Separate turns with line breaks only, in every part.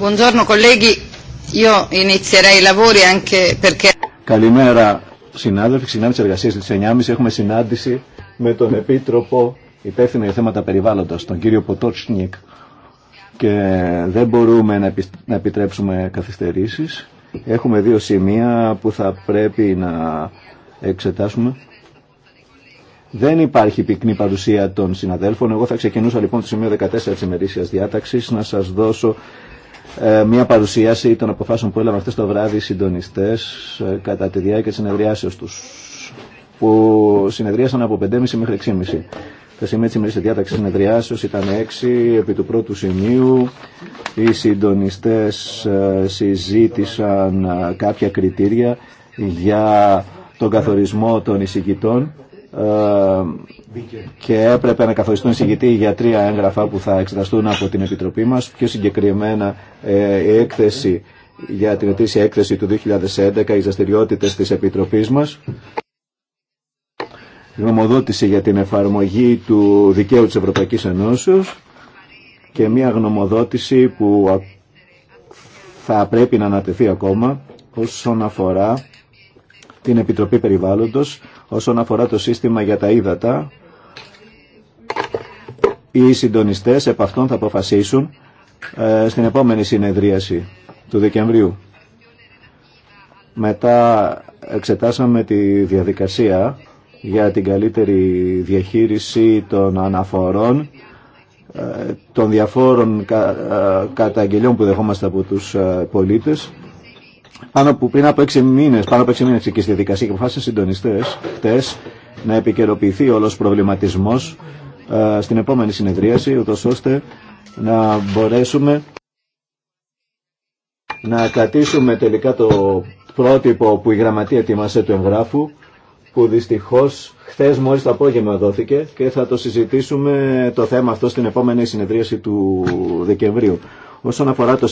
Καλημέρα
συνάδελφοι, συνάδελφοι της εργασίας της 9.30 έχουμε συνάντηση με τον Επίτροπο υπεύθυνο για θέματα περιβάλλοντος, τον κύριο Ποτότσνικ και δεν μπορούμε να, να επιτρέψουμε καθυστερήσεις. Έχουμε δύο σημεία που θα πρέπει να εξετάσουμε. Δεν υπάρχει πυκνή παρουσία των συναδέλφων. Εγώ θα ξεκινούσα λοιπόν το σημείο 14 της ημερήσιας διάταξης να σας δώσω ε, μια παρουσίαση των αποφάσεων που έλαβαν αυτές το βράδυ οι συντονιστές ε, κατά τη διάρκεια της συνεδριάσεως τους που συνεδρίασαν από 5.30 μέχρι 6.30. Τα σημεία της ημερής διάταξης συνεδριάσεως ήταν 6 επί του πρώτου σημείου. Οι συντονιστές ε, συζήτησαν κάποια κριτήρια για τον καθορισμό των εισηγητών ε, και έπρεπε να καθοριστούν συγγητή για τρία έγγραφα που θα εξεταστούν από την Επιτροπή μας, πιο συγκεκριμένα ε, η έκθεση για την ετήσια έκθεση του 2011, οι δραστηριότητε της Επιτροπής μας, γνωμοδότηση για την εφαρμογή του δικαίου της Ευρωπαϊκής Ενώσεως και μια γνωμοδότηση που θα πρέπει να ανατεθεί ακόμα όσον αφορά την Επιτροπή Περιβάλλοντος όσον αφορά το σύστημα για τα ύδατα. Οι συντονιστές επ' θα αποφασίσουν ε, στην επόμενη συνεδρίαση του Δεκεμβρίου. Μετά εξετάσαμε τη διαδικασία για την καλύτερη διαχείριση των αναφορών ε, των διαφόρων ε, καταγγελιών που δεχόμαστε από τους πολίτες πάνω που πριν από 6 μήνες, πάνω από 6 μήνες εκεί στη δικασία και αποφάσισαν συντονιστές χτες να επικαιροποιηθεί όλος ο προβληματισμός ε, στην επόμενη συνεδρίαση, ούτως ώστε να μπορέσουμε να κρατήσουμε τελικά το πρότυπο που η γραμματεία ετοιμάσε του εγγράφου που δυστυχώς χθες μόλις το απόγευμα δόθηκε και θα το συζητήσουμε το θέμα αυτό στην επόμενη συνεδρίαση του Δεκεμβρίου. Όσον αφορά το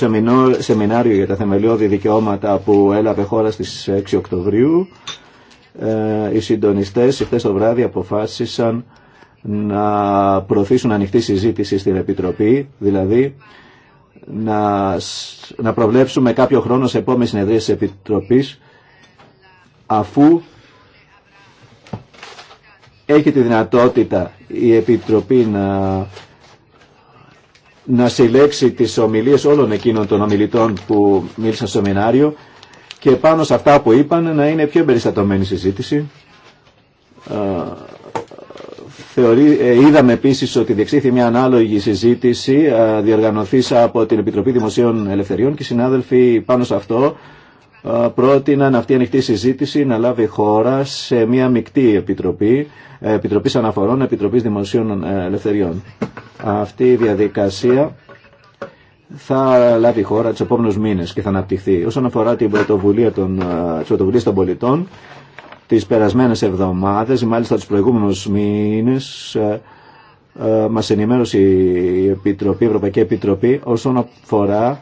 σεμινάριο για τα θεμελιώδη δικαιώματα που έλαβε χώρα στις 6 Οκτωβρίου, ε, οι συντονιστές χθες το βράδυ αποφάσισαν να προωθήσουν ανοιχτή συζήτηση στην Επιτροπή, δηλαδή να, να προβλέψουμε κάποιο χρόνο σε επόμενη συνεδρία της Επιτροπής αφού έχει τη δυνατότητα η Επιτροπή να να συλλέξει τις ομιλίες όλων εκείνων των ομιλητών που μίλησαν στο σεμινάριο και πάνω σε αυτά που είπαν να είναι πιο περιστατωμένη συζήτηση. Θεωρεί, ε, είδαμε επίσης ότι διεξήχθη μια ανάλογη συζήτηση διοργανωθής από την Επιτροπή Δημοσίων Ελευθεριών και συνάδελφοι πάνω σε αυτό πρότειναν αυτή η ανοιχτή συζήτηση να λάβει χώρα σε μια μεικτή επιτροπή, ε, Επιτροπής Αναφορών, Επιτροπής Δημοσίων ε, Ελευθεριών. Αυτή η διαδικασία θα λάβει χώρα τους επόμενους μήνες και θα αναπτυχθεί. Όσον αφορά την πρωτοβουλία των, ε, πρωτοβουλίας των πολιτών, τις περασμένες εβδομάδες, μάλιστα τους προηγούμενους μήνες, μα ενημέρωσε η, Επιτροπή, η Ευρωπαϊκή Επιτροπή όσον αφορά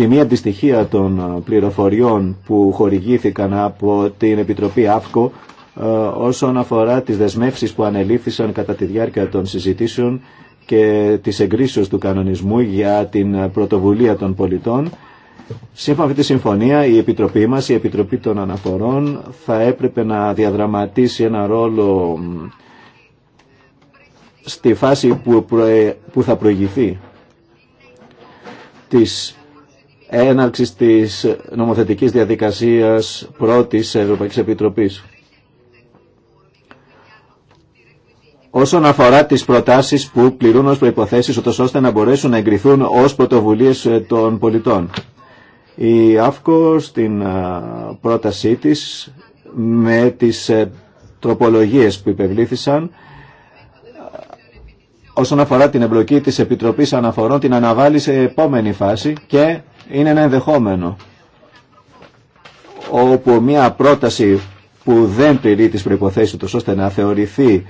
τη μία αντιστοιχεία των ε, πληροφοριών που χορηγήθηκαν από την Επιτροπή ΑΦΚΟ ε, όσον αφορά τις δεσμεύσεις που ανελήφθησαν κατά τη διάρκεια των συζητήσεων και τις εγκρίσεις του κανονισμού για την πρωτοβουλία των πολιτών. Σύμφωνα με τη συμφωνία, η Επιτροπή μας, η Επιτροπή των Αναφορών, θα έπρεπε να διαδραματίσει ένα ρόλο στη φάση που, θα προηγηθεί της Έναρξη τη νομοθετική διαδικασία πρώτης Ευρωπαϊκή Επιτροπή. όσον αφορά τις προτάσεις που πληρούν ω προποθέσει ώστε να μπορέσουν να εγκριθούν ω πρωτοβουλίε ε, των πολιτών. Η ΑΦΚΟ στην ε, πρότασή της με τις ε, τροπολογίες που υπευλήθησαν όσον αφορά την εμπλοκή της Επιτροπής Αναφορών την αναβάλει σε επόμενη φάση και είναι ένα ενδεχόμενο όπου μια πρόταση που δεν πληρεί τις προϋποθέσεις του ώστε να θεωρηθεί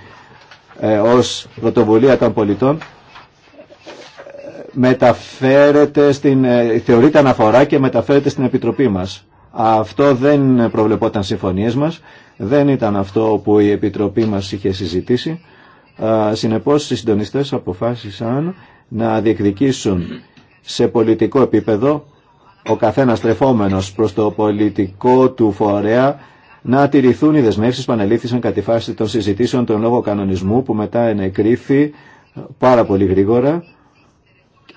ε, ως πρωτοβουλία των πολιτών μεταφέρεται στην, ε, θεωρείται αναφορά και μεταφέρεται στην Επιτροπή μας. Αυτό δεν προβλεπόταν συμφωνίες μας, δεν ήταν αυτό που η Επιτροπή μας είχε συζητήσει. Συνεπώς οι συντονιστές αποφάσισαν να διεκδικήσουν σε πολιτικό επίπεδο ο καθένας στρεφόμενος προς το πολιτικό του φορέα να τηρηθούν οι δεσμεύσεις που ανελήφθησαν κατά τη φάση των συζητήσεων των λόγω κανονισμού που μετά ενεκρίθη πάρα πολύ γρήγορα.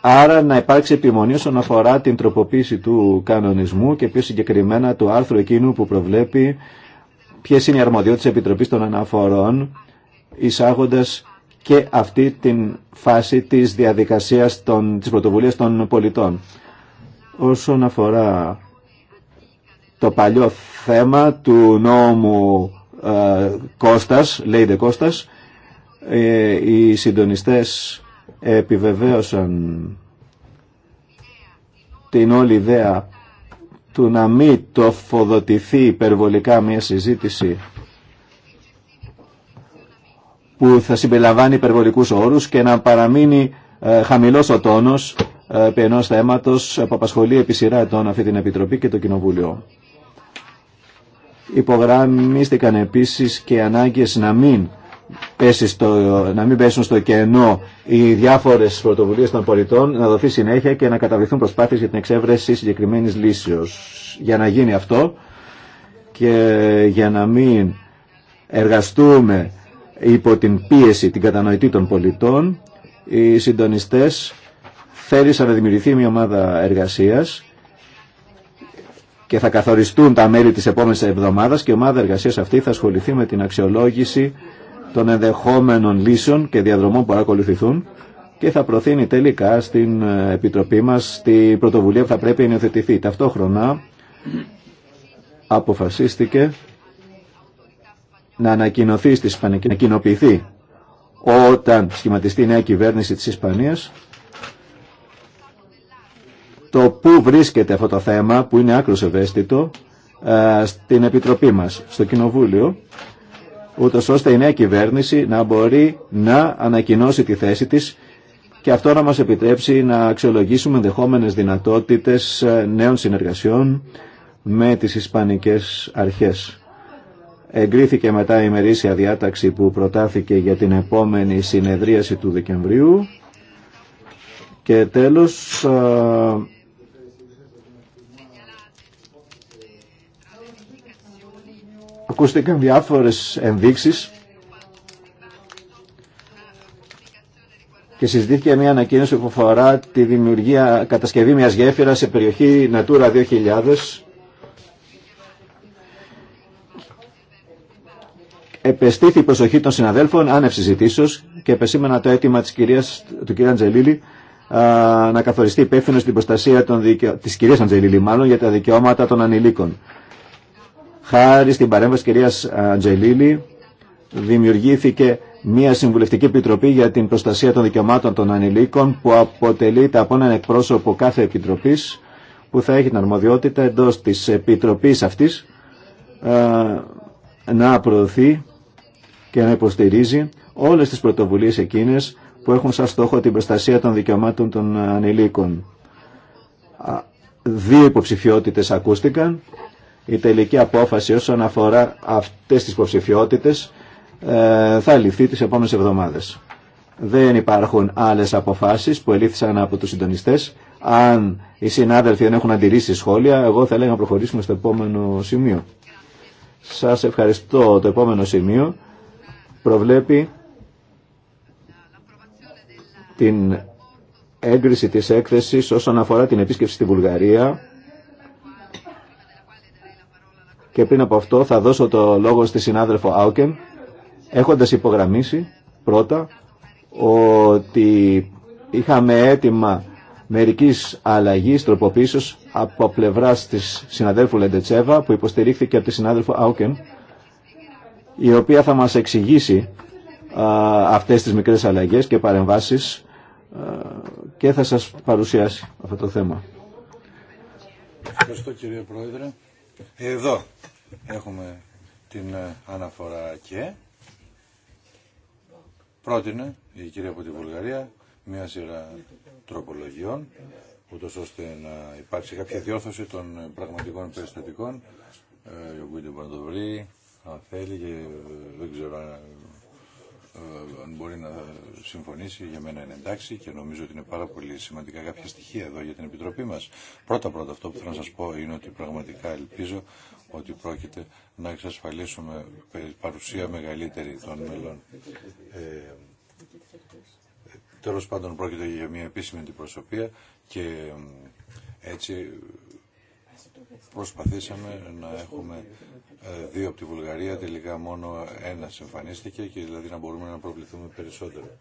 Άρα να υπάρξει επιμονή όσον αφορά την τροποποίηση του κανονισμού και πιο συγκεκριμένα του άρθρου εκείνου που προβλέπει ποιε είναι οι αρμοδιότητες επιτροπή των Αναφορών εισάγοντας και αυτή την φάση της διαδικασίας των, της πρωτοβουλίας των πολιτών. Όσον αφορά το παλιό θέμα του νόμου ε, λέει δε Κώστας, ε, οι συντονιστές επιβεβαίωσαν την όλη ιδέα του να μην τοφοδοτηθεί υπερβολικά μια συζήτηση που θα συμπεριλαμβάνει υπερβολικούς όρους και να παραμείνει ε, χαμηλός ο τόνος ε, επί θέματος που απασχολεί επί σειρά ετών αυτή την Επιτροπή και το Κοινοβούλιο. Υπογραμμίστηκαν επίσης και οι ανάγκες να μην, να μην πέσουν στο κενό οι διάφορες πρωτοβουλίε των πολιτών, να δοθεί συνέχεια και να καταβληθούν προσπάθειες για την εξέβρεση συγκεκριμένη λύσεως. Για να γίνει αυτό και για να μην εργαστούμε υπό την πίεση την κατανοητή των πολιτών οι συντονιστές θέλησαν να δημιουργηθεί μια ομάδα εργασίας και θα καθοριστούν τα μέλη της επόμενης εβδομάδας και η ομάδα εργασίας αυτή θα ασχοληθεί με την αξιολόγηση των ενδεχόμενων λύσεων και διαδρομών που ακολουθηθούν και θα προθύνει τελικά στην Επιτροπή μας την πρωτοβουλία που θα πρέπει να υιοθετηθεί. Ταυτόχρονα αποφασίστηκε να ανακοινωθεί να κοινοποιηθεί όταν σχηματιστεί η νέα κυβέρνηση της Ισπανίας το πού βρίσκεται αυτό το θέμα που είναι άκρως ευαίσθητο στην Επιτροπή μας, στο Κοινοβούλιο ούτως ώστε η νέα κυβέρνηση να μπορεί να ανακοινώσει τη θέση της και αυτό να μας επιτρέψει να αξιολογήσουμε ενδεχόμενε δυνατότητες ε, νέων συνεργασιών με τις Ισπανικές αρχές. Εγκρίθηκε μετά η μερίσια διάταξη που προτάθηκε για την επόμενη συνεδρίαση του Δεκεμβρίου. Και τέλος, ακούστηκαν διάφορες ενδείξεις και συζητήθηκε μια ανακοίνωση που αφορά τη δημιουργία, κατασκευή μιας γέφυρας σε περιοχή Natura 2000 επεστήθη η προσοχή των συναδέλφων άνευ συζητήσεω και επεσήμανα το αίτημα τη του κυρία Αντζελίλη να καθοριστεί υπεύθυνο στην προστασία δικαι... της κυρίας Αντζελίλη μάλλον για τα δικαιώματα των ανηλίκων. Χάρη στην παρέμβαση τη κυρίας Αντζελίλη δημιουργήθηκε μια συμβουλευτική επιτροπή για την προστασία των δικαιωμάτων των ανηλίκων που αποτελείται από έναν εκπρόσωπο κάθε επιτροπή που θα έχει την αρμοδιότητα εντό τη επιτροπή αυτή να προωθεί και να υποστηρίζει όλες τις πρωτοβουλίες εκείνες που έχουν σαν στόχο την προστασία των δικαιωμάτων των ανηλίκων. Δύο υποψηφιότητες ακούστηκαν. Η τελική απόφαση όσον αφορά αυτές τις υποψηφιότητες ε, θα ληφθεί τις επόμενες εβδομάδες. Δεν υπάρχουν άλλες αποφάσεις που ελήφθησαν από τους συντονιστές. Αν οι συνάδελφοι δεν έχουν αντιρρήσει σχόλια, εγώ θα έλεγα να προχωρήσουμε στο επόμενο σημείο. Σας ευχαριστώ. Το επόμενο σημείο προβλέπει την έγκριση της έκθεσης όσον αφορά την επίσκεψη στη Βουλγαρία και πριν από αυτό θα δώσω το λόγο στη συνάδελφο Άουκεν έχοντας υπογραμμίσει πρώτα ότι είχαμε έτοιμα μερικής αλλαγής τροποποίησης από πλευράς της συναδέλφου Λεντετσέβα που υποστηρίχθηκε από τη συνάδελφο Άουκεν η οποία θα μας εξηγήσει αυτές τις μικρές αλλαγές και παρεμβάσεις και θα σας παρουσιάσει αυτό το θέμα.
Ευχαριστώ κύριε Πρόεδρε. Εδώ έχουμε την ε, αναφορά και πρότεινε η κυρία από τη Βουλγαρία μια σειρά τροπολογιών ούτως ώστε να υπάρξει κάποια διόρθωση των πραγματικών περιστατικών. Ε, ο Γκουίντε Παντοβρή, αν θέλει και ε, δεν ξέρω ε, ε, αν, μπορεί να συμφωνήσει. Για μένα είναι εντάξει και νομίζω ότι είναι πάρα πολύ σημαντικά κάποια στοιχεία εδώ για την Επιτροπή μας. Πρώτα-πρώτα αυτό που θέλω να σας πω είναι ότι πραγματικά ελπίζω ότι πρόκειται να εξασφαλίσουμε παρουσία μεγαλύτερη των μελών. Ε, τέλος πάντων πρόκειται για μια επίσημη αντιπροσωπεία και έτσι
προσπαθήσαμε
να έχουμε ε, δύο από τη Βουλγαρία, τελικά μόνο ένα εμφανίστηκε και δηλαδή να μπορούμε να προβληθούμε περισσότερο.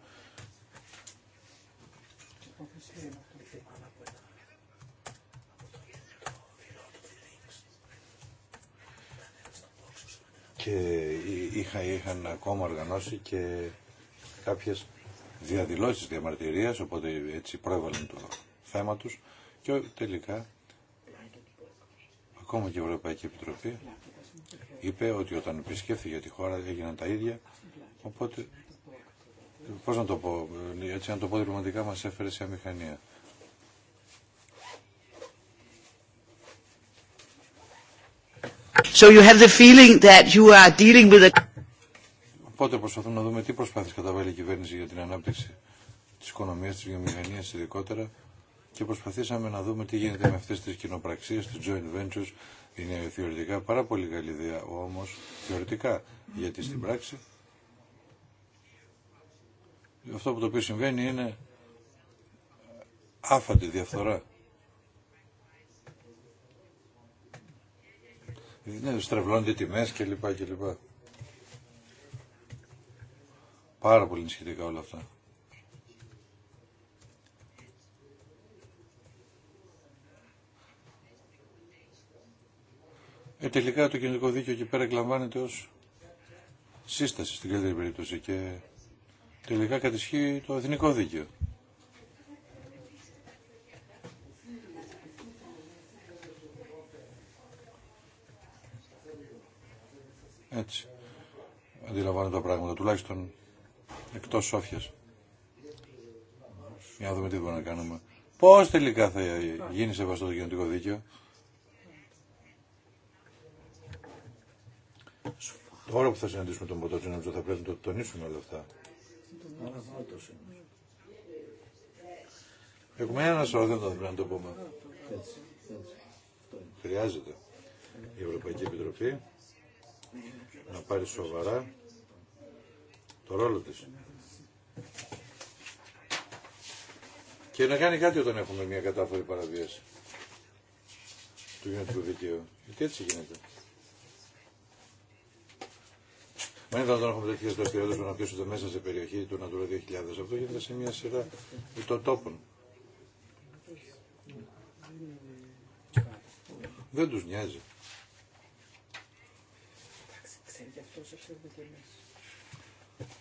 Και είχα, είχαν ακόμα οργανώσει και κάποιες διαδηλώσεις διαμαρτυρίας, οπότε έτσι πρόβαλαν το θέμα τους και τελικά ακόμα και η Ευρωπαϊκή Επιτροπή είπε ότι όταν επισκέφθηκε τη χώρα έγιναν τα ίδια. Οπότε, πώ να το πω, έτσι να το πω διπλωματικά μας έφερε σε αμηχανία.
So you have the feeling that you are dealing with a...
Οπότε προσπαθούμε να δούμε τι προσπάθειες καταβάλει η κυβέρνηση για την ανάπτυξη της οικονομίας, της βιομηχανίας ειδικότερα και προσπαθήσαμε να δούμε τι γίνεται με αυτές τις κοινοπραξίες, τις joint ventures, είναι θεωρητικά πάρα πολύ καλή ιδέα, όμως θεωρητικά, γιατί στην πράξη αυτό που το οποίο συμβαίνει είναι άφατη διαφθορά. είναι στρεβλώνται τιμές κλπ. λοιπά Πάρα πολύ ενισχυτικά όλα αυτά. Ε, τελικά το κοινωνικό δίκαιο εκεί πέρα εκλαμβάνεται ως σύσταση στην καλύτερη περίπτωση και τελικά κατησχύει το εθνικό δίκαιο. Έτσι. Αντιλαμβάνω τα πράγματα, τουλάχιστον εκτός σόφιας. Για να δούμε τι μπορούμε να κάνουμε. Πώς τελικά θα γίνει σεβαστό το κοινωνικό δίκαιο. Τώρα που θα συναντήσουμε τον Ποτότσι, νομίζω θα πρέπει να το τονίσουμε όλα αυτά. Έχουμε ένα σωρό δεν θα πρέπει να το πούμε. Χρειάζεται η Ευρωπαϊκή Επιτροπή να πάρει σοβαρά το ρόλο της. Και να κάνει κάτι όταν έχουμε μια κατάφορη παραβίαση του γενικού δικαίου. Γιατί έτσι γίνεται. Μα είναι δυνατόν να έχουμε τέτοιε δραστηριότητε που να πιέσονται μέσα σε περιοχή του Natura 2000. Αυτό γίνεται σε μια σειρά τόπων. Δεν του νοιάζει.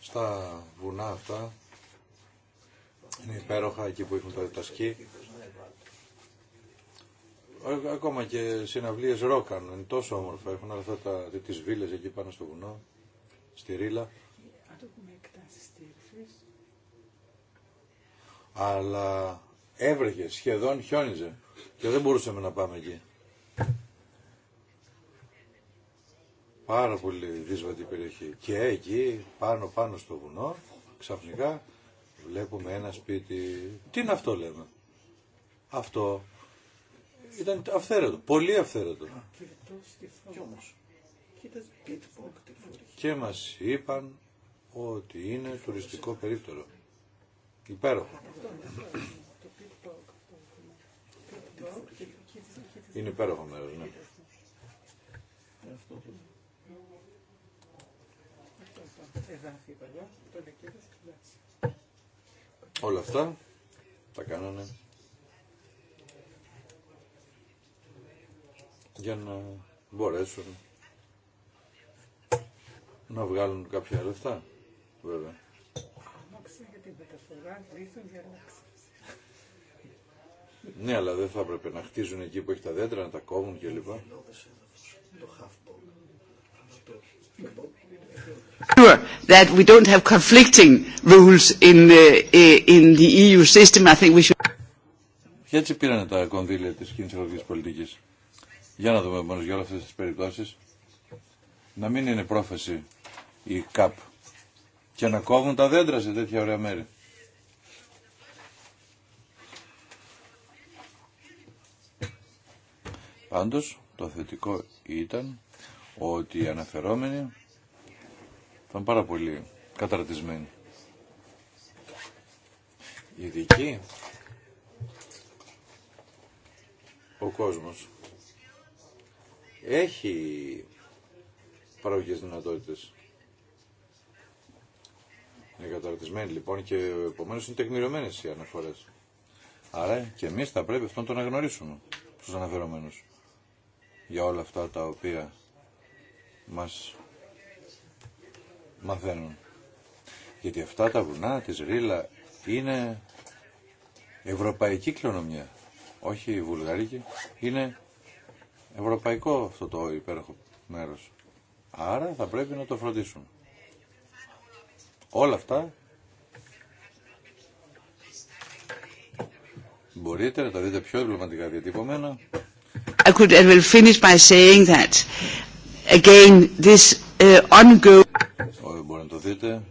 Στα βουνά αυτά
είναι υπέροχα εκεί που έχουν τα, σκι.
Ακόμα και συναυλίες ρόκαν, είναι τόσο όμορφα, έχουν αυτά τα, τις βίλες εκεί πάνω στο βουνό στη Αλλά έβρεχε, σχεδόν χιόνιζε και δεν μπορούσαμε να πάμε εκεί. Πάρα πολύ δύσβατη περιοχή. Και εκεί, πάνω πάνω στο βουνό, ξαφνικά βλέπουμε ένα σπίτι. Τι είναι αυτό λέμε. Αυτό ήταν αυθαίρετο, πολύ αυθαίρετο.
Και όμως, κοίτας,
και μας είπαν ότι είναι τουριστικό περίπτερο. Υπέροχο. Είναι υπέροχο μέρος, ναι. Όλα αυτά τα κάνανε για να μπορέσουν να βγάλουν κάποια λεφτά, βέβαια.
για την μεταφορά, για
ναι, αλλά δεν θα έπρεπε να χτίζουν εκεί που έχει τα δέντρα, να τα κόβουν και
Sure, that we don't have conflicting rules in the, uh, uh, in the EU system. I think we should.
Και έτσι πήραν τα κονδύλια της κοινής ευρωπαϊκής πολιτικής. Για να δούμε μόνος για όλες τις περιπτώσεις. Να μην είναι πρόφαση η ΚΑΠ και να κόβουν τα δέντρα σε τέτοια ωραία μέρη. Πάντως το θετικό ήταν ότι οι αναφερόμενοι ήταν πάρα πολύ καταρτισμένοι. ειδικοί, ο κόσμος, έχει παραγωγές δυνατότητες. Είναι καταρτισμένοι λοιπόν και επομένω είναι τεκμηριωμένε οι αναφορέ. Άρα και εμεί θα πρέπει αυτόν τον να γνωρίσουμε του αναφερομένου για όλα αυτά τα οποία μας μαθαίνουν. Γιατί αυτά τα βουνά τη Ρίλα είναι ευρωπαϊκή κληρονομιά, όχι βουλγαρική. Είναι ευρωπαϊκό αυτό το υπέροχο μέρος. Άρα θα πρέπει να το φροντίσουμε. Όλα αυτά μπορείτε να τα δείτε πιο διπλωματικά διατυπωμένα.
I could I will finish by saying that again this uh, ongoing.
Μπορείτε να το δείτε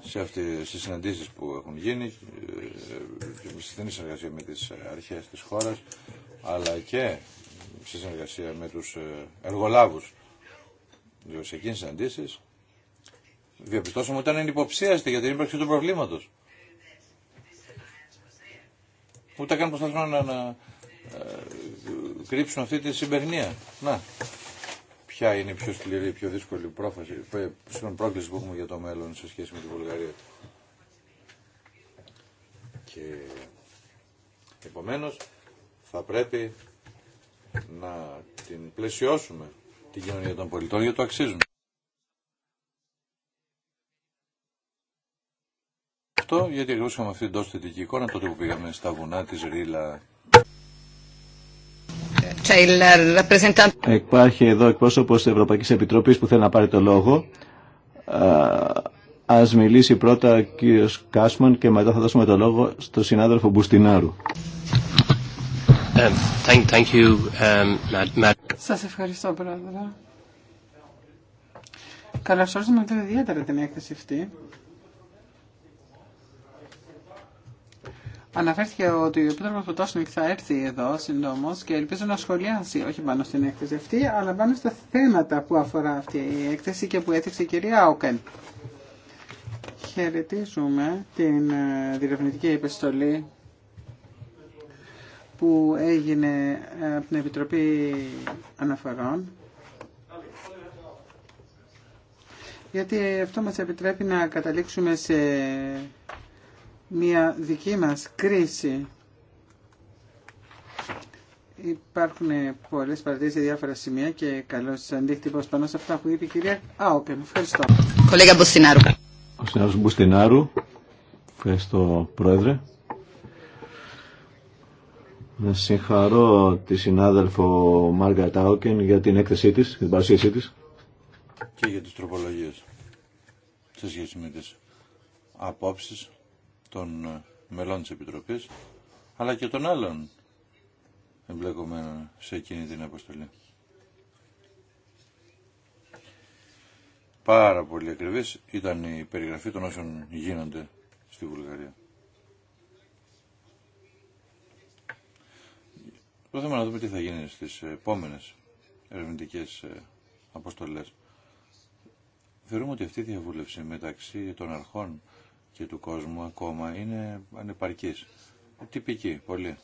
σε αυτέ τις συναντήσεις που έχουν γίνει ε, και με στενή συνεργασία με τις αρχές της χώρας αλλά και σε συνεργασία με τους ε, εργολάβους σε εκείνες συναντήσεις διαπιστώσαμε ότι ήταν υποψίαστη για την ύπαρξη του προβλήματος. Ούτε καν προσπαθούν να, να ε, κρύψουν αυτή τη συμπερνία. Να, ποια είναι η πιο σκληρή, η πιο δύσκολη πρόφαση, ε, πρόκληση που έχουμε για το μέλλον σε σχέση με την Βουλγαρία. Και επομένως θα πρέπει να την πλαισιώσουμε την κοινωνία των πολιτών για το αξίζουν. Αυτό γιατί ακριβώ είχαμε αυτή την τόσο θετική εικόνα τότε που πήγαμε στα βουνά τη Ρίλα.
Υπάρχει εδώ εκπρόσωπο της Ευρωπαϊκής Επιτροπής που θέλει να πάρει το λόγο. Α Ας μιλήσει πρώτα ο κύριος Κάσμαν και μετά θα δώσουμε το λόγο στον συνάδελφο Μπουστινάρου.
Um, thank, thank you, um,
Σας ευχαριστώ πρόεδρε. Καλώ ήρθατε με ιδιαίτερα την έκθεση αυτή. Αναφέρθηκε ότι ο Επίτροπο Ποτόσνικ θα έρθει εδώ συντόμω και ελπίζω να σχολιάσει όχι πάνω στην έκθεση αυτή, αλλά πάνω στα θέματα που αφορά αυτή η έκθεση και που έθιξε η κυρία Άουκεν. Χαιρετίζουμε την ε, διερευνητική επιστολή που έγινε ε, από την Επιτροπή Αναφορών γιατί αυτό μας επιτρέπει να καταλήξουμε σε μια δική μας κρίση. Υπάρχουν πολλές παρατηρήσεις σε διάφορα σημεία και καλός αντίκτυπος πάνω σε αυτά που είπε η κυρία Άοκεν. Ευχαριστώ. Κολέγα Μπουστινάρου.
Ο συνάδελφος Ευχαριστώ Πρόεδρε. Να συγχαρώ τη συνάδελφο Μάργα Άοκεν για την έκθεσή της, την παρουσίασή της.
Και για τις τροπολογίες σε σχέση με τις απόψεις των ε, μελών της Επιτροπής, αλλά και των άλλων εμπλεκομένων σε εκείνη την αποστολή. Πάρα πολύ ακριβής ήταν η περιγραφή των όσων γίνονται στη Βουλγαρία. Το θέμα να δούμε τι θα γίνει στις επόμενες ερευνητικές ε, αποστολές. Θεωρούμε ότι αυτή η διαβούλευση μεταξύ των αρχών και του κόσμου ακόμα είναι ανεπαρκής. Τυπική, πολύ.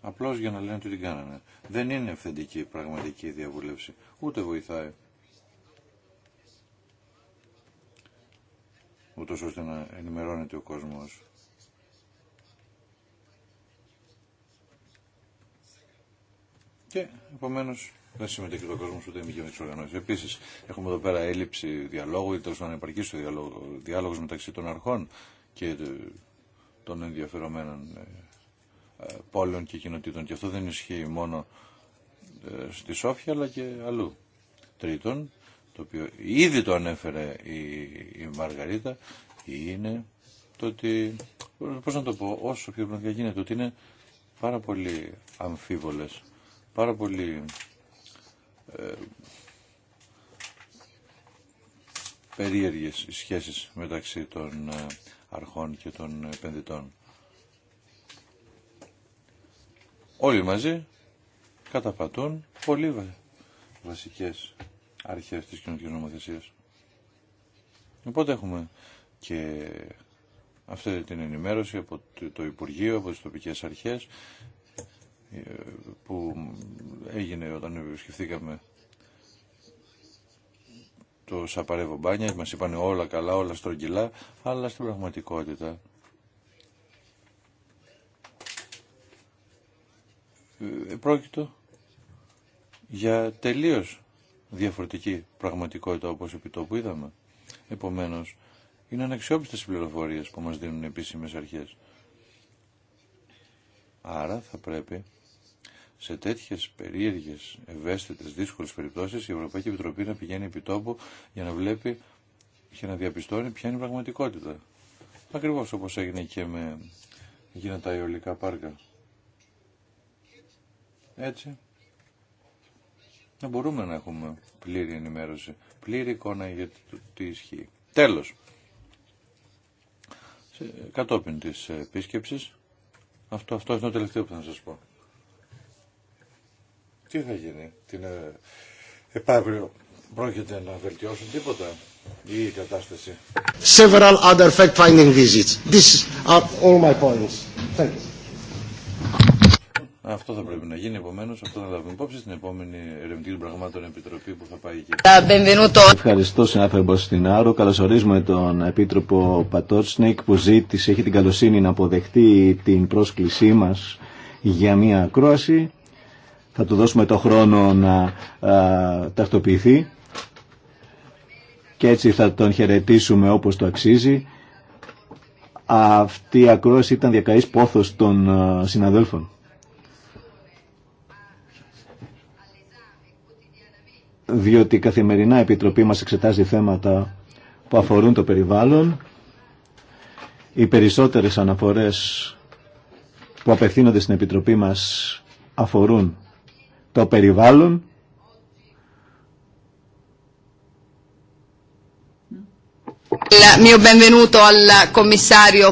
Απλώς για να λένε ότι την κάνανε. Δεν είναι ευθεντική πραγματική διαβούλευση. Ούτε βοηθάει. Ούτως ώστε να ενημερώνεται ο κόσμος. Και επομένως δεν συμμετέχει ο κόσμο ούτε μη τι οργανώσει. Επίση, έχουμε εδώ πέρα έλλειψη διαλόγου ή τέλο πάντων επαρκή του διάλογο μεταξύ των αρχών και ε, των ενδιαφερομένων ε, ε, πόλεων και κοινοτήτων. Και αυτό δεν ισχύει μόνο στη Σόφια αλλά και αλλού. Τρίτον, το οποίο ήδη το ανέφερε η, η Μαργαρίτα, είναι το ότι, πώς να το πω, όσο πιο πραγματικά γίνεται, ότι είναι πάρα πολύ αμφίβολες, πάρα πολύ ε, περίεργες σχέσεις μεταξύ των ε, αρχών και των επενδυτών. Όλοι μαζί καταπατούν πολύ βασικές αρχές της κοινωνικής νομοθεσίας. Οπότε έχουμε και αυτή την ενημέρωση από το Υπουργείο, από τις τοπικές αρχές που έγινε όταν σκεφτήκαμε το Σαπαρέβο Μπάνια, μας είπαν όλα καλά, όλα στρογγυλά, αλλά στην πραγματικότητα ε, πρόκειτο για τελείως διαφορετική πραγματικότητα όπως επί το που είδαμε. Επομένως, είναι αναξιόπιστες οι πληροφορίες που μας δίνουν οι επίσημες αρχές. Άρα θα πρέπει σε τέτοιες περίεργε ευαίσθητε, δύσκολε περιπτώσεις η Ευρωπαϊκή Επιτροπή να πηγαίνει επί τόπου για να βλέπει και να διαπιστώνει ποια είναι η πραγματικότητα. Ακριβώ όπως έγινε και με εκείνα τα αιωλικά πάρκα. Έτσι. Να μπορούμε να έχουμε πλήρη ενημέρωση, πλήρη εικόνα για το τι ισχύει. Τέλο. Κατόπιν τη επίσκεψη. αυτό, αυτό είναι το τελευταίο που θα σα πω τι θα γίνει την ε, επαύριο. Πρόκειται να βελτιώσουν τίποτα ή η κατάσταση. Several other fact-finding visits. This are uh, all my points. Thank you. Αυτό θα πρέπει να γίνει επομένω, αυτό θα λάβουμε υπόψη στην επόμενη ερευνητική πραγμάτων επιτροπή που
θα πάει εκεί. Ε, Ευχαριστώ συνάδελφε Μποστινάρου. Καλωσορίζουμε τον Επίτροπο Πατότσνικ που ζήτησε, έχει την καλοσύνη να αποδεχτεί την πρόσκλησή μα για μια ακρόαση θα του δώσουμε το χρόνο να α, τακτοποιηθεί και έτσι θα τον χαιρετήσουμε όπως το αξίζει. Αυτή η ακρόαση ήταν διακαής πόθος των συναδέλφων. Διότι καθημερινά η Επιτροπή μας εξετάζει θέματα που αφορούν το περιβάλλον. Οι περισσότερες αναφορές που απευθύνονται στην Επιτροπή μας αφορούν το περιβάλλον,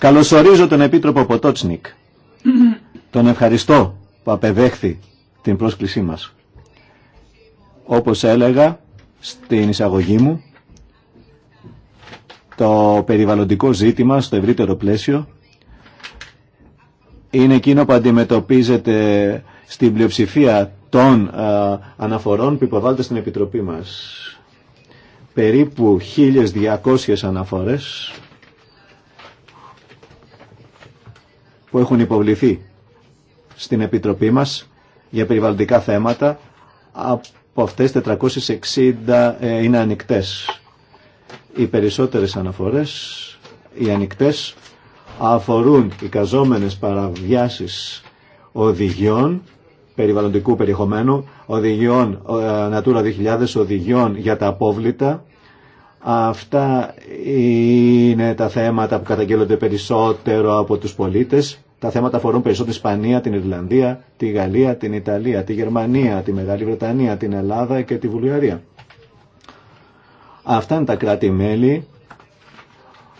Καλωσορίζω τον Επίτροπο Ποτότσνικ. Τον ευχαριστώ που απεδέχθη την πρόσκλησή μας. Όπως έλεγα στην εισαγωγή μου, το περιβαλλοντικό ζήτημα στο ευρύτερο πλαίσιο είναι εκείνο που αντιμετωπίζεται στην πλειοψηφία των ε, αναφορών που υποβάλλονται στην Επιτροπή μας. Περίπου 1.200 αναφορές που έχουν υποβληθεί στην Επιτροπή μας για περιβαλλοντικά θέματα. Από αυτές 460 ε, είναι ανοιχτές. Οι περισσότερες αναφορές, οι ανοιχτές, αφορούν οι καζόμενες παραβιάσεις οδηγιών περιβαλλοντικού περιεχομένου, οδηγιών ε, Natura 2000, οδηγιών για τα απόβλητα. Αυτά είναι τα θέματα που καταγγέλλονται περισσότερο από τους πολίτες. Τα θέματα αφορούν περισσότερο την Ισπανία, την Ιρλανδία, τη Γαλλία, την Ιταλία, τη Γερμανία, τη Μεγάλη Βρετανία, την Ελλάδα και τη Βουλγαρία. Αυτά είναι τα κράτη-μέλη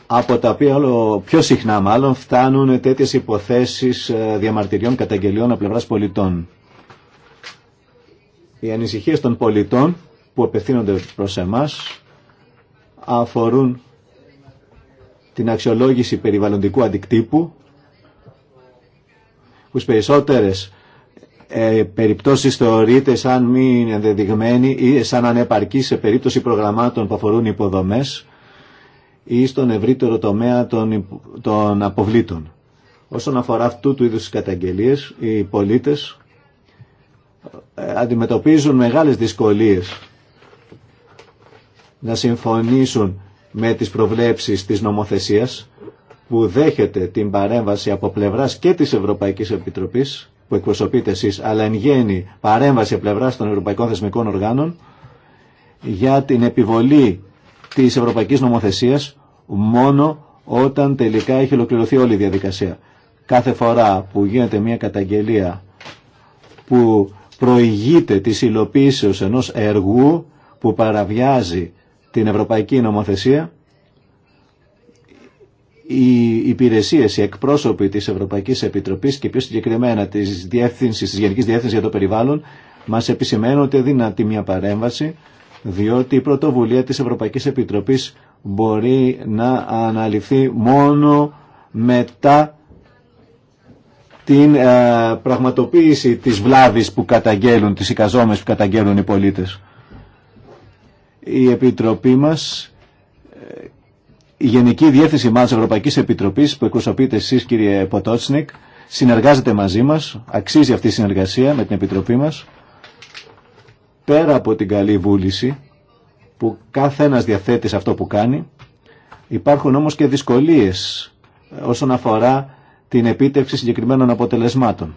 από τα οποία πιο συχνά μάλλον φτάνουν τέτοιες υποθέσεις ε, διαμαρτυριών καταγγελιών από πλευράς πολιτών. Οι ανησυχίες των πολιτών που απευθύνονται προς εμάς αφορούν την αξιολόγηση περιβαλλοντικού αντικτύπου που στις περισσότερες ε, περιπτώσεις θεωρείται σαν μη ενδεδειγμένη ή σαν ανεπαρκή σε περίπτωση προγραμμάτων που αφορούν υποδομές ή στον ευρύτερο τομέα των, αποβλήτων. Όσον αφορά αυτού του είδους τις καταγγελίες, οι πολίτες ε, αντιμετωπίζουν μεγάλες δυσκολίες να συμφωνήσουν με τις προβλέψεις της νομοθεσίας που δέχεται την παρέμβαση από πλευράς και της Ευρωπαϊκής Επιτροπής που εκπροσωπείτε εσείς, αλλά εν γέννη παρέμβαση από πλευράς των Ευρωπαϊκών Θεσμικών Οργάνων για την επιβολή της Ευρωπαϊκής Νομοθεσίας μόνο όταν τελικά έχει ολοκληρωθεί όλη η διαδικασία. Κάθε φορά που γίνεται μια καταγγελία που προηγείται της υλοποίησεως ενός έργου που παραβιάζει την Ευρωπαϊκή Νομοθεσία, οι υπηρεσίες, οι εκπρόσωποι της Ευρωπαϊκής Επιτροπής και πιο συγκεκριμένα της, διεύθυνσης, της Γενικής Διεύθυνσης για το Περιβάλλον μας επισημαίνουν ότι δυνατή μια παρέμβαση διότι η πρωτοβουλία της Ευρωπαϊκής Επιτροπής μπορεί να αναλυφθεί μόνο μετά την ε, πραγματοποίηση της βλάβης που καταγγέλουν, τις εικαζόμες που καταγγέλουν οι πολίτες. Η Επιτροπή μας, ε, η Γενική Διεύθυνση μας Ευρωπαϊκής Επιτροπής που εκπροσωπείτε εσείς κύριε Ποτότσνικ, συνεργάζεται μαζί μας, αξίζει αυτή η συνεργασία με την Επιτροπή μας, πέρα από την καλή βούληση που κάθε ένας διαθέτει σε αυτό που κάνει, υπάρχουν όμως και δυσκολίες όσον αφορά την επίτευξη συγκεκριμένων αποτελεσμάτων.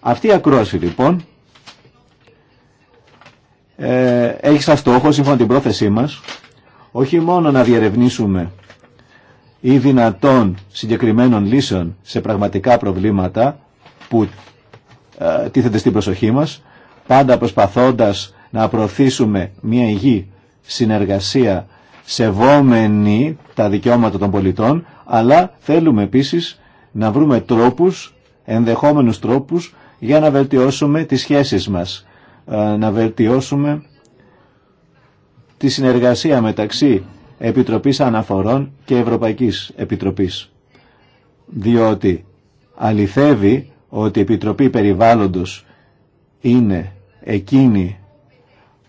Αυτή η ακρόαση λοιπόν ε, έχει σαν στόχο σύμφωνα την πρόθεσή μας όχι μόνο να διερευνήσουμε ή δυνατόν συγκεκριμένων λύσεων σε πραγματικά προβλήματα που ε, τίθεται στην προσοχή μας πάντα προσπαθώντας να προωθήσουμε μια υγιή συνεργασία σεβόμενη τα δικαιώματα των πολιτών αλλά θέλουμε επίσης να βρούμε τρόπους, ενδεχόμενους τρόπους, για να βελτιώσουμε τις σχέσεις μας, ε, να βελτιώσουμε τη συνεργασία μεταξύ Επιτροπής Αναφορών και Ευρωπαϊκής Επιτροπής. Διότι αληθεύει ότι η Επιτροπή Περιβάλλοντος είναι εκείνη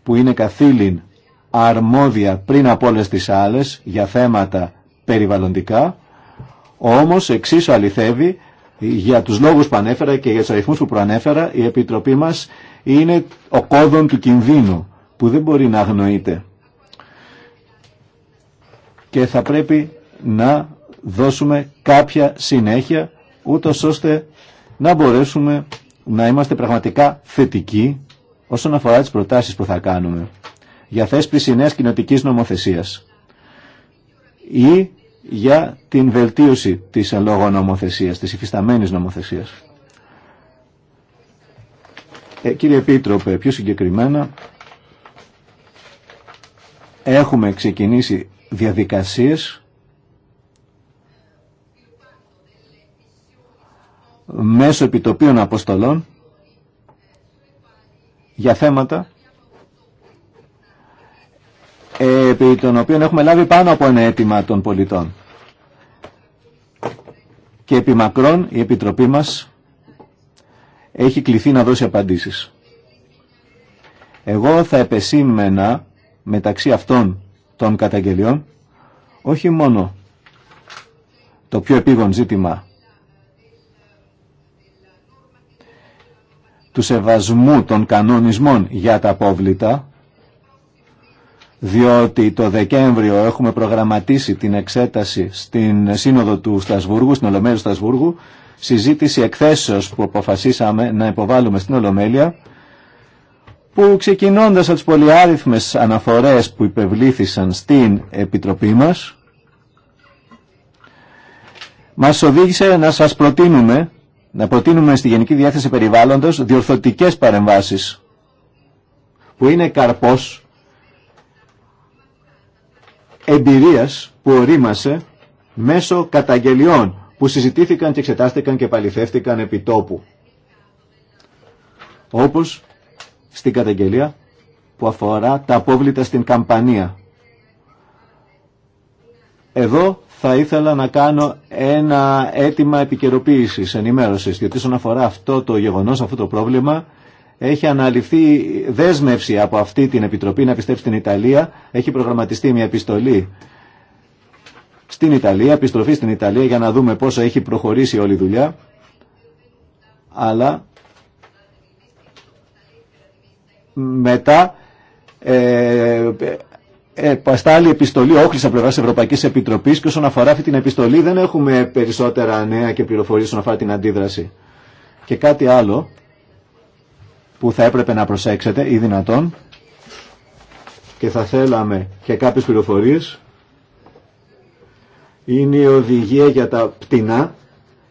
που είναι καθήλυν αρμόδια πριν από όλες τις άλλες για θέματα περιβαλλοντικά όμως εξίσου αληθεύει για τους λόγους που ανέφερα και για τους αριθμούς που προανέφερα η Επιτροπή μας είναι ο κόδων του κινδύνου που δεν μπορεί να αγνοείται και θα πρέπει να δώσουμε κάποια συνέχεια ούτω ώστε να μπορέσουμε να είμαστε πραγματικά θετικοί όσον αφορά τις προτάσεις που θα κάνουμε για θέσπιση νέας κοινοτικής νομοθεσίας ή για την βελτίωση της αλόγω νομοθεσίας, της υφισταμένης νομοθεσίας. Ε, κύριε Επίτροπε, πιο συγκεκριμένα, έχουμε ξεκινήσει διαδικασίες μέσω επιτοπίων αποστολών για θέματα επί των οποίων έχουμε λάβει πάνω από ένα αίτημα των πολιτών. Και επί μακρόν η Επιτροπή μας έχει κληθεί να δώσει απαντήσεις. Εγώ θα επεσήμενα μεταξύ αυτών των καταγγελιών όχι μόνο το πιο επίγον ζήτημα του σεβασμού των κανονισμών για τα απόβλητα διότι το Δεκέμβριο έχουμε προγραμματίσει την εξέταση στην Σύνοδο του Στασβούργου, στην Ολομέλεια του Στασβούργου, συζήτηση εκθέσεως που αποφασίσαμε να υποβάλουμε στην Ολομέλεια, που ξεκινώντας από τις πολυάριθμες αναφορές που υπευλήθησαν στην Επιτροπή μας, μας οδήγησε να σας προτείνουμε, να προτείνουμε στη Γενική Διάθεση Περιβάλλοντος διορθωτικές παρεμβάσεις, που είναι καρπός εμπειρίας που ορίμασε μέσω καταγγελιών που συζητήθηκαν και εξετάστηκαν και παληθεύτηκαν επί τόπου. Όπως στην καταγγελία που αφορά τα απόβλητα στην καμπανία. Εδώ θα ήθελα να κάνω ένα αίτημα επικαιροποίηση, ενημέρωσης, γιατί όσον αφορά αυτό το γεγονός, αυτό το πρόβλημα, έχει αναλυφθεί δέσμευση από αυτή την Επιτροπή να επιστρέψει στην Ιταλία. Έχει προγραμματιστεί μια επιστολή στην Ιταλία, επιστροφή στην Ιταλία για να δούμε πόσο έχει προχωρήσει όλη η δουλειά. Αλλά μετά ε, ε άλλη επιστολή όχλης από πλευρά Ευρωπαϊκής Επιτροπής και όσον αφορά αυτή την επιστολή δεν έχουμε περισσότερα νέα και πληροφορίες όσον αφορά την αντίδραση. Και κάτι άλλο που θα έπρεπε να προσέξετε ή δυνατόν και θα θέλαμε και κάποιες πληροφορίες είναι η οδηγία για τα πτηνά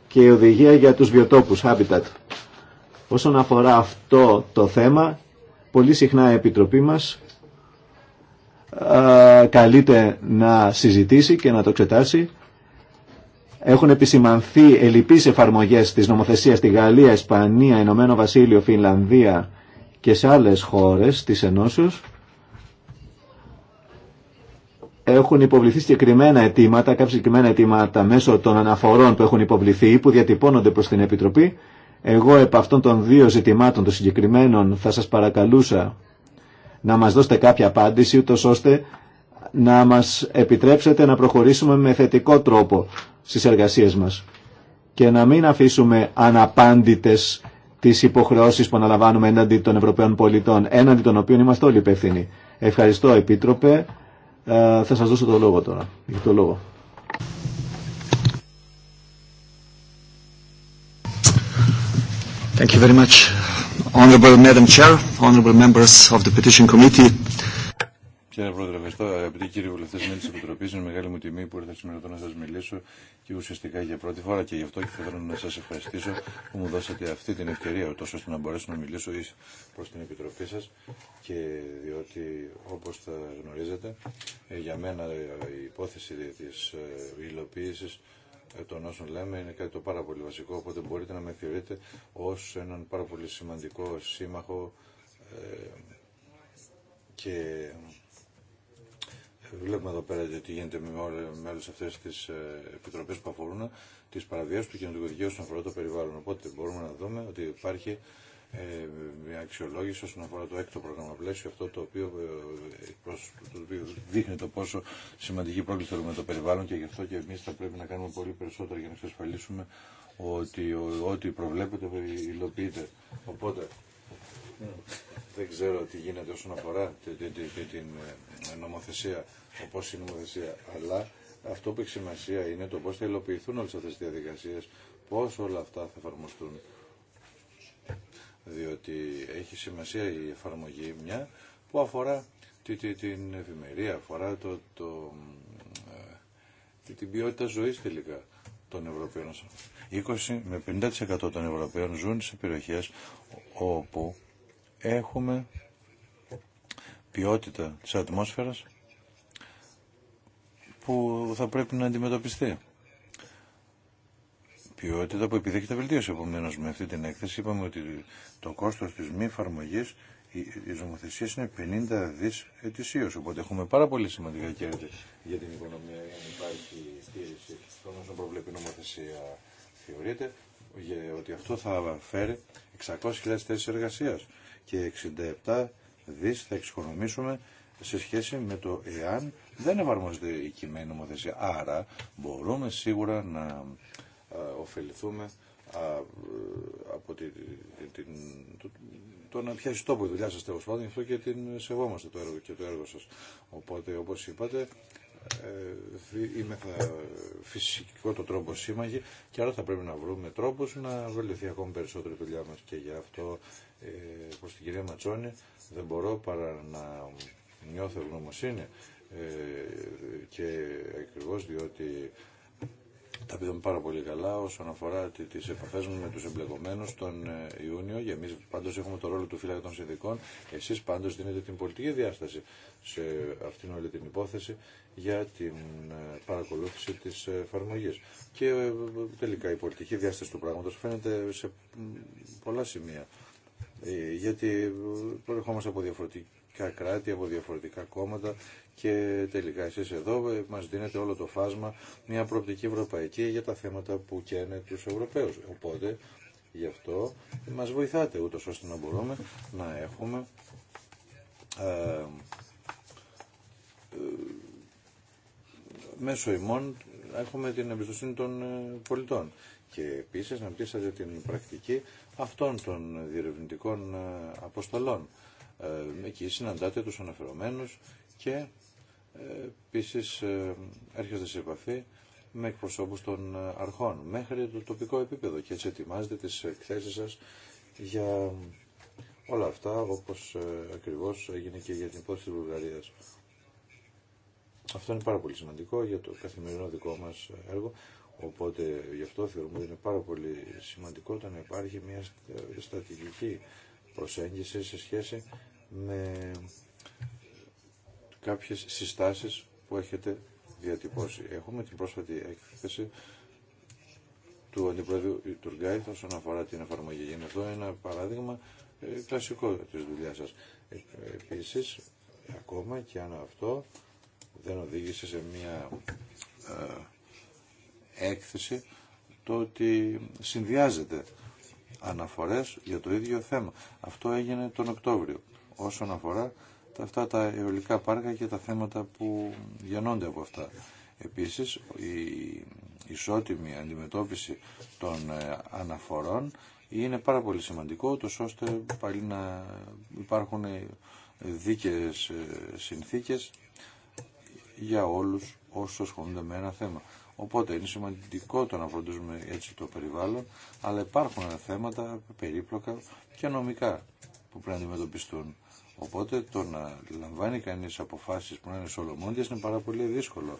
και η οδηγία για τους βιοτόπους, habitat. Όσον αφορά αυτό το θέμα, πολύ συχνά η Επιτροπή μας καλείται να συζητήσει και να το εξετάσει έχουν επισημανθεί ελλειπείς εφαρμογές της νομοθεσίας στη Γαλλία, Ισπανία, Ηνωμένο Βασίλειο, Φινλανδία και σε άλλες χώρες της Ενώσεως. Έχουν υποβληθεί συγκεκριμένα αιτήματα, κάποια συγκεκριμένα αιτήματα μέσω των αναφορών που έχουν υποβληθεί ή που διατυπώνονται προς την Επιτροπή. Εγώ επ' αυτών των δύο ζητημάτων των συγκεκριμένων θα σας παρακαλούσα να μας δώσετε κάποια απάντηση, ούτως ώστε να μας επιτρέψετε να προχωρήσουμε με θετικό τρόπο στις εργασίες μας και να μην αφήσουμε αναπάντητες τις υποχρεώσεις που αναλαμβάνουμε έναντι των Ευρωπαίων πολιτών, έναντι των οποίων είμαστε όλοι υπεύθυνοι. Ευχαριστώ, Επίτροπε. Ε, θα σας δώσω το λόγο τώρα. το λόγο.
Κύριε Πρόεδρε, ευχαριστώ. Αγαπητοί κύριοι βουλευτέ, μέλη τη Επιτροπή, είναι μεγάλη μου τιμή που ήρθα σήμερα εδώ να σα μιλήσω και ουσιαστικά για πρώτη φορά και γι' αυτό και θέλω να σα ευχαριστήσω που μου δώσατε αυτή την ευκαιρία, τόσο ώστε να μπορέσω να μιλήσω προ την Επιτροπή σα και διότι όπω θα γνωρίζετε, ε, για μένα ε, η υπόθεση τη ε, υλοποίηση των όσων λέμε είναι κάτι το πάρα πολύ βασικό, οπότε μπορείτε να με θεωρείτε ως έναν πάρα πολύ σημαντικό σύμμαχο και Βλέπουμε εδώ πέρα τι γίνεται με, με όλε αυτέ τι ε, επιτροπέ που αφορούν τι παραβιάσει του κοινωνικού δικαίου όσον αφορά το περιβάλλον. Οπότε μπορούμε να δούμε ότι υπάρχει ε, μια αξιολόγηση όσον αφορά το έκτο πρόγραμμα πλαίσιο, αυτό το οποίο, ε, το οποίο δείχνει το πόσο σημαντική πρόκληση θέλουμε το περιβάλλον και γι' αυτό και εμεί θα πρέπει να κάνουμε πολύ περισσότερο για να εξασφαλίσουμε ότι ό,τι προβλέπεται υλοποιείται. Οπότε δεν ξέρω τι γίνεται όσον αφορά την ε, νομοθεσία, όπω η νομοθεσία, αλλά αυτό που έχει σημασία είναι το πώ θα υλοποιηθούν όλε αυτέ τι διαδικασίες, πώς όλα αυτά θα εφαρμοστούν. Διότι έχει σημασία η εφαρμογή μια που αφορά την ευημερία, αφορά το, το, ε, την ποιότητα ζωή τελικά των Ευρωπαίων. 20 με 50% των Ευρωπαίων ζουν σε περιοχέ όπου έχουμε ποιότητα της ατμόσφαιρας που θα πρέπει να αντιμετωπιστεί. Ποιότητα που επιδέχεται βελτίωση. Επομένω, με αυτή την έκθεση είπαμε ότι το κόστος της μη εφαρμογή η νομοθεσία είναι 50 δις ετησίω. Οπότε έχουμε πάρα πολύ σημαντικά κέρδη για την οικονομία. Αν υπάρχει στήριξη των όσων προβλέπει η νομοθεσία, θεωρείται ότι αυτό θα φέρει 600.000 θέσει εργασία και 67 δις θα εξοικονομήσουμε σε σχέση με το εάν δεν εφαρμόζεται η κειμένη νομοθεσία. Άρα μπορούμε σίγουρα να ωφεληθούμε από την, την, το, το, να πιάσει τόπο η δουλειά σας τέλος πάντων, γι' αυτό και την σεβόμαστε το έργο και το έργο σας. Οπότε όπως είπατε ε, είμαι θα, φυσικό το τρόπο σύμμαχη και άρα θα πρέπει να βρούμε τρόπους να βελτιωθεί ακόμη περισσότερο η δουλειά μας και γι' αυτό ε, προς την κυρία Ματσόνη δεν μπορώ παρά να νιώθω ευγνωμοσύνη ε, και ακριβώς διότι τα πήγαμε πάρα πολύ καλά όσον αφορά τι επαφέ μου με του εμπλεκομένου τον ε, Ιούνιο. Και εμεί πάντω έχουμε το ρόλο του φύλακα των συνδικών. Εσεί πάντω δίνετε την πολιτική διάσταση σε αυτήν όλη την υπόθεση για την παρακολούθηση τη εφαρμογή. Και τελικά η πολιτική διάσταση του πράγματο φαίνεται σε πολλά σημεία. Ε, γιατί προερχόμαστε από διαφορετικά κράτη, από διαφορετικά κόμματα και τελικά εσείς εδώ ε, μας δίνετε όλο το φάσμα μια προοπτική ευρωπαϊκή για τα θέματα που καίνε τους Ευρωπαίους. Οπότε γι' αυτό μας βοηθάτε ούτως ώστε να μπορούμε να έχουμε ε, ε μέσω ημών έχουμε την εμπιστοσύνη των πολιτών. Και επίσης να πτήσατε την πρακτική αυτών των διερευνητικών ε, αποστολών. Ε, εκεί συναντάτε τους αναφερομένους και ε, επίση έρχεστε σε επαφή με εκπροσώπους των αρχών μέχρι το τοπικό επίπεδο και έτσι ετοιμάζετε τις εκθέσεις σας για όλα αυτά όπως ακριβώς έγινε και για την υπόθεση της Βουλγαρίας. Αυτό είναι πάρα πολύ σημαντικό για το καθημερινό δικό μας έργο Οπότε γι' αυτό θεωρούμε ότι είναι πάρα πολύ σημαντικό το να υπάρχει μια στρατηγική προσέγγιση σε σχέση με κάποιες συστάσεις που έχετε διατυπώσει. Έχουμε την πρόσφατη έκθεση του Αντιπρόεδρου Τουργκάη όσον αφορά την εφαρμογή. Είναι εδώ ένα παράδειγμα ε, κλασικό της δουλειά σας. Ε, επίσης, ακόμα και αν αυτό δεν οδήγησε σε μια ε, έκθεση το ότι συνδυάζεται αναφορές για το ίδιο θέμα. Αυτό έγινε τον Οκτώβριο όσον αφορά τα, αυτά τα αιωλικά πάρκα και τα θέματα που γεννώνται από αυτά. Επίσης, η ισότιμη αντιμετώπιση των ε, αναφορών είναι πάρα πολύ σημαντικό, ώστε πάλι να υπάρχουν ε, δίκαιες ε, συνθήκες για όλους όσους ασχολούνται με ένα θέμα. Οπότε είναι σημαντικό το να φροντίζουμε έτσι το περιβάλλον, αλλά υπάρχουν θέματα περίπλοκα και νομικά που πρέπει να αντιμετωπιστούν. Οπότε το να λαμβάνει κανεί αποφάσει που να είναι σολομόντια είναι πάρα πολύ δύσκολο.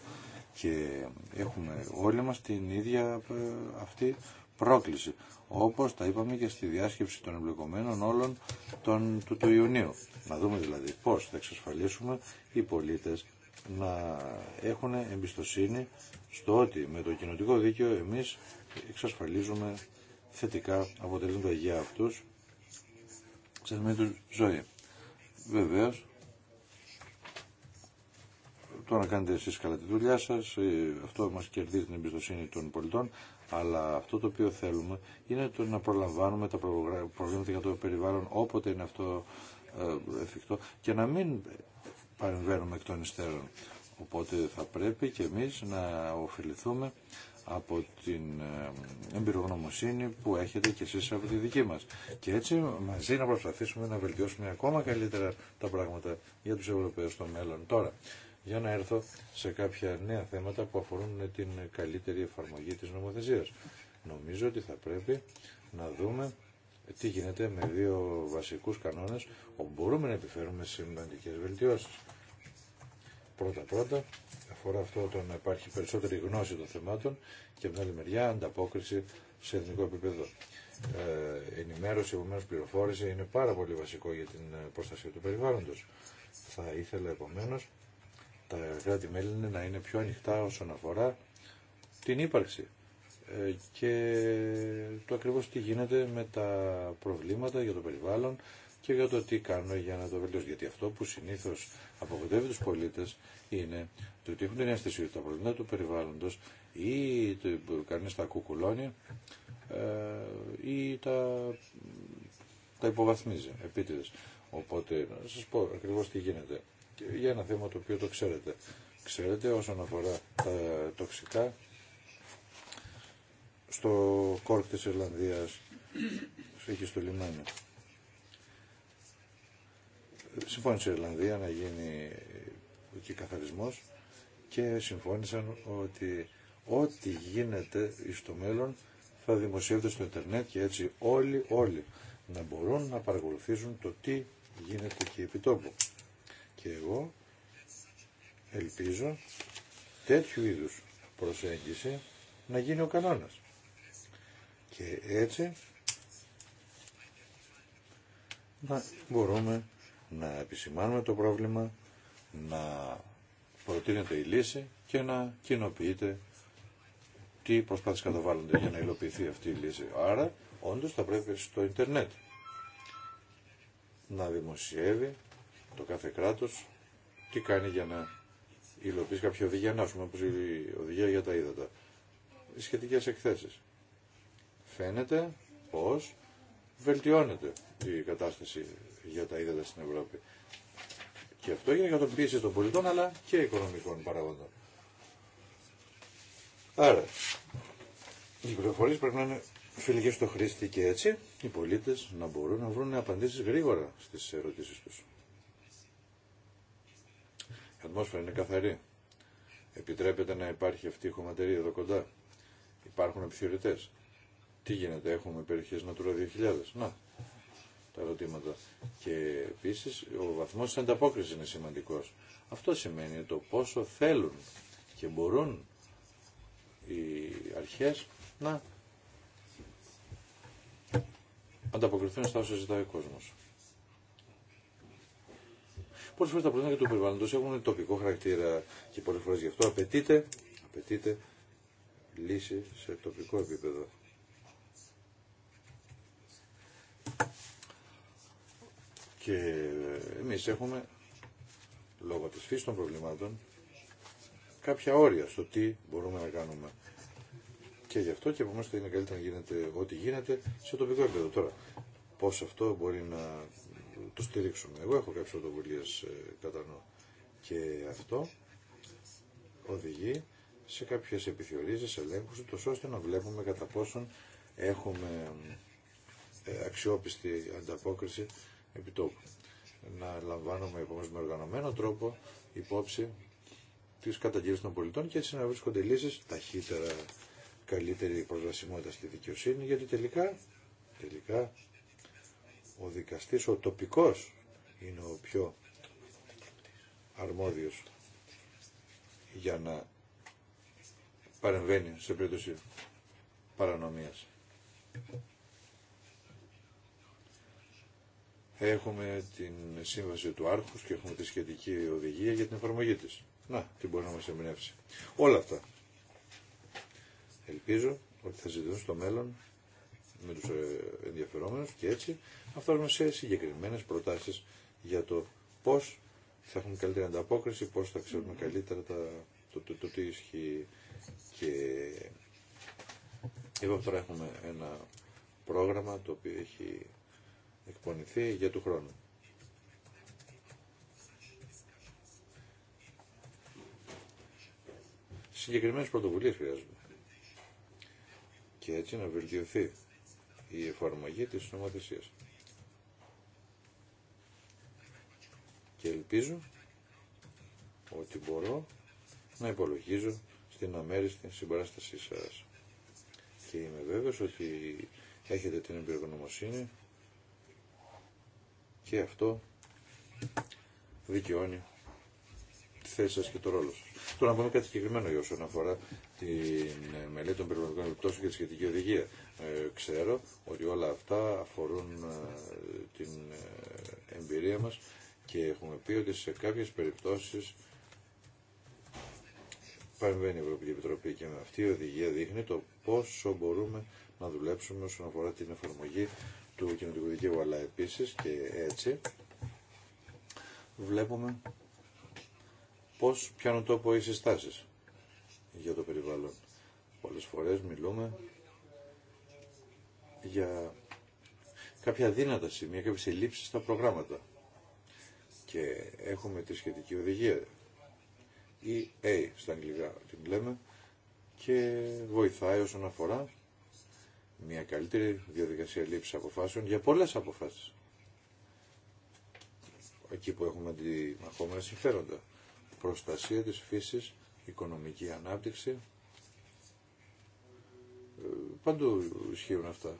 Και έχουμε όλοι μας την ίδια ε, αυτή πρόκληση. Όπως τα είπαμε και στη διάσκεψη των εμπλεκομένων όλων τον, του, του Ιουνίου. Να δούμε δηλαδή πώ θα εξασφαλίσουμε οι πολίτε να έχουν εμπιστοσύνη στο ότι με το κοινοτικό δίκαιο εμείς εξασφαλίζουμε θετικά αποτελέσματα για αυτούς σε αυτή του ζωή. Βεβαίως, το να κάνετε εσεί καλά τη δουλειά σα, ε, αυτό μα κερδίζει την εμπιστοσύνη των πολιτών, αλλά αυτό το οποίο θέλουμε είναι το να προλαμβάνουμε τα προβλήματα για το περιβάλλον όποτε είναι αυτό ε, εφικτό και να μην παρεμβαίνουμε εκ των υστέρων. Οπότε θα πρέπει και εμείς να ωφεληθούμε από την ε, εμπειρογνωμοσύνη που έχετε και εσείς από τη δική μας. Και έτσι μαζί να προσπαθήσουμε να βελτιώσουμε ακόμα καλύτερα τα πράγματα για τους Ευρωπαίους στο μέλλον. Τώρα, για να έρθω σε κάποια νέα θέματα που αφορούν την καλύτερη εφαρμογή της νομοθεσίας. Νομίζω ότι θα πρέπει να δούμε τι γίνεται με δύο βασικούς κανόνες όπου μπορούμε να επιφέρουμε σημαντικές βελτιώσεις. Πρώτα-πρώτα αφορά αυτό το να υπάρχει περισσότερη γνώση των θεμάτων και από την άλλη μεριά ανταπόκριση σε εθνικό επίπεδο. Ε, ενημέρωση, επομένως πληροφόρηση είναι πάρα πολύ βασικό για την ε, προστασία του περιβάλλοντος. Θα ήθελα επομένως τα κράτη-μέλη να είναι πιο ανοιχτά όσον αφορά την ύπαρξη ε, και το ακριβώς τι γίνεται με τα προβλήματα για το περιβάλλον και για το τι κάνω για να το βελτιώσω. Γιατί αυτό που συνήθως απογοητεύει τους πολίτες είναι το ότι έχουν την αίσθηση ότι τα προβλήματα του περιβάλλοντος ή το κανείς τα κουκουλώνει ε, ή τα, υποβαθμίζει επίτηδες. Οπότε να σας πω ακριβώς τι γίνεται. για ένα θέμα το οποίο το ξέρετε. Ξέρετε όσον αφορά τα τοξικά στο κόρκ της Ιρλανδίας, εκεί στο λιμάνι. Συμφώνησε η Ιρλανδία να γίνει εκεί καθαρισμός και συμφώνησαν ότι ό,τι γίνεται στο μέλλον θα δημοσιεύεται στο Ιντερνετ και έτσι όλοι, όλοι να μπορούν να παρακολουθήσουν το τι γίνεται και επί Και εγώ ελπίζω τέτοιου είδους προσέγγιση να γίνει ο κανόνας. Και έτσι να μπορούμε να επισημάνουμε το πρόβλημα, να προτείνεται η λύση και να κοινοποιείται τι προσπάθειες καταβάλλονται για να υλοποιηθεί αυτή η λύση. Άρα, όντως θα πρέπει στο ίντερνετ να δημοσιεύει το κάθε κράτος τι κάνει για να υλοποιήσει κάποια οδηγία, να πούμε, όπως η οδηγία για τα ύδατα. Σχετικές εκθέσεις φαίνεται πως βελτιώνεται η κατάσταση για τα ύδατα στην Ευρώπη. Και αυτό για να πίεση των πολιτών αλλά και οικονομικών παραγόντων. Άρα, οι πληροφορίε πρέπει να είναι φιλικέ στο χρήστη και έτσι οι πολίτες να μπορούν να βρουν απαντήσεις γρήγορα στις ερωτήσεις τους. Η ατμόσφαιρα είναι καθαρή. Επιτρέπεται να υπάρχει αυτή η χωματερή εδώ κοντά. Υπάρχουν επιθεωρητέ. Τι γίνεται, έχουμε περιοχές Natura 2000. Να, τα ερωτήματα. Και επίσης ο βαθμός της ανταπόκρισης είναι σημαντικός. Αυτό σημαίνει το πόσο θέλουν και μπορούν οι αρχές να ανταποκριθούν στα όσα ζητάει ο κόσμος. Πολλέ φορέ τα προβλήματα του περιβάλλοντο έχουν τοπικό χαρακτήρα και πολλέ φορέ γι' αυτό απαιτείται, απαιτείται λύση σε τοπικό επίπεδο. Και εμείς έχουμε, λόγω της φύσης των προβλημάτων, κάποια όρια στο τι μπορούμε να κάνουμε. Και γι' αυτό και θα είναι καλύτερα να γίνεται ό,τι γίνεται σε τοπικό επίπεδο. Τώρα, πώς αυτό μπορεί να το στηρίξουμε. Εγώ έχω κάποιες το κατά νου. Και αυτό οδηγεί σε κάποιες επιθεωρήσεις, ελέγχους, τόσο ώστε να βλέπουμε κατά πόσον έχουμε ε, αξιόπιστη ανταπόκριση επιτόπου. Να λαμβάνουμε επομένως με οργανωμένο τρόπο υπόψη τις καταγγελία των πολιτών και έτσι να βρίσκονται λύσεις ταχύτερα καλύτερη προσβασιμότητα στη δικαιοσύνη γιατί τελικά, τελικά ο δικαστής, ο τοπικός είναι ο πιο αρμόδιος για να παρεμβαίνει σε περίπτωση παρανομίας. Έχουμε την σύμβαση του άρχους και έχουμε τη σχετική οδηγία για την εφαρμογή της. Να, τι μπορεί να μας εμπνεύσει. Όλα αυτά. Ελπίζω ότι θα ζητηθούν στο μέλλον με τους ε, ενδιαφερόμενους και έτσι να φτάσουμε σε συγκεκριμένες προτάσεις για το πώς θα έχουμε καλύτερη ανταπόκριση, πώς θα ξέρουμε καλύτερα τα, το, το, τι ισχύει και εδώ τώρα έχουμε ένα πρόγραμμα το οποίο έχει εκπονηθεί για του χρόνου. Συγκεκριμένες πρωτοβουλίες χρειάζονται. Και έτσι να βελτιωθεί η εφαρμογή της νομοθεσίας. Και ελπίζω ότι μπορώ να υπολογίζω στην αμέριστη συμπαράστασή σας. Και είμαι βέβαιος ότι έχετε την εμπειρογνωμοσύνη και αυτό δικαιώνει τη θέση σας και το ρόλο σας. Τώρα να πούμε κάτι συγκεκριμένο για όσον αφορά τη μελέτη των περιβαλλοντικών επιπτώσεων και τη σχετική οδηγία. Ε, ξέρω ότι όλα αυτά αφορούν ε, την ε, εμπειρία μας και έχουμε πει ότι σε κάποιες περιπτώσεις παρεμβαίνει η Ευρωπαϊκή Επιτροπή και με αυτή η οδηγία δείχνει το πόσο μπορούμε να δουλέψουμε όσον αφορά την εφαρμογή του κοινωτικού δικαίου, αλλά επίσης και έτσι βλέπουμε πώς πιάνουν τόπο οι συστάσεις για το περιβάλλον. Πολλές φορές μιλούμε για κάποια δύνατα σημεία, κάποιες ελλείψεις στα προγράμματα. Και έχουμε τη σχετική οδηγία, EA στα αγγλικά την λέμε, και βοηθάει όσον αφορά μια καλύτερη διαδικασία λήψη αποφάσεων για πολλέ αποφάσεις. Εκεί που έχουμε αντιμαχόμενα συμφέροντα. Προστασία της φύση οικονομική ανάπτυξη. Ε, παντού ισχύουν αυτά.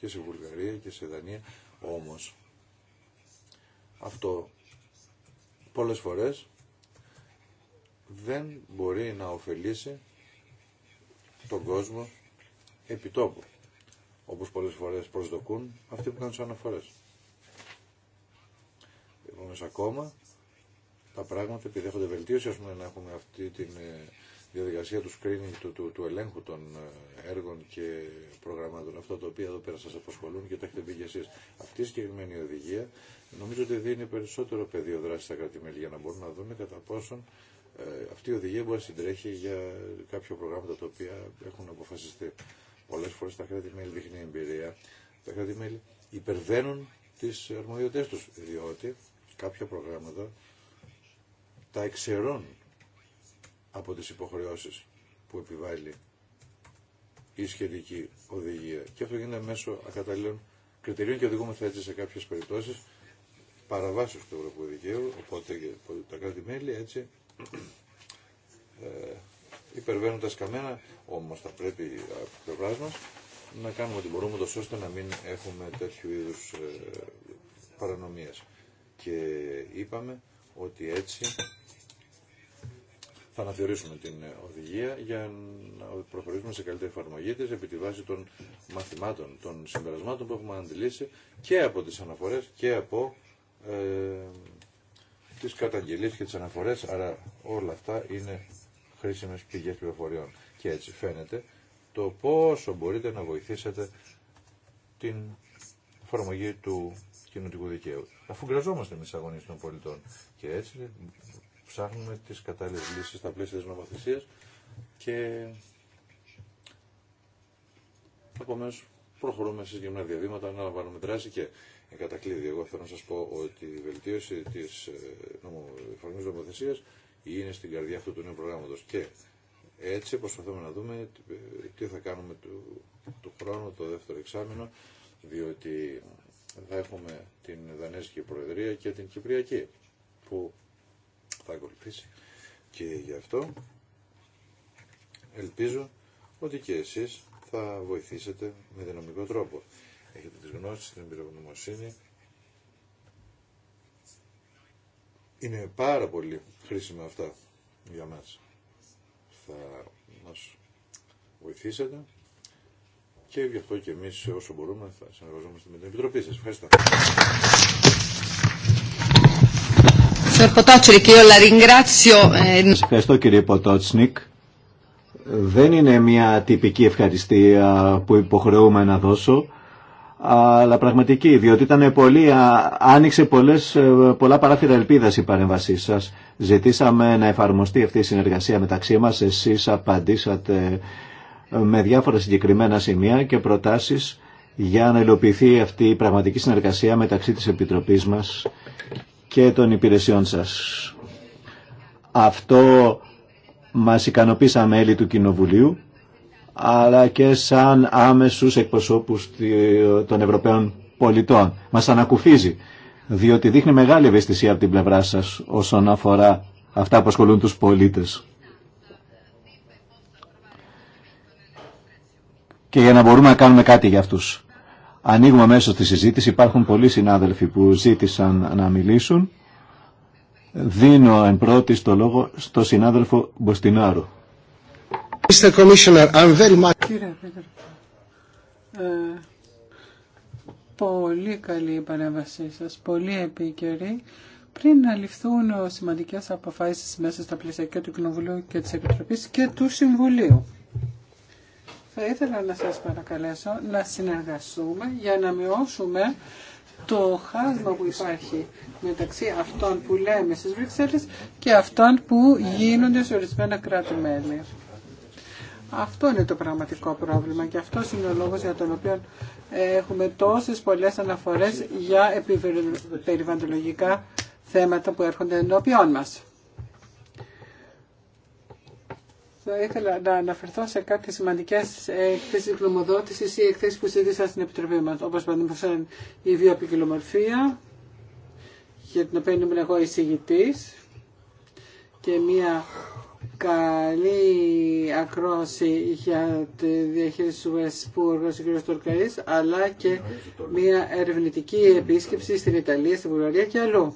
Και σε Βουλγαρία και σε Δανία. Όμως αυτό πολλές φορές δεν μπορεί να ωφελήσει τον κόσμο επιτόπου, όπως πολλές φορές προσδοκούν αυτοί που κάνουν τις αναφορές. Επομένως ακόμα τα πράγματα επιδέχονται βελτίωση, ας πούμε να έχουμε αυτή τη ε, διαδικασία του screening, του, του, ελέγχου των ε, έργων και προγραμμάτων, αυτά τα οποία εδώ πέρα σας απασχολούν και τα έχετε πει και εσείς. Αυτή η συγκεκριμένη οδηγία νομίζω ότι δίνει περισσότερο πεδίο δράση στα κρατημέλη για να μπορούν να δούμε κατά πόσον ε, αυτή η οδηγία μπορεί να συντρέχει για κάποια προγράμματα τα οποία έχουν αποφασιστεί. Πολλέ φορές τα κράτη-μέλη δείχνει εμπειρία. Τα κράτη-μέλη υπερβαίνουν τις αρμοδιότητες τους, διότι κάποια προγράμματα τα εξαιρώνουν από τις υποχρεώσεις που επιβάλλει η σχετική οδηγία. Και αυτό γίνεται μέσω ακαταλληλών κριτηρίων και οδηγούμεθα έτσι σε κάποιες περιπτώσεις παραβάσεις του Ευρωπαϊκού Δικαίου, οπότε τα κράτη-μέλη έτσι ε, υπερβαίνοντα καμένα, όμως θα πρέπει από πλευρά μα να κάνουμε ό,τι μπορούμε το ώστε να μην έχουμε τέτοιου είδους ε, παρανομίες. Και είπαμε ότι έτσι θα αναθεωρήσουμε την οδηγία για να προχωρήσουμε σε καλύτερη εφαρμογή της επί τη βάση των μαθημάτων, των συμπερασμάτων που έχουμε αντιλήσει και από τις αναφορές και από ε, τις καταγγελίες και τις αναφορές. Άρα όλα αυτά είναι χρήσιμες πηγές πληροφοριών. Και έτσι φαίνεται το πόσο μπορείτε να βοηθήσετε την εφαρμογή του κοινωτικού δικαίου. Αφού γκραζόμαστε με τι αγωνίε των πολιτών και έτσι ψάχνουμε τι κατάλληλε λύσει στα πλαίσια τη νομοθεσία και επομένω προχωρούμε σε γυμνά διαβήματα, αναλαμβάνουμε δράση και κατακλείδη. Εγώ θέλω να σα πω ότι η βελτίωση τη ε, εφαρμογή νομοθεσία είναι στην καρδιά αυτού του νέου προγράμματος. Και έτσι προσπαθούμε να δούμε ε, τι θα κάνουμε του, του χρόνου, το δεύτερο εξάμεινο, διότι θα έχουμε την Δανέζικη Προεδρία και την Κυπριακή που θα ακολουθήσει. Και γι' αυτό ελπίζω ότι και εσείς θα βοηθήσετε με δυναμικό τρόπο. Έχετε τις γνώσεις, την εμπειρογνωμοσύνη Είναι πάρα πολύ χρήσιμα αυτά για μας. Θα μας βοηθήσετε και γι' αυτό και εμείς όσο μπορούμε θα συνεργαζόμαστε με την Επιτροπή
σας. Ευχαριστώ.
Eh, ευχαριστώ κύριε Ποτότσνικ. Δεν είναι μια τυπική ευχαριστία που υποχρεούμε να δώσω αλλά πραγματική, διότι ήταν πολύ, άνοιξε πολλές, ε, πολλά παράθυρα ελπίδα η παρέμβασή σας. Ζητήσαμε να εφαρμοστεί αυτή η συνεργασία μεταξύ μας. Εσείς απαντήσατε ε, με διάφορα συγκεκριμένα σημεία και προτάσεις για να υλοποιηθεί αυτή η πραγματική συνεργασία μεταξύ της Επιτροπής μας και των υπηρεσιών σας. Αυτό μας ικανοποίησαμε μέλη του Κοινοβουλίου αλλά και σαν άμεσους εκπροσώπους των Ευρωπαίων πολιτών. Μας ανακουφίζει, διότι δείχνει μεγάλη ευαισθησία από την πλευρά σας όσον αφορά αυτά που ασχολούν τους πολίτες. Και για να μπορούμε να κάνουμε κάτι για αυτούς. Ανοίγουμε μέσω τη συζήτηση. Υπάρχουν πολλοί συνάδελφοι που ζήτησαν να μιλήσουν. Δίνω εν πρώτη το λόγο στο συνάδελφο Μποστινάρου. Κύριε
ε, πολύ καλή η παρέμβασή σας, πολύ επίκαιρη. Πριν να ληφθούν σημαντικές αποφάσεις μέσα στα πλαίσια του Κοινοβουλίου και της Επιτροπής και του Συμβουλίου. Θα ήθελα να σας παρακαλέσω να συνεργαστούμε για να μειώσουμε το χάσμα που υπάρχει μεταξύ αυτών που λέμε στις Βρυξέλλες και αυτών που γίνονται σε ορισμένα κράτη-μέλη. Αυτό είναι το πραγματικό πρόβλημα και αυτό είναι ο λόγος για τον οποίο έχουμε τόσες πολλές αναφορές για περιβαλλοντολογικά θέματα που έρχονται ενώπιόν μας. Θα ήθελα να αναφερθώ σε κάποιες σημαντικές εκθέσεις σημαντικέ εκθέσει δημοδότηση ή εκθέσει που συζήτηση στην Επιτροπή μας, όπως παραδείγματος η εκθεσει που ζητησα στην επιτροπη μας οπως παραδειγματος η βιοπικιλομορφια για την οποία ήμουν εγώ εισηγητή και μία καλή ακρόση για τη διαχείριση του που οργάνωσε ο αλλά και μια ερευνητική επίσκεψη στην Ιταλία, στην Βουλγαρία και αλλού.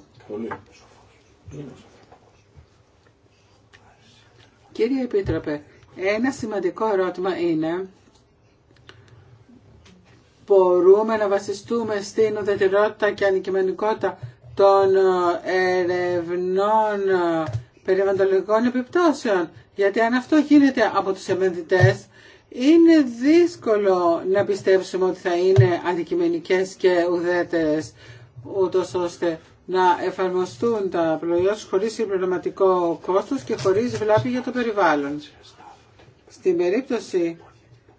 Κύριε Επίτροπε, ένα σημαντικό ερώτημα είναι μπορούμε να βασιστούμε στην ουδετερότητα και αντικειμενικότητα των ε, ερευνών περιβαλλοντικών επιπτώσεων. Γιατί αν αυτό γίνεται από τους επενδυτές, είναι δύσκολο να πιστέψουμε ότι θα είναι αντικειμενικές και ουδέτερες, ούτως ώστε να εφαρμοστούν τα προϊόντα χωρίς συμπληρωματικό κόστος και χωρίς βλάπη για το περιβάλλον. Στην περίπτωση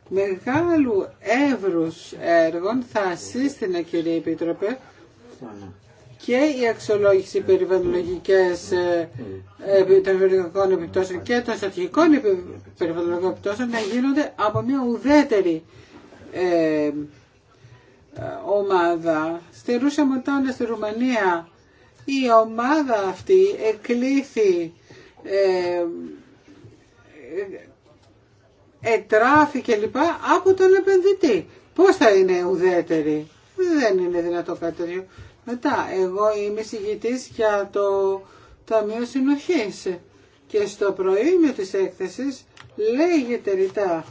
μεγάλου εύρους έργων θα σύστηνα κύριε Επίτροπε και η αξιολόγηση περιβαλλοντικές ε, ε, των επιπτώσεων και των στρατηγικών περιβαλλοντικών επιπτώσεων να γίνονται από μια ουδέτερη ε, ε ομάδα. Στη Ρούσια Μοντάνα στη Ρουμανία η ομάδα αυτή εκλήθη ε, ετράφη και λοιπά από τον επενδυτή. Πώς θα είναι ουδέτερη. Δεν είναι δυνατό κάτι τέτοιο. Μετά, εγώ είμαι συγγητή για το Ταμείο Συνοχής και στο προήμιο της έκθεσης λέγεται ρητά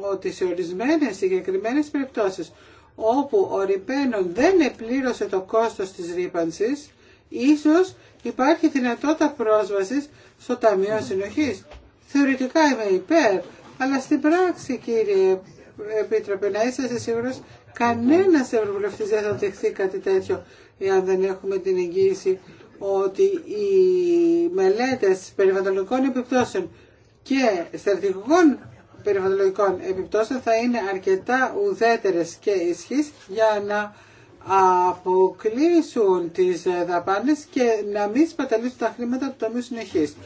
ότι σε ορισμένες συγκεκριμένε περιπτώσεις όπου ο Ριπένον δεν επλήρωσε το κόστος της ρήπανσης, ίσως υπάρχει δυνατότητα πρόσβασης στο Ταμείο Συνοχής. Θεωρητικά είμαι υπέρ, αλλά στην πράξη κύριε Επίτροπε να είσαστε σίγουρος Κανένα ευρωβουλευτή δεν θα δεχθεί κάτι τέτοιο εάν δεν έχουμε την εγγύηση ότι οι μελέτες περιβαλλοντικών επιπτώσεων και στρατηγικών περιβαλλοντικών επιπτώσεων θα είναι αρκετά ουδέτερες και ισχύς για να αποκλείσουν τις δαπάνε και να μην σπαταλίσουν τα χρήματα του Ταμείου Συνεχής.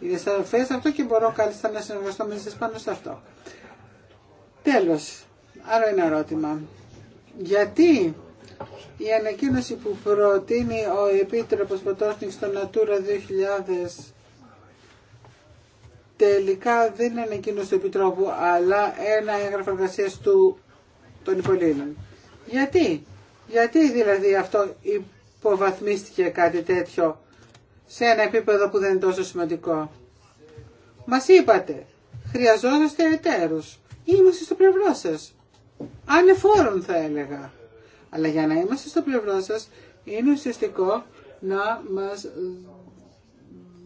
Είναι σαφές αυτό και μπορώ κάλλιστα να συνεργαστώ με σα πάνω σε αυτό. Τέλο. άλλο ένα ερώτημα. Γιατί η ανακοίνωση που προτείνει ο Επίτροπος Ποτόσνικ στο Natura 2000 τελικά δεν είναι ανακοίνωση του Επιτρόπου αλλά ένα έγγραφο εργασία του των υπολήλων. Γιατί, γιατί δηλαδή αυτό υποβαθμίστηκε κάτι τέτοιο σε ένα επίπεδο που δεν είναι τόσο σημαντικό. Μας είπατε, χρειαζόμαστε εταίρους. Είμαστε στο πλευρό σας ανεφόρων θα έλεγα. Αλλά για να είμαστε στο πλευρό σας είναι ουσιαστικό να μας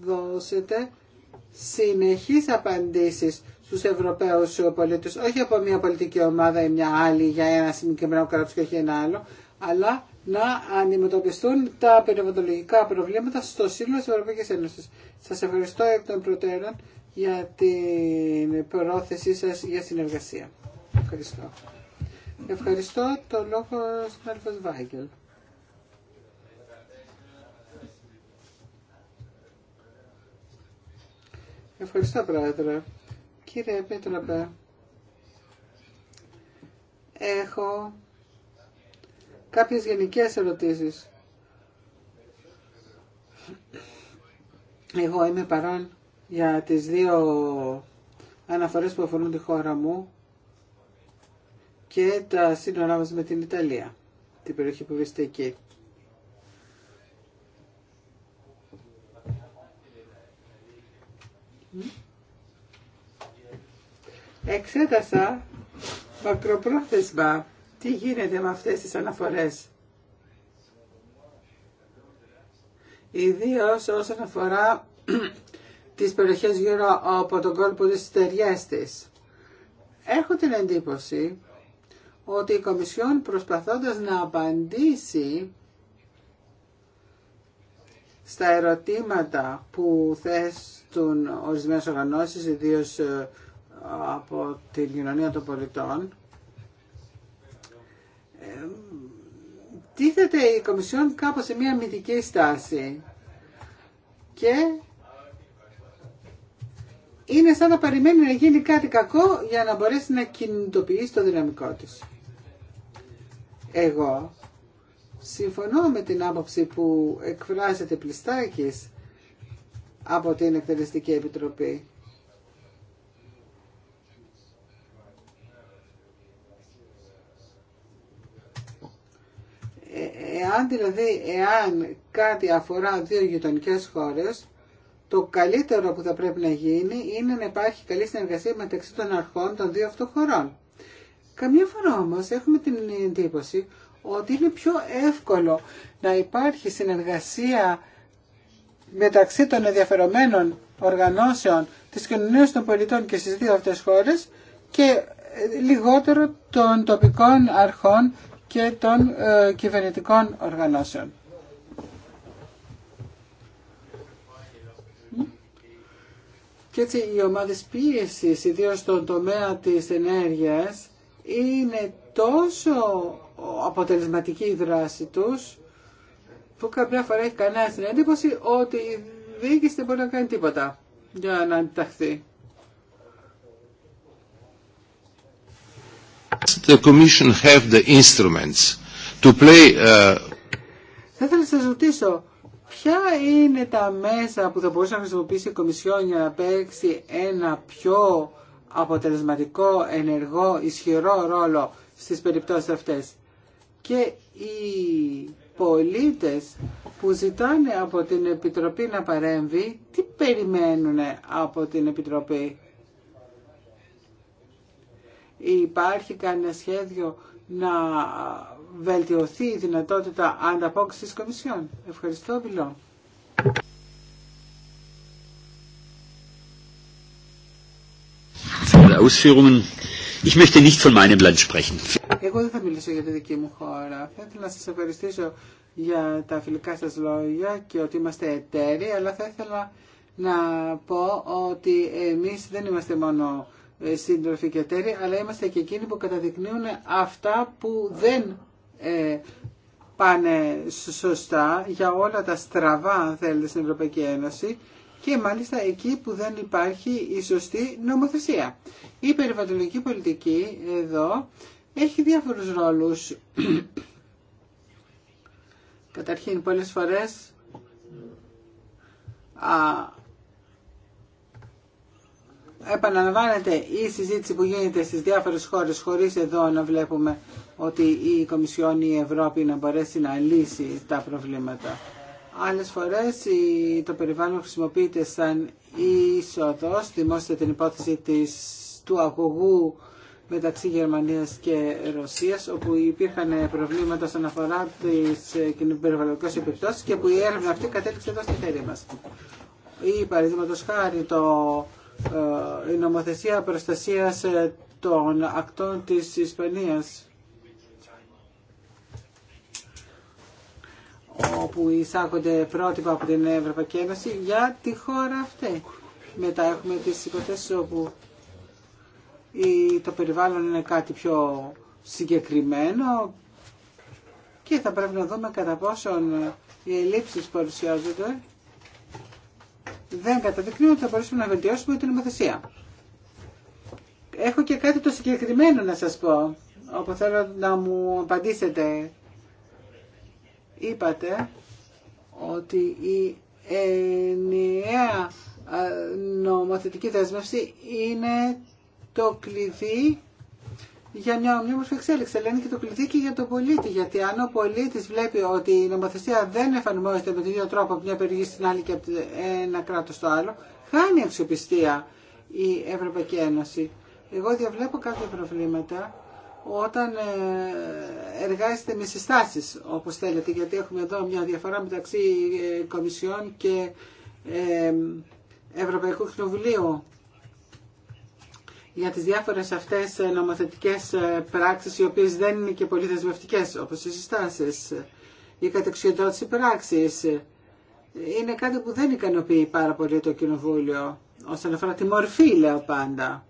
δώσετε συνεχείς απαντήσεις στους Ευρωπαίους πολίτες, όχι από μια πολιτική ομάδα ή μια άλλη για ένα συγκεκριμένο κράτος και όχι ένα άλλο, αλλά να αντιμετωπιστούν τα περιβαλλοντολογικά προβλήματα στο Σύλλογο της Ευρωπαϊκής Ένωσης. Σας ευχαριστώ εκ των προτέρων για την πρόθεσή σας για συνεργασία. Ευχαριστώ. Ευχαριστώ. Το λόγο στην αλφας Βάγγελ. Ευχαριστώ, Πρόεδρε. Κύριε Επίτροπε, έχω κάποιες γενικές ερωτήσεις. Εγώ είμαι παρόν για τις δύο αναφορές που αφορούν τη χώρα μου και τα σύνορά μας με την Ιταλία, την περιοχή που βρίσκεται εκεί. Εξέτασα μακροπρόθεσμα τι γίνεται με αυτές τις αναφορές. Ιδίω όσον αφορά τις περιοχές γύρω από τον κόλπο της στεριές της. Έχω την εντύπωση ότι η Κομισιόν προσπαθώντας να απαντήσει στα ερωτήματα που θέσουν ορισμένες οργανώσεις, ιδίω ε, από την κοινωνία των πολιτών, τίθεται η Κομισιόν κάπως σε μια μυθική στάση και είναι σαν να περιμένει να γίνει κάτι κακό για να μπορέσει να κινητοποιήσει το δυναμικό της. Εγώ συμφωνώ με την άποψη που εκφράζεται πλειστάκης από την Εκτελεστική Επιτροπή. Ε, εάν δηλαδή, εάν κάτι αφορά δύο γειτονικέ χώρες, το καλύτερο που θα πρέπει να γίνει είναι να υπάρχει καλή συνεργασία μεταξύ των αρχών των δύο αυτών χωρών. Καμιά φορά όμω, έχουμε την εντύπωση ότι είναι πιο εύκολο να υπάρχει συνεργασία μεταξύ των ενδιαφερομένων οργανώσεων της κοινωνίας των πολιτών και στις δύο αυτές χώρες και ε, λιγότερο των τοπικών αρχών και των ε, κυβερνητικών οργανώσεων. Και έτσι οι ομάδες πίεσης, ιδίως στον τομέα της ενέργειας, είναι τόσο αποτελεσματική η δράση τους που κάποια φορά έχει κανένα την εντύπωση ότι η διοίκηση δεν μπορεί να κάνει τίποτα για να αντιταχθεί.
The Commission have the instruments to play, uh,
Θα ήθελα να σας ρωτήσω, ποια είναι τα μέσα που θα μπορούσε να χρησιμοποιήσει η Κομισιόν για να παίξει ένα πιο αποτελεσματικό, ενεργό, ισχυρό ρόλο στις περιπτώσεις αυτές. Και οι πολίτες που ζητάνε από την Επιτροπή να παρέμβει, τι περιμένουν από την Επιτροπή. Υπάρχει κανένα σχέδιο να βελτιωθεί η δυνατότητα ανταπόκρισης της Κομισιόν. Ευχαριστώ, Βιλό.
Ausführungen. Ich möchte nicht von meinem Land sprechen.
Εγώ δεν θα μιλήσω για τη δική μου χώρα. Θα ήθελα να σας ευχαριστήσω για τα φιλικά σας λόγια και ότι είμαστε εταίροι, αλλά θα ήθελα να πω ότι εμείς δεν είμαστε μόνο ε, σύντροφοι και εταίροι, αλλά είμαστε και εκείνοι που καταδεικνύουν αυτά που δεν ε, πάνε σωστά για όλα τα στραβά, αν θέλετε, στην Ευρωπαϊκή Ένωση και μάλιστα εκεί που δεν υπάρχει η σωστή νομοθεσία. Η περιβαλλοντική πολιτική εδώ έχει διάφορους ρόλους. Καταρχήν πολλές φορές α, επαναλαμβάνεται η συζήτηση που γίνεται στις διάφορες χώρες χωρίς εδώ να βλέπουμε ότι η Κομισιόν η Ευρώπη να μπορέσει να λύσει τα προβλήματα. Άλλες φορές το περιβάλλον χρησιμοποιείται σαν είσοδος, δημόσια την υπόθεση της, του αγωγού μεταξύ Γερμανίας και Ρωσίας, όπου υπήρχαν προβλήματα στον αφορά τις ε, περιβαλλοντικές επιπτώσει και που η έρευνα αυτή κατέληξε εδώ στη χέρια μας. Ή παραδείγματος χάρη το, ε, η νομοθεσία προστασίας ε, των ακτών της Ισπανίας όπου εισάγονται πρότυπα από την Ευρωπαϊκή Ένωση για τη χώρα αυτή. Μετά έχουμε τις υποθέσεις όπου το περιβάλλον είναι κάτι πιο συγκεκριμένο και θα πρέπει να δούμε κατά πόσον οι ελλείψεις που παρουσιάζονται δεν καταδεικνύουν ότι θα μπορούσαμε να βελτιώσουμε την νομοθεσία. Έχω και κάτι το συγκεκριμένο να σας πω, όπου θέλω να μου απαντήσετε είπατε ότι η ενιαία νομοθετική δέσμευση είναι το κλειδί για μια ομοιόμορφη εξέλιξη, Λένε και το κλειδί και για τον πολίτη. Γιατί αν ο πολίτη βλέπει ότι η νομοθεσία δεν εφαρμόζεται με τον ίδιο τρόπο από μια περιοχή στην άλλη και από ένα κράτο στο άλλο, χάνει αξιοπιστία η Ευρωπαϊκή Ένωση. Εγώ διαβλέπω κάποια προβλήματα όταν ε, εργάζεται με συστάσεις όπως θέλετε γιατί έχουμε εδώ μια διαφορά μεταξύ ε, Κομισιόν και ε, Ευρωπαϊκού Κοινοβουλίου για τις διάφορες αυτές νομοθετικές πράξεις οι οποίες δεν είναι και πολύ δεσμευτικές όπως οι συστάσεις η κατεξιοντότηση πράξης είναι κάτι που δεν ικανοποιεί πάρα πολύ το Κοινοβούλιο όσον αφορά τη μορφή λέω πάντα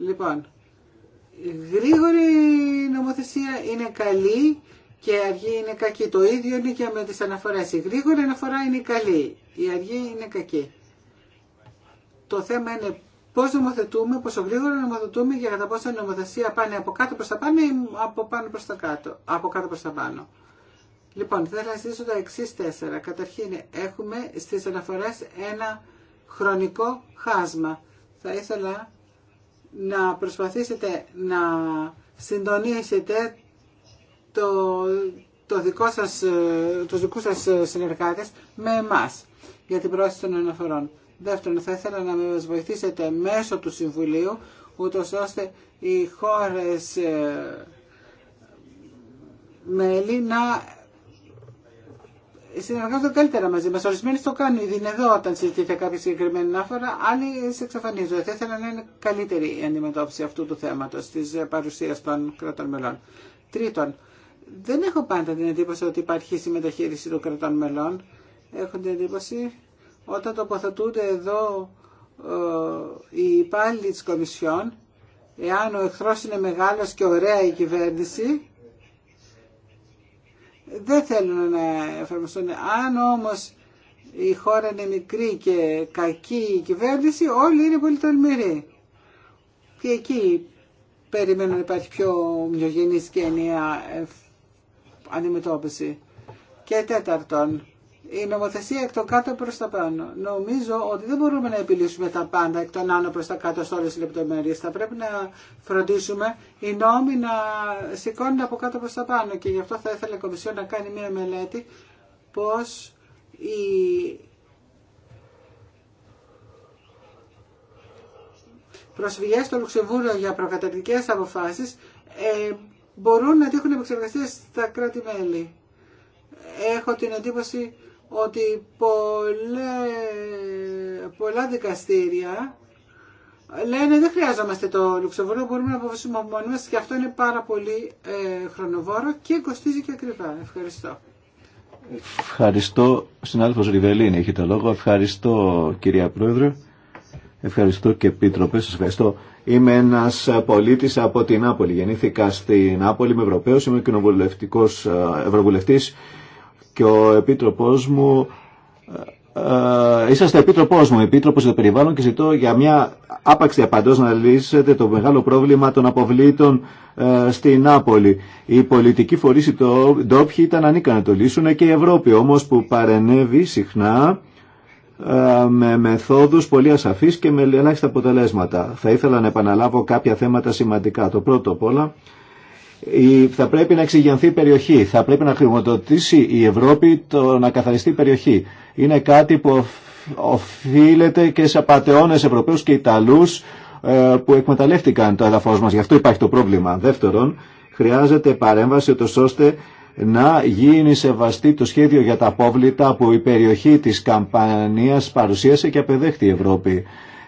Λοιπόν, γρήγορη νομοθεσία είναι καλή και η αργή είναι κακή. Το ίδιο είναι και με τις αναφορές. Η γρήγορη αναφορά είναι καλή, η αργή είναι κακή. Το θέμα είναι πώς νομοθετούμε, πόσο γρήγορα νομοθετούμε και κατά πόσο νομοθεσία πάνε από κάτω προς τα πάνω ή από πάνω προς τα κάτω, από κάτω προς τα πάνω. Λοιπόν, θέλω να ζητήσω τα εξή τέσσερα. Καταρχήν, έχουμε στις αναφορές ένα χρονικό χάσμα. Θα ήθελα να προσπαθήσετε να συντονίσετε το, το δικό σας, ε, τους δικούς σας ε, συνεργάτες με εμάς για την πρόσθεση των αναφορών. Δεύτερον, θα ήθελα να με βοηθήσετε μέσω του Συμβουλίου, ούτω ώστε οι χώρες ε, μέλη να συνεργάζονται καλύτερα μαζί μα. Ορισμένοι το κάνουν ήδη εδώ όταν συζητείται κάποια συγκεκριμένη ανάφορα, άλλοι σε εξαφανίζονται. Θα ήθελα να είναι καλύτερη η αντιμετώπιση αυτού του θέματο, τη ε, παρουσία των κρατών μελών. Τρίτον, δεν έχω πάντα την εντύπωση ότι υπάρχει συμμεταχείριση των κρατών μελών. Έχω την εντύπωση όταν τοποθετούνται εδώ ε, οι υπάλληλοι τη Κομισιόν, εάν ο εχθρό είναι μεγάλο και ωραία η κυβέρνηση, δεν θέλουν να εφαρμοστούν. Αν όμως η χώρα είναι μικρή και κακή η κυβέρνηση, όλοι είναι πολύ τολμηροί. Και εκεί περιμένουν να υπάρχει πιο ομοιογενής και ενιαία αντιμετώπιση. Και τέταρτον, η νομοθεσία εκ των κάτω προς τα πάνω. Νομίζω ότι δεν μπορούμε να επιλύσουμε τα πάντα εκ των άνω προς τα κάτω σε όλες τις λεπτομέρειες. Θα πρέπει να φροντίσουμε οι νόμοι να σηκώνουν από κάτω προς τα πάνω και γι' αυτό θα ήθελα η Κομισιό να κάνει μια μελέτη πώς η Προσφυγέ στο Λουξεμβούργο για προκαταρκτικές αποφάσει ε, μπορούν να τύχουν επεξεργασίες στα κράτη-μέλη. Έχω την εντύπωση ότι πολλέ, πολλά δικαστήρια λένε δεν χρειάζομαστε το Λουξεμβούργο, μπορούμε να αποφασίσουμε μόνοι μας και αυτό είναι πάρα πολύ ε, χρονοβόρο και κοστίζει και ακριβά. Ευχαριστώ.
Ευχαριστώ. Συνάδελφος Ριβελίνη έχει το λόγο. Ευχαριστώ κυρία Πρόεδρε. Ευχαριστώ και επίτροπε. ευχαριστώ. Είμαι ένα πολίτης από την Νάπολη. Γεννήθηκα στην Νάπολη, είμαι Ευρωπαίο, είμαι κοινοβουλευτικό ε, Ευρωβουλευτή και ο Επίτροπός μου ε, ε, είσαστε επίτροπό μου, επίτροπο για το περιβάλλον και ζητώ για μια άπαξη απαντό να λύσετε το μεγάλο πρόβλημα των αποβλήτων ε, στην Νάπολη. Οι πολιτικοί φορεί ντόπιοι ήταν ανίκανοι να το λύσουν και η Ευρώπη όμω που παρενέβη συχνά ε, με μεθόδους πολύ ασαφείς και με ελάχιστα αποτελέσματα. Θα ήθελα να επαναλάβω κάποια θέματα σημαντικά. Το πρώτο απ' όλα θα πρέπει να εξηγενθεί η περιοχή, θα πρέπει να χρηματοδοτήσει η Ευρώπη το να καθαριστεί η περιοχή. Είναι κάτι που οφείλεται και σε απαταιώνες Ευρωπαίους και Ιταλούς ε, που εκμεταλλεύτηκαν το έδαφος μας. Γι' αυτό υπάρχει το πρόβλημα. Δεύτερον, χρειάζεται παρέμβαση ώστε να γίνει σεβαστή το σχέδιο για τα απόβλητα που η περιοχή της Καμπανίας παρουσίασε και απεδέχτη η Ευρώπη.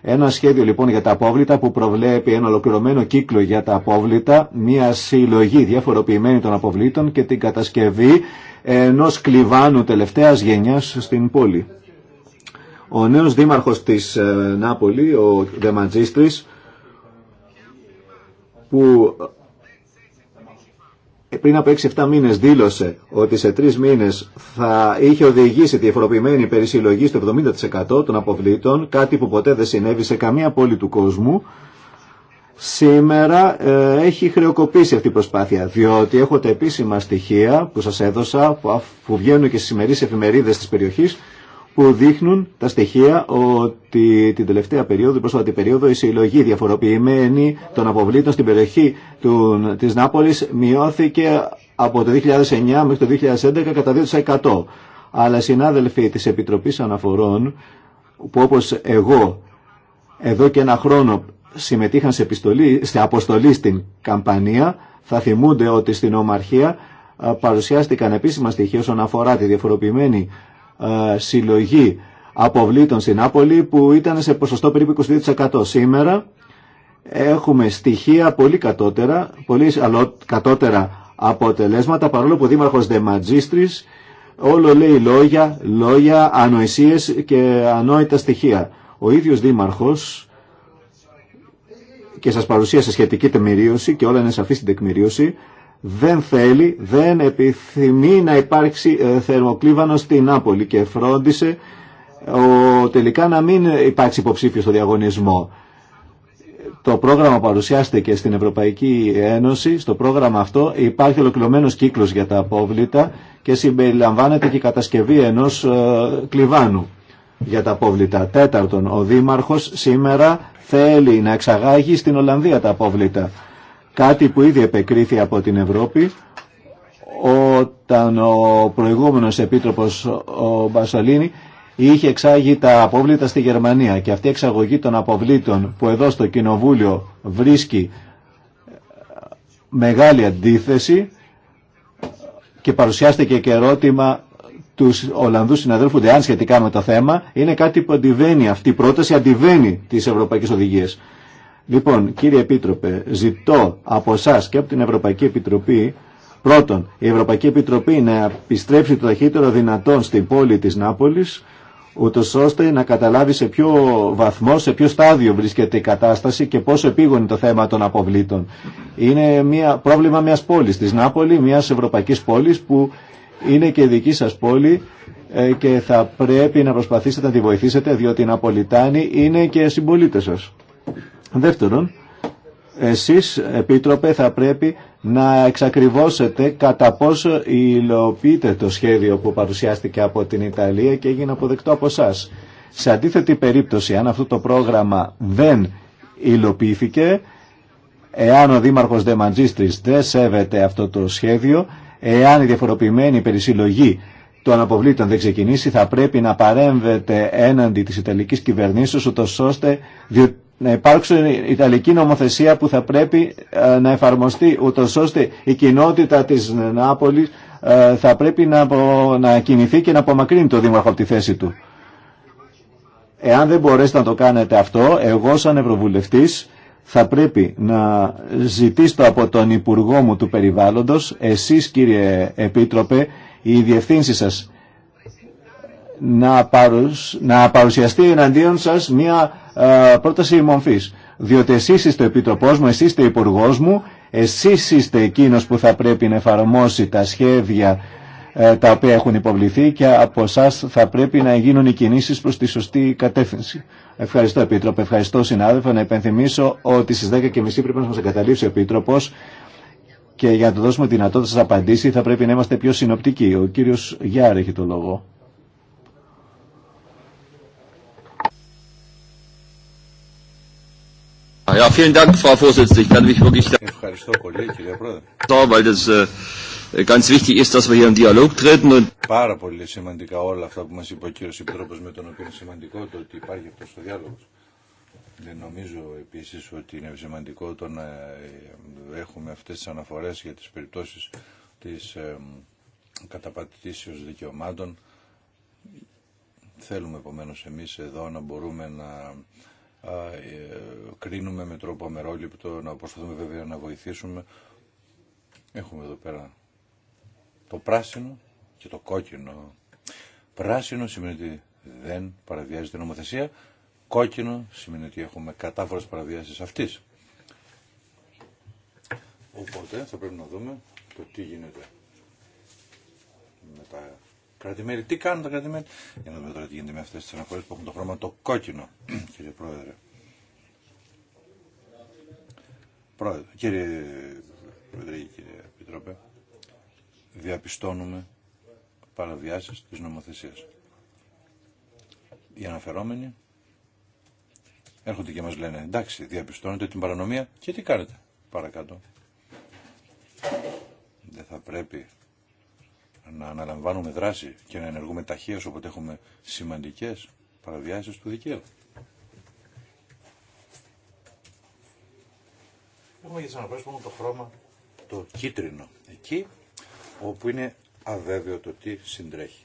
Ένα σχέδιο λοιπόν για τα απόβλητα που προβλέπει ένα ολοκληρωμένο κύκλο για τα απόβλητα, μια συλλογή διαφοροποιημένη των αποβλήτων και την κατασκευή ενό κλειβάνου τελευταίας γενιάς στην πόλη. Ο νέος δήμαρχος της ε, Νάπολη, ο Δεματζίστρης, που ε, πριν από 6-7 μήνες δήλωσε ότι σε 3 μήνες θα είχε οδηγήσει τη διαφοροποιημένη περισυλλογή στο 70% των αποβλήτων, κάτι που ποτέ δεν συνέβη σε καμία πόλη του κόσμου, σήμερα ε, έχει χρεοκοπήσει αυτή η προσπάθεια, διότι έχω τα επίσημα στοιχεία που σας έδωσα, που, που βγαίνουν και στις σημερίες εφημερίδες της περιοχής, που δείχνουν τα στοιχεία ότι την τελευταία περίοδο, την πρόσφατη περίοδο, η συλλογή διαφοροποιημένη των αποβλήτων στην περιοχή του, της Νάπολης μειώθηκε από το 2009 μέχρι το 2011 κατά 2%. Αλλά συνάδελφοι της Επιτροπής Αναφορών, που όπως εγώ εδώ και ένα χρόνο συμμετείχαν σε, επιστολή, σε αποστολή στην Καμπανία, θα θυμούνται ότι στην Ομαρχία ε, παρουσιάστηκαν επίσημα στοιχεία όσον αφορά τη διαφοροποιημένη ε, συλλογή αποβλήτων στην Άπολη που ήταν σε ποσοστό περίπου 22%. Σήμερα έχουμε στοιχεία πολύ κατώτερα, πολύ κατώτερα αποτελέσματα παρόλο που ο Δήμαρχος Δεματζίστρης όλο λέει λόγια, λόγια, ανοησίες και ανόητα στοιχεία. Ο ίδιος Δήμαρχος και σας παρουσίασε σχετική τεκμηρίωση και όλα είναι σαφή στην τεκμηρίωση δεν θέλει, δεν επιθυμεί να υπάρξει ε, θερμοκλίβανο στην Νάπολη και φρόντισε ο, τελικά να μην υπάρξει υποψήφιο στο διαγωνισμό. Το πρόγραμμα παρουσιάστηκε στην Ευρωπαϊκή Ένωση. Στο πρόγραμμα αυτό υπάρχει ολοκληρωμένος κύκλος για τα απόβλητα και συμπεριλαμβάνεται και η κατασκευή ενός ε, κλιβάνου για τα απόβλητα. Τέταρτον, ο Δήμαρχος σήμερα θέλει να εξαγάγει στην Ολλανδία τα απόβλητα. Κάτι που ήδη επεκρίθη από την Ευρώπη όταν ο προηγούμενος επίτροπος ο Μπασολίνη είχε εξάγει τα αποβλήτα στη Γερμανία και αυτή η εξαγωγή των αποβλήτων που εδώ στο Κοινοβούλιο βρίσκει μεγάλη αντίθεση και παρουσιάστηκε και ερώτημα του Ολλανδού συναδέλφου Ντεάν σχετικά με το θέμα, είναι κάτι που αντιβαίνει αυτή η πρόταση, αντιβαίνει τι ευρωπαϊκέ οδηγίε. Λοιπόν, κύριε Επίτροπε, ζητώ από εσά και από την Ευρωπαϊκή Επιτροπή πρώτον, η Ευρωπαϊκή Επιτροπή να επιστρέψει το ταχύτερο δυνατόν στην πόλη της Νάπολης ούτω ώστε να καταλάβει σε ποιο βαθμό, σε ποιο στάδιο βρίσκεται η κατάσταση και πόσο επίγονη το θέμα των αποβλήτων. Είναι μια, πρόβλημα μιας πόλης, της Νάπολη, μιας ευρωπαϊκής πόλης που είναι και δική σας πόλη ε, και θα πρέπει να προσπαθήσετε να τη βοηθήσετε διότι οι Ναπολιτάνοι είναι και συμπολίτε Δεύτερον, εσείς Επίτροπε θα πρέπει να εξακριβώσετε κατά πόσο υλοποιείτε το σχέδιο που παρουσιάστηκε από την Ιταλία και έγινε αποδεκτό από εσά. Σε αντίθετη περίπτωση, αν αυτό το πρόγραμμα δεν υλοποιήθηκε, εάν ο Δήμαρχος Δεμαντζίστρης δεν σέβεται αυτό το σχέδιο, εάν η διαφοροποιημένη περισυλλογή των αποβλήτων δεν ξεκινήσει, θα πρέπει να παρέμβετε έναντι της Ιταλικής κυβερνήσεως, ώστε να υπάρξει Ιταλική νομοθεσία που θα πρέπει ε, να εφαρμοστεί ούτω ώστε η κοινότητα της Νάπολης ε, θα πρέπει να, να κινηθεί και να απομακρύνει το Δήμαρχο από τη θέση του. Εάν δεν μπορέσετε να το κάνετε αυτό, εγώ σαν Ευρωβουλευτής θα πρέπει να ζητήσω από τον Υπουργό μου του Περιβάλλοντος, εσείς κύριε Επίτροπε, οι διευθύνσεις σας να, παρουσ, να παρουσιαστεί εναντίον σας μία ε, πρόταση μορφής Διότι εσείς είστε ο Επιτροπός μου, εσείς είστε ο υπουργό μου, εσείς είστε εκείνος που θα πρέπει να εφαρμόσει τα σχέδια ε, τα οποία έχουν υποβληθεί και από εσά θα πρέπει να γίνουν οι κινήσεις προς τη σωστή κατεύθυνση. Ευχαριστώ Επίτροπε, ευχαριστώ συνάδελφα να υπενθυμίσω ότι στις 10.30 πρέπει να μας εγκαταλείψει ο Επίτροπος και για να του δώσουμε δυνατότητα σα απαντήσει θα πρέπει να είμαστε πιο συνοπτικοί. Ο κύριος Γιάρ έχει το λόγο.
Ευχαριστώ
πολύ κύριε
Πρόεδρε.
Äh,
Πάρα πολύ σημαντικά όλα αυτά που μας είπε ο κύριος Επιτρόπος με τον οποίο είναι σημαντικό το ότι υπάρχει αυτός ο διάλογος. Δεν νομίζω επίσης ότι είναι σημαντικό το να ε, έχουμε αυτές τις αναφορές για τις περιπτώσεις της ε, καταπατητήσεως δικαιωμάτων. Θέλουμε επομένως εμείς εδώ να μπορούμε να ε, κρίνουμε με τρόπο αμερόληπτο, να προσπαθούμε βέβαια να βοηθήσουμε. Έχουμε εδώ πέρα το πράσινο και το κόκκινο. Πράσινο σημαίνει ότι δεν παραβιάζει την νομοθεσία. Κόκκινο σημαίνει ότι έχουμε κατάφορες παραβιάσεις αυτής. Οπότε θα πρέπει να δούμε το τι γίνεται μετά κρατη Τι κάνουν τα Για να δούμε τώρα τι γίνεται με αυτέ τι αναφορέ που έχουν το χρώμα το κόκκινο, κύριε Πρόεδρε. Πρόεδρε, κύριε Πρόεδρε, κύριε Επιτρόπε, διαπιστώνουμε παραβιάσεις τη νομοθεσία. Οι αναφερόμενοι έρχονται και μας λένε εντάξει διαπιστώνετε την παρανομία και τι κάνετε παρακάτω. Δεν θα πρέπει να αναλαμβάνουμε δράση και να ενεργούμε ταχύως όποτε έχουμε σημαντικές παραβιάσεις του δικαίου. Έχουμε για τι το χρώμα το κίτρινο. Εκεί όπου είναι αβέβαιο το τι συντρέχει.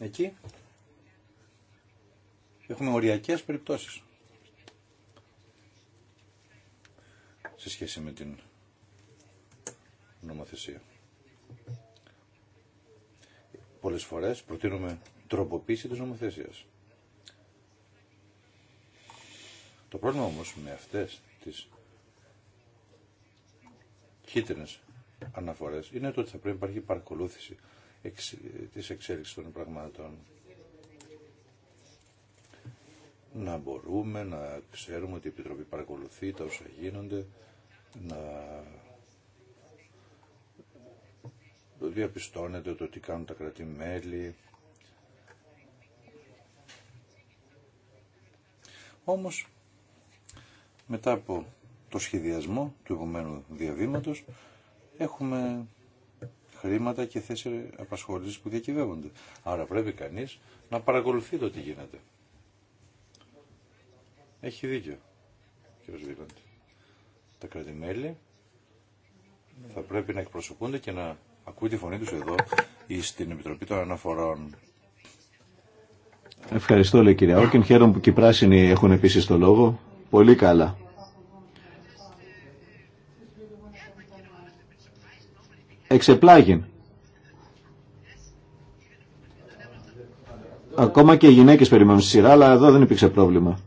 Εκεί έχουμε οριακές περιπτώσεις. σχέση με την νομοθεσία. Πολλές φορές προτείνουμε τροποποίηση της νομοθεσίας. Το πρόβλημα όμως με αυτές τις κίτρινες αναφορές είναι το ότι θα πρέπει να υπάρχει παρακολούθηση της εξέλιξης των πραγμάτων. Να μπορούμε να ξέρουμε ότι η Επιτροπή παρακολουθεί τα όσα γίνονται, να διαπιστώνεται το τι κάνουν τα κρατημέλη. Όμως, μετά από το σχεδιασμό του επομένου διαβήματος, έχουμε χρήματα και θέσεις απασχόλησης που διακυβεύονται. Άρα πρέπει κανείς να παρακολουθεί το τι γίνεται. Έχει δίκιο, κύριος Βίλαντ τα κρατημέλη θα πρέπει να εκπροσωπούνται και να ακούει τη φωνή τους εδώ ή στην Επιτροπή των Αναφορών.
Ευχαριστώ, λέει κυρία Όκεν. Χαίρομαι που και οι πράσινοι έχουν επίσης το λόγο. Πολύ καλά. εξεπλάγει Ακόμα και οι γυναίκες περιμένουν στη σειρά, αλλά εδώ δεν υπήρξε πρόβλημα.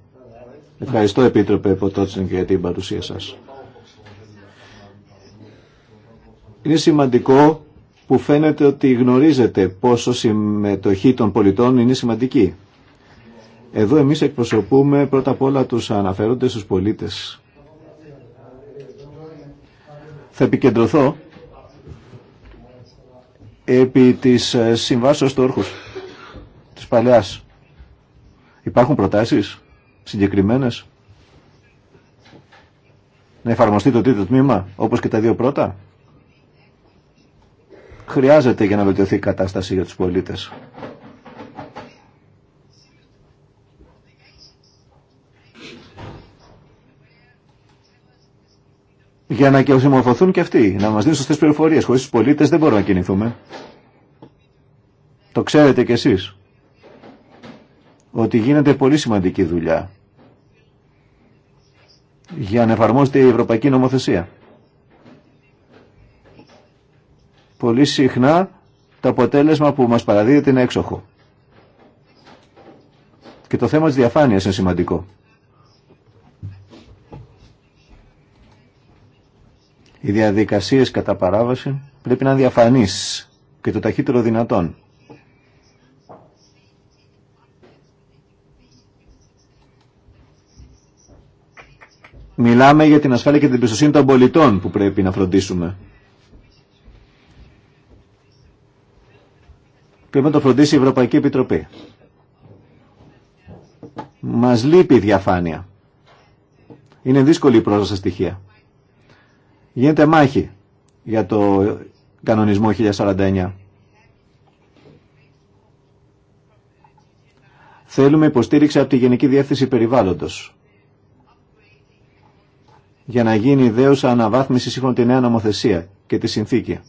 Ευχαριστώ, Επίτροπε τότε για την παρουσία σας. Είναι σημαντικό που φαίνεται ότι γνωρίζετε πόσο συμμετοχή των πολιτών είναι σημαντική. Εδώ εμείς εκπροσωπούμε πρώτα απ' όλα τους αναφέρονται στους πολίτες. Θα επικεντρωθώ επί της ε, συμβάσεως του όρχους, της παλαιάς. Υπάρχουν προτάσεις συγκεκριμένες να εφαρμοστεί το τρίτο τμήμα όπως και τα δύο πρώτα χρειάζεται για να βελτιωθεί η κατάσταση για τους πολίτες. Για να και συμμορφωθούν και αυτοί, να μας δίνουν σωστές πληροφορίες. Χωρίς τους πολίτες δεν μπορούμε να κινηθούμε. Το ξέρετε κι εσείς ότι γίνεται πολύ σημαντική δουλειά για να εφαρμόζεται η Ευρωπαϊκή Νομοθεσία. πολύ συχνά το αποτέλεσμα που μας παραδίδεται είναι έξοχο. Και το θέμα της διαφάνειας είναι σημαντικό. Οι διαδικασίες κατά παράβαση πρέπει να είναι διαφανείς και το ταχύτερο δυνατόν. Μιλάμε για την ασφάλεια και την πιστοσύνη των πολιτών που πρέπει να φροντίσουμε. πρέπει να το φροντίσει η Ευρωπαϊκή Επιτροπή. Μας λείπει η διαφάνεια. Είναι δύσκολη η πρόσβαση στοιχεία. Γίνεται μάχη για το κανονισμό 1049. Θέλουμε υποστήριξη από τη Γενική Διεύθυνση Περιβάλλοντος για να γίνει ιδέως αναβάθμιση σύμφωνα τη νέα νομοθεσία και τη συνθήκη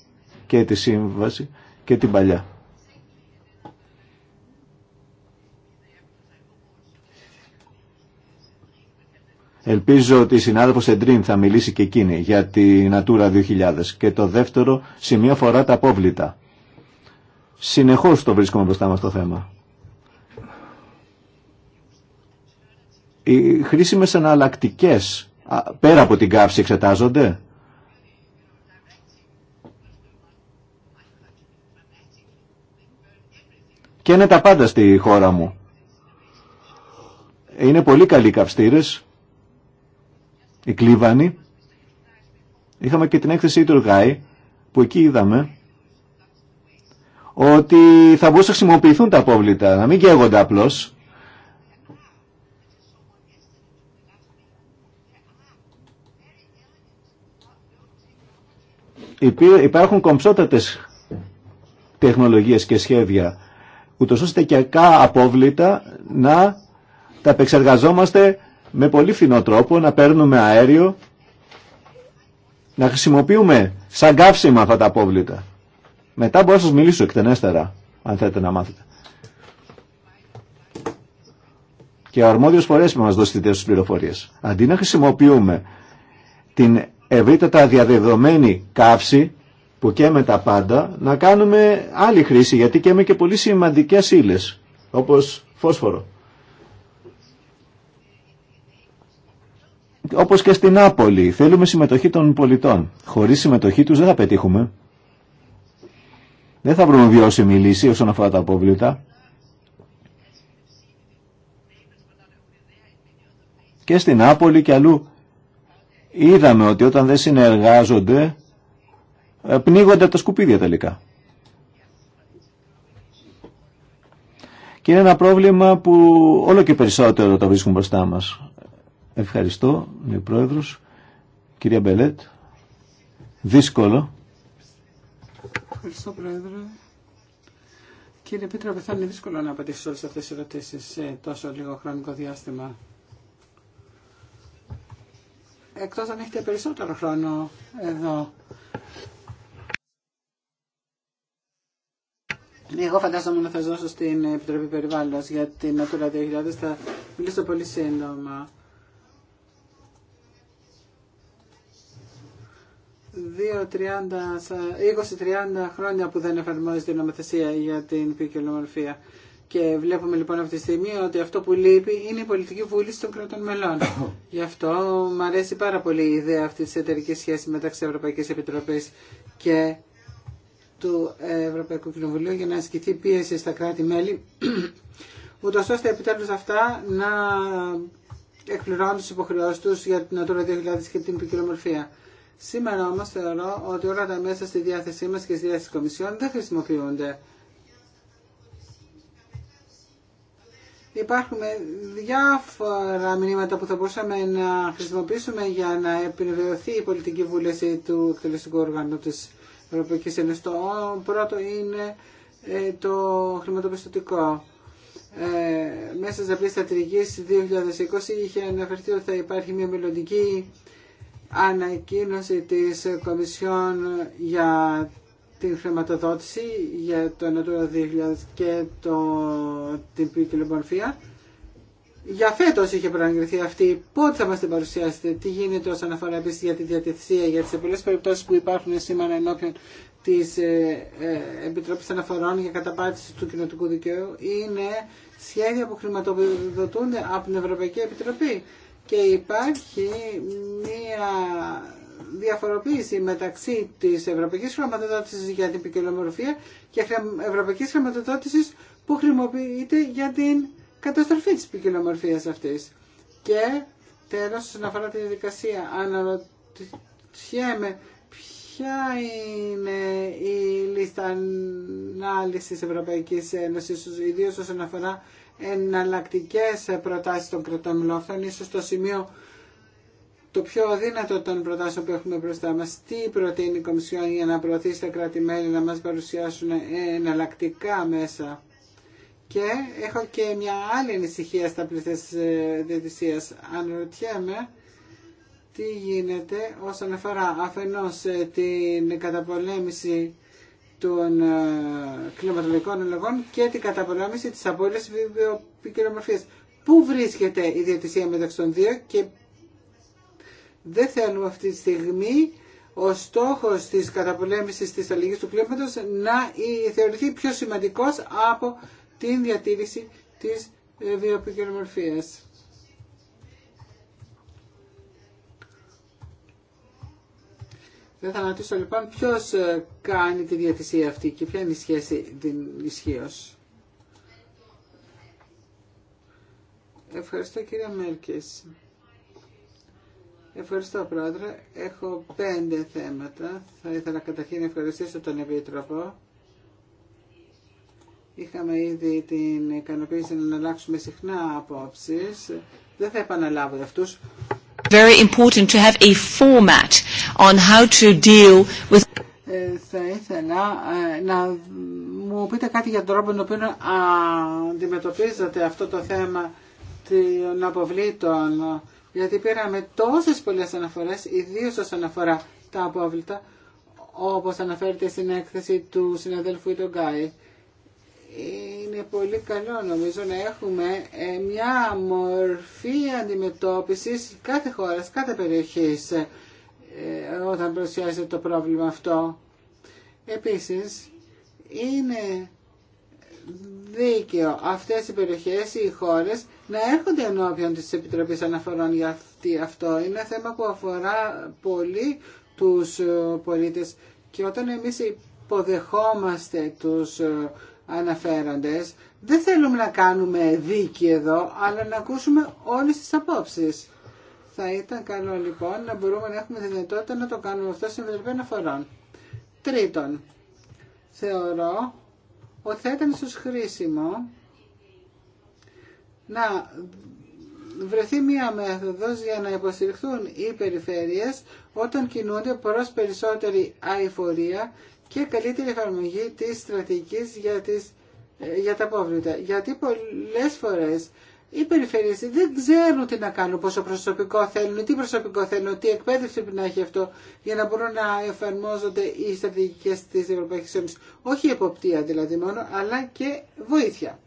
και τη σύμβαση και την παλιά. Ελπίζω ότι η συνάδελφος Εντρίν θα μιλήσει και εκείνη για τη Natura 2000. Και το δεύτερο σημείο αφορά τα απόβλητα. Συνεχώς το βρίσκουμε μπροστά μας το θέμα. Οι χρήσιμες εναλλακτικέ πέρα από την καύση εξετάζονται. Και είναι τα πάντα στη χώρα μου. Είναι πολύ καλοί καυστήρες η κλίβανη. Είχαμε και την έκθεση του Γάι που εκεί είδαμε ότι θα μπορούσαν να χρησιμοποιηθούν τα απόβλητα, να μην καίγονται απλώς. Υπάρχουν κομψότατες τεχνολογίες και σχέδια, ούτως ώστε και απόβλητα να τα επεξεργαζόμαστε με πολύ φθηνό τρόπο να παίρνουμε αέριο, να χρησιμοποιούμε σαν καύσιμα αυτά τα απόβλητα. Μετά μπορώ να σας μιλήσω εκτενέστερα, αν θέλετε να μάθετε. Και ο αρμόδιος φορέας μας δώσει τις πληροφορίες. Αντί να χρησιμοποιούμε την ευρύτατα διαδεδομένη καύση που καίμε τα πάντα, να κάνουμε άλλη χρήση, γιατί καίμε και πολύ σημαντικές ύλες, όπως φόσφορο. όπως και στην Άπολη. Θέλουμε συμμετοχή των πολιτών. Χωρίς συμμετοχή τους δεν θα πετύχουμε. Δεν θα βρούμε βιώσιμη λύση όσον αφορά τα απόβλητα. Και στην Άπολη και αλλού είδαμε ότι όταν δεν συνεργάζονται ε, πνίγονται τα σκουπίδια τελικά. Και είναι ένα πρόβλημα που όλο και περισσότερο το βρίσκουν μπροστά μας. Ευχαριστώ, λέει ο Πρόεδρος. Κυρία Μπελέτ, δύσκολο.
Ευχαριστώ, Πρόεδρε. Κύριε Πίτρο, θα είναι δύσκολο να απαντήσεις όλες αυτές τις ερωτήσεις σε τόσο λίγο χρονικό διάστημα. Εκτός αν έχετε περισσότερο χρόνο εδώ. Εγώ φαντάζομαι να θα δώσω στην Επιτροπή Περιβάλλοντος για την Natura 2000. Θα μιλήσω πολύ σύντομα. 20-30 χρόνια που δεν εφαρμόζεται η νομοθεσία για την ποικιλομορφία. Και βλέπουμε λοιπόν αυτή τη στιγμή ότι αυτό που λείπει είναι η πολιτική βούληση των κρατών μελών. Γι' αυτό μου αρέσει πάρα πολύ η ιδέα αυτή τη εταιρική σχέση μεταξύ Ευρωπαϊκή Επιτροπή και του Ευρωπαϊκού Κοινοβουλίου για να ασκηθεί πίεση στα κράτη-μέλη, ούτω ώστε επιτέλου αυτά να εκπληρώνουν τι υποχρεώσει του για την Natura 2000 και την ποικιλομορφία. Σήμερα όμως θεωρώ ότι όλα τα μέσα στη διάθεσή μας και στη διάθεση της Κομισιόν δεν χρησιμοποιούνται. Υπάρχουν διάφορα μηνύματα που θα μπορούσαμε να χρησιμοποιήσουμε για να επιβεβαιωθεί η πολιτική βούληση του εκτελεστικού οργάνου της Ευρωπαϊκής Ένωσης. Το πρώτο είναι ε, το χρηματοπιστωτικό. Ε, μέσα στις απλή στρατηγική 2020 είχε αναφερθεί ότι θα υπάρχει μια μελλοντική ανακοίνωση της Κομισιόν για την χρηματοδότηση για το Natura 2000 και το, την ποικιλομορφία. Για φέτος είχε προαγγελθεί αυτή. Πότε θα μας την παρουσιάσετε, τι γίνεται όσον αφορά επίσης για τη διατηρησία, για τις πολλές περιπτώσεις που υπάρχουν σήμερα ενώπιον της ε, ε, Επιτροπής Αναφορών για καταπάτηση του κοινοτικού δικαίου είναι σχέδια που χρηματοδοτούνται από την Ευρωπαϊκή Επιτροπή και υπάρχει μία διαφοροποίηση μεταξύ της Ευρωπαϊκής Χρηματοδότησης για την ποικιλομορφία και Ευρωπαϊκής Χρηματοδότησης που χρησιμοποιείται για την καταστροφή της ποικιλομορφίας αυτής. Και τέλος, όσον αφορά τη διαδικασία, αναρωτιέμαι ποια είναι η λίστα ανάλυσης Ευρωπαϊκής Ένωσης, ιδίως όσον αφορά Εναλλακτικέ προτάσει των κρατών μελόφθων, ίσω το σημείο το πιο δύνατο των προτάσεων που έχουμε μπροστά μας. Τι προτείνει η Κομισιόν για να προωθήσει τα κράτη-μέλη να μας παρουσιάσουν εναλλακτικά μέσα. Και έχω και μια άλλη ανησυχία στα πληθές ε, Αν ρωτιέμαι τι γίνεται όσον αφορά αφενός ε, την καταπολέμηση των ε, κλιματολογικών αλλαγών και την καταπολέμηση της απόλυτης βιοποικιλομορφίας. Πού βρίσκεται η διατησία μεταξύ των δύο και δεν θέλουμε αυτή τη στιγμή ο στόχος της καταπολέμησης της αλληλεγγύης του κλίματος να θεωρηθεί πιο σημαντικός από την διατήρηση της ε, βιοποικιλομορφίας. Δεν θα ανατήσω λοιπόν ποιο ε, κάνει τη διατησία αυτή και ποια είναι η σχέση την ισχύω. Ευχαριστώ κύριε Μέρκε. Ευχαριστώ πρόεδρε. Έχω πέντε θέματα. Θα ήθελα καταρχήν να ευχαριστήσω τον Επίτροπο. Είχαμε ήδη την ικανοποίηση να αλλάξουμε συχνά απόψεις. Δεν θα επαναλάβω αυτούς
very important to have a format on how to deal
with ε, θα ήθελα ε, να μου πείτε κάτι για τον τρόπο με τον οποίο αντιμετωπίζετε αυτό το θέμα των αποβλήτων. Γιατί πήραμε τόσες πολλές αναφορές, ιδίως όσον αφορά τα απόβλητα, όπως αναφέρεται στην έκθεση του συναδέλφου Ιντογκάη είναι πολύ καλό νομίζω να έχουμε ε, μια μορφή αντιμετώπισης κάθε χώρας, κάθε περιοχής ε, όταν προσιάζεται το πρόβλημα αυτό. Επίσης, είναι δίκαιο αυτές οι περιοχές ή οι χώρες να έρχονται ενώπιον της Επιτροπής Αναφορών για αυτή, αυτό. Είναι ένα θέμα που αφορά πολύ τους ε, πολίτες και όταν εμείς υποδεχόμαστε τους αναφέροντες. Δεν θέλουμε να κάνουμε δίκη εδώ, αλλά να ακούσουμε όλες τις απόψεις. Θα ήταν καλό λοιπόν να μπορούμε να έχουμε τη δυνατότητα να το κάνουμε αυτό σε αναφορών. Τρίτον, θεωρώ ότι θα ήταν ίσως χρήσιμο να βρεθεί μία μέθοδος για να υποστηριχθούν οι περιφέρειες όταν κινούνται προς περισσότερη αηφορία και καλύτερη εφαρμογή της στρατηγικής για, τις, ε, για τα απόβλητα. Γιατί πολλές φορές οι περιφέρειες δεν ξέρουν τι να κάνουν, πόσο προσωπικό θέλουν, τι προσωπικό θέλουν, τι εκπαίδευση πρέπει να έχει αυτό για να μπορούν να εφαρμόζονται οι στρατηγικές της Ευρωπαϊκής Ένωσης. Όχι εποπτεία δηλαδή μόνο, αλλά και βοήθεια.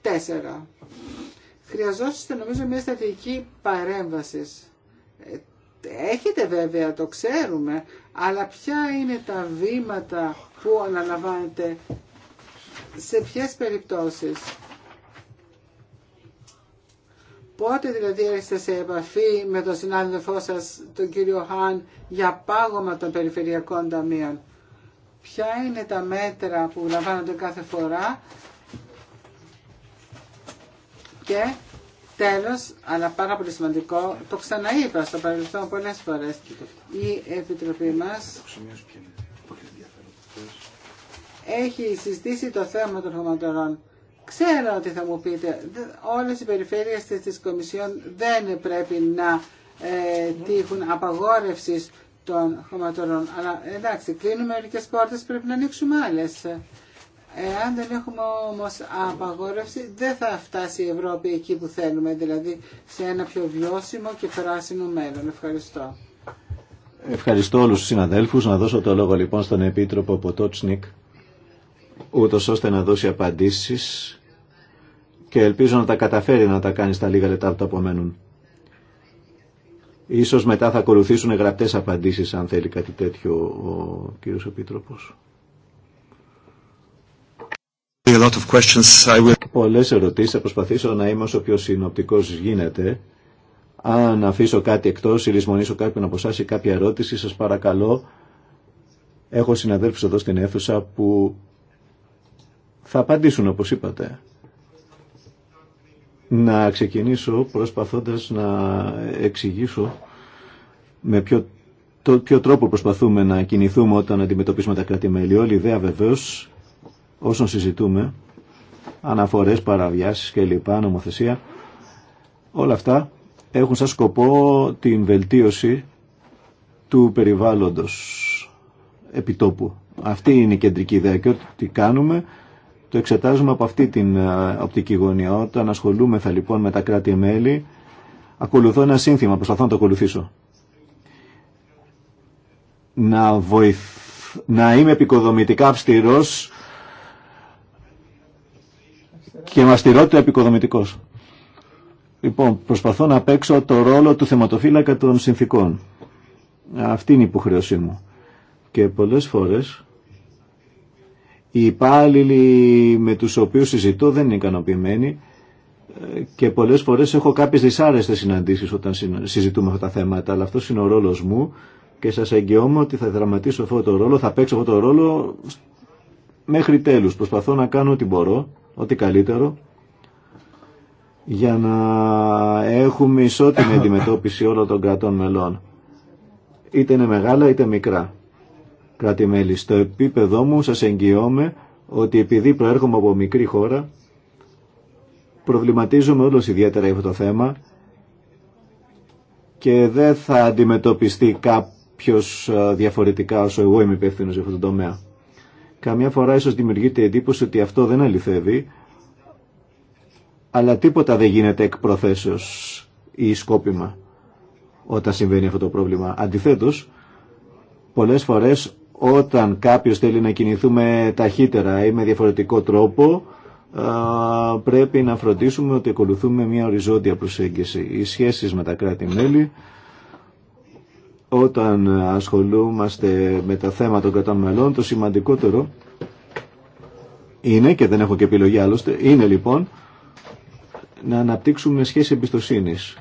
Τέσσερα. Χρειαζόσαστε νομίζω μια στρατηγική παρέμβαση. Ε, έχετε βέβαια, το ξέρουμε, αλλά ποια είναι τα βήματα που αναλαμβάνετε, σε ποιες περιπτώσεις. Πότε δηλαδή έρχεστε σε επαφή με τον συνάδελφό σας, τον κύριο Χάν, για πάγωμα των περιφερειακών ταμείων. Ποια είναι τα μέτρα που λαμβάνονται κάθε φορά και Τέλος, αλλά πάρα πολύ σημαντικό, το ξαναείπα στο παρελθόν πολλές φορές, η Επιτροπή μας έχει συζητήσει το θέμα των χωματορών. Ξέρω ότι θα μου πείτε, όλες οι περιφέρειες της Κομισιόν δεν πρέπει να ε, τύχουν απαγόρευσης των χωματορών. Αλλά εντάξει, κλείνουμε μερικέ πόρτε, πρέπει να ανοίξουμε άλλε. Εάν δεν έχουμε όμως απαγόρευση δεν θα φτάσει η Ευρώπη εκεί που θέλουμε, δηλαδή σε ένα πιο βιώσιμο και πράσινο μέλλον. Ευχαριστώ.
Ευχαριστώ όλους τους συναδέλφους. Να δώσω το λόγο λοιπόν στον Επίτροπο Ποτότσνικ, ούτω ώστε να δώσει απαντήσεις και ελπίζω να τα καταφέρει να τα κάνει στα λίγα λεπτά που τα απομένουν. Ίσως μετά θα ακολουθήσουν γραπτές απαντήσεις αν θέλει κάτι τέτοιο ο κύριος Επίτροπος lot of Πολλές ερωτήσεις, θα προσπαθήσω να είμαι όσο πιο συνοπτικός γίνεται. Αν αφήσω κάτι εκτός ή λησμονήσω κάποιον από εσάς ή κάποια ερώτηση, σας παρακαλώ. Έχω συναδέλφους εδώ στην αίθουσα που θα απαντήσουν όπως είπατε. Να ξεκινήσω προσπαθώντας να εξηγήσω με ποιο, το, ποιο τρόπο προσπαθούμε να κινηθούμε όταν αντιμετωπίσουμε τα κράτη-μέλη. Όλη η ιδέα βεβαίως όσων συζητούμε, αναφορές, παραβιάσεις και λοιπά, νομοθεσία, όλα αυτά έχουν σαν σκοπό την βελτίωση του περιβάλλοντος επιτόπου. Αυτή είναι η κεντρική ιδέα και ό,τι κάνουμε το εξετάζουμε από αυτή την ε, οπτική γωνία. Όταν ασχολούμεθα λοιπόν με τα κράτη-μέλη, ακολουθώ ένα σύνθημα, προσπαθώ να το ακολουθήσω. Να, να είμαι επικοδομητικά αυστηρός και μαστηρότητα επικοδομητικό. Λοιπόν, προσπαθώ να παίξω το ρόλο του θεματοφύλακα των συνθήκων. Αυτή είναι η υποχρεωσή μου. Και πολλές φορές οι υπάλληλοι με τους οποίους συζητώ δεν είναι ικανοποιημένοι και πολλές φορές έχω κάποιες δυσάρεστες συναντήσεις όταν συζητούμε αυτά τα θέματα, αλλά αυτό είναι ο ρόλος μου και σας εγγυώμαι ότι θα δραματίσω αυτό το ρόλο, θα παίξω αυτό το ρόλο μέχρι τέλους. Προσπαθώ να κάνω ό,τι μπορώ ό,τι καλύτερο για να έχουμε ισότιμη αντιμετώπιση όλων των κρατών μελών. Είτε είναι μεγάλα είτε μικρά κράτη-μέλη. Στο επίπεδό μου σας εγγυώμαι ότι επειδή προέρχομαι από μικρή χώρα προβληματίζομαι όλος ιδιαίτερα αυτό το θέμα και δεν θα αντιμετωπιστεί κάποιος διαφορετικά όσο εγώ είμαι υπεύθυνος για αυτό το τομέα. Καμιά φορά ίσως δημιουργείται εντύπωση ότι αυτό δεν αληθεύει, αλλά τίποτα δεν γίνεται εκ προθέσεως ή σκόπιμα όταν συμβαίνει αυτό το πρόβλημα. Αντιθέτως, πολλές φορές όταν κάποιος θέλει να κινηθούμε ταχύτερα ή με διαφορετικό τρόπο, πρέπει να φροντίσουμε ότι ακολουθούμε μια οριζόντια προσέγγιση. Οι σχέσεις με τα κράτη-μέλη όταν ασχολούμαστε με τα θέματα των κρατών μελών, το σημαντικότερο είναι, και δεν έχω και επιλογή άλλωστε, είναι λοιπόν να αναπτύξουμε σχέση εμπιστοσύνης.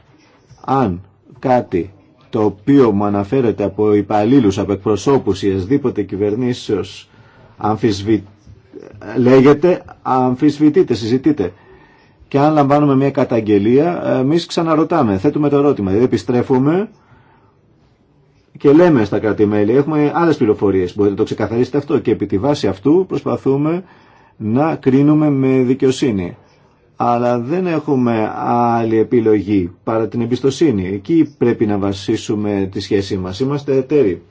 Αν κάτι το οποίο μου αναφέρεται από υπαλλήλους, από εκπροσώπους ή ασδήποτε κυβερνήσεως αμφισβη... λέγεται, αμφισβητείτε, συζητείτε. Και αν λαμβάνουμε μια καταγγελία, εμεί ξαναρωτάμε, θέτουμε το ερώτημα. επιστρέφουμε και λέμε στα κρατη έχουμε άλλες πληροφορίες, μπορείτε να το ξεκαθαρίσετε αυτό και επί τη βάση αυτού προσπαθούμε να κρίνουμε με δικαιοσύνη. Αλλά δεν έχουμε άλλη επιλογή παρά την εμπιστοσύνη. Εκεί πρέπει να βασίσουμε τη σχέση μας. Είμαστε εταίροι.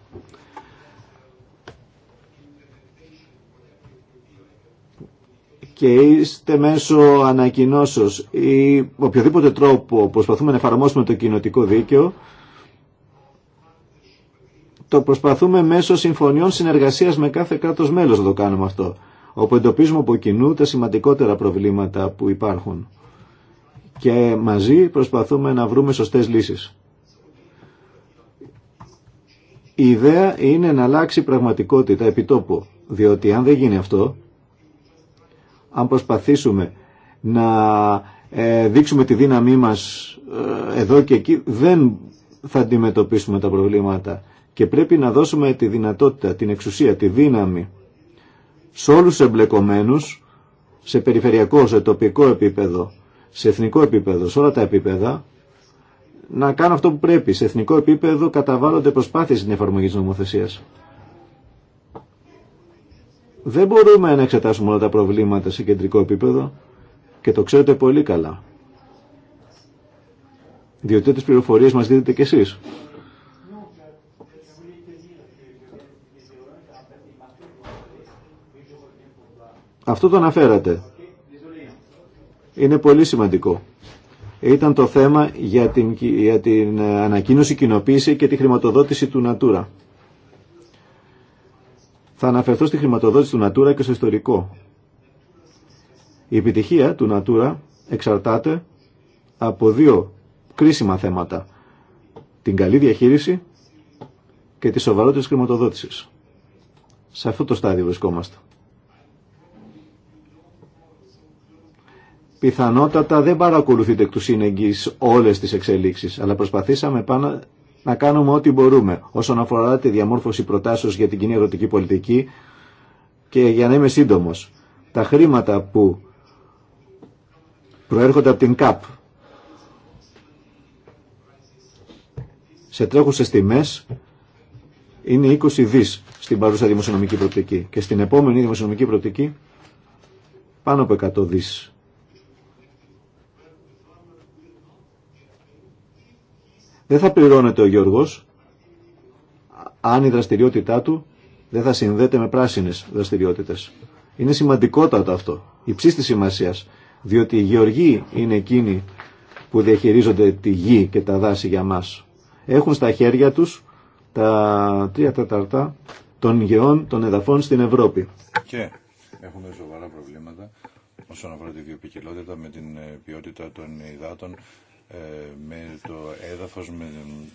και είστε μέσω ανακοινώσεως ή οποιοδήποτε τρόπο προσπαθούμε να εφαρμόσουμε το κοινοτικό δίκαιο το προσπαθούμε μέσω συμφωνιών συνεργασίας με κάθε κράτος μέλος να το κάνουμε αυτό, όπου εντοπίζουμε από κοινού τα σημαντικότερα προβλήματα που υπάρχουν και μαζί προσπαθούμε να βρούμε σωστές λύσεις. Η ιδέα είναι να αλλάξει πραγματικότητα επιτόπου, διότι αν δεν γίνει αυτό, αν προσπαθήσουμε να ε, δείξουμε τη δύναμή μας ε, εδώ και εκεί, δεν θα αντιμετωπίσουμε τα προβλήματα και πρέπει να δώσουμε τη δυνατότητα, την εξουσία, τη δύναμη σε όλους τους εμπλεκομένους σε περιφερειακό, σε τοπικό επίπεδο, σε εθνικό επίπεδο, σε όλα τα επίπεδα να κάνουν αυτό που πρέπει. Σε εθνικό επίπεδο καταβάλλονται προσπάθειες στην εφαρμογή της νομοθεσίας. Δεν μπορούμε να εξετάσουμε όλα τα προβλήματα σε κεντρικό επίπεδο και το ξέρετε πολύ καλά. Διότι τις πληροφορίες μας δίνετε κι εσείς. Αυτό το αναφέρατε. Είναι πολύ σημαντικό. Ήταν το θέμα για την, για την ε, ανακοίνωση, κοινοποίηση και τη χρηματοδότηση του Natura. Θα αναφερθώ στη χρηματοδότηση του Natura και στο ιστορικό. Η επιτυχία του Natura εξαρτάται από δύο κρίσιμα θέματα. Την καλή διαχείριση και τη σοβαρότητα της χρηματοδότησης. Σε αυτό το στάδιο βρισκόμαστε. πιθανότατα δεν παρακολουθείτε εκ του σύνεγγυς όλες τις εξελίξεις, αλλά προσπαθήσαμε πάνω να κάνουμε ό,τι μπορούμε όσον αφορά τη διαμόρφωση προτάσεως για την κοινή ερωτική πολιτική και για να είμαι σύντομο. Τα χρήματα που προέρχονται από την ΚΑΠ σε τρέχουσες τιμές είναι 20 δις στην παρούσα δημοσιονομική προοπτική και στην επόμενη δημοσιονομική προοπτική πάνω από 100 δις. δεν θα πληρώνεται ο Γιώργος αν η δραστηριότητά του δεν θα συνδέεται με πράσινες δραστηριότητες. Είναι σημαντικότατο αυτό, υψίστης της σημασίας, διότι οι γεωργοί είναι εκείνοι που διαχειρίζονται τη γη και τα δάση για μας. Έχουν στα χέρια τους τα τρία τέταρτα των γεών των εδαφών στην Ευρώπη.
Και έχουμε σοβαρά προβλήματα όσον αφορά τη βιοπικιλότητα με την ε, ποιότητα των υδάτων ε, με το έδαφος, με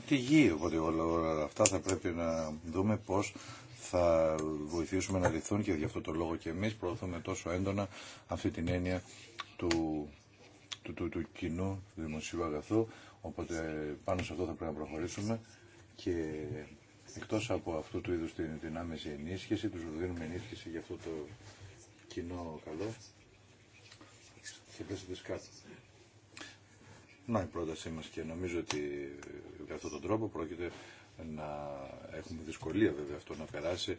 τη γη. Οπότε όλα, αυτά θα πρέπει να δούμε πώς θα βοηθήσουμε να λυθούν και γι' αυτό το λόγο και εμείς προωθούμε τόσο έντονα αυτή την έννοια του, του, του, του κοινού, του δημοσίου αγαθού. Οπότε πάνω σε αυτό θα πρέπει να προχωρήσουμε και εκτός από αυτού του είδους την, την άμεση ενίσχυση, τους δίνουμε ενίσχυση για αυτό το κοινό καλό. Και να η πρότασή μας και νομίζω ότι με αυτόν τον τρόπο πρόκειται να έχουμε δυσκολία βέβαια αυτό να περάσει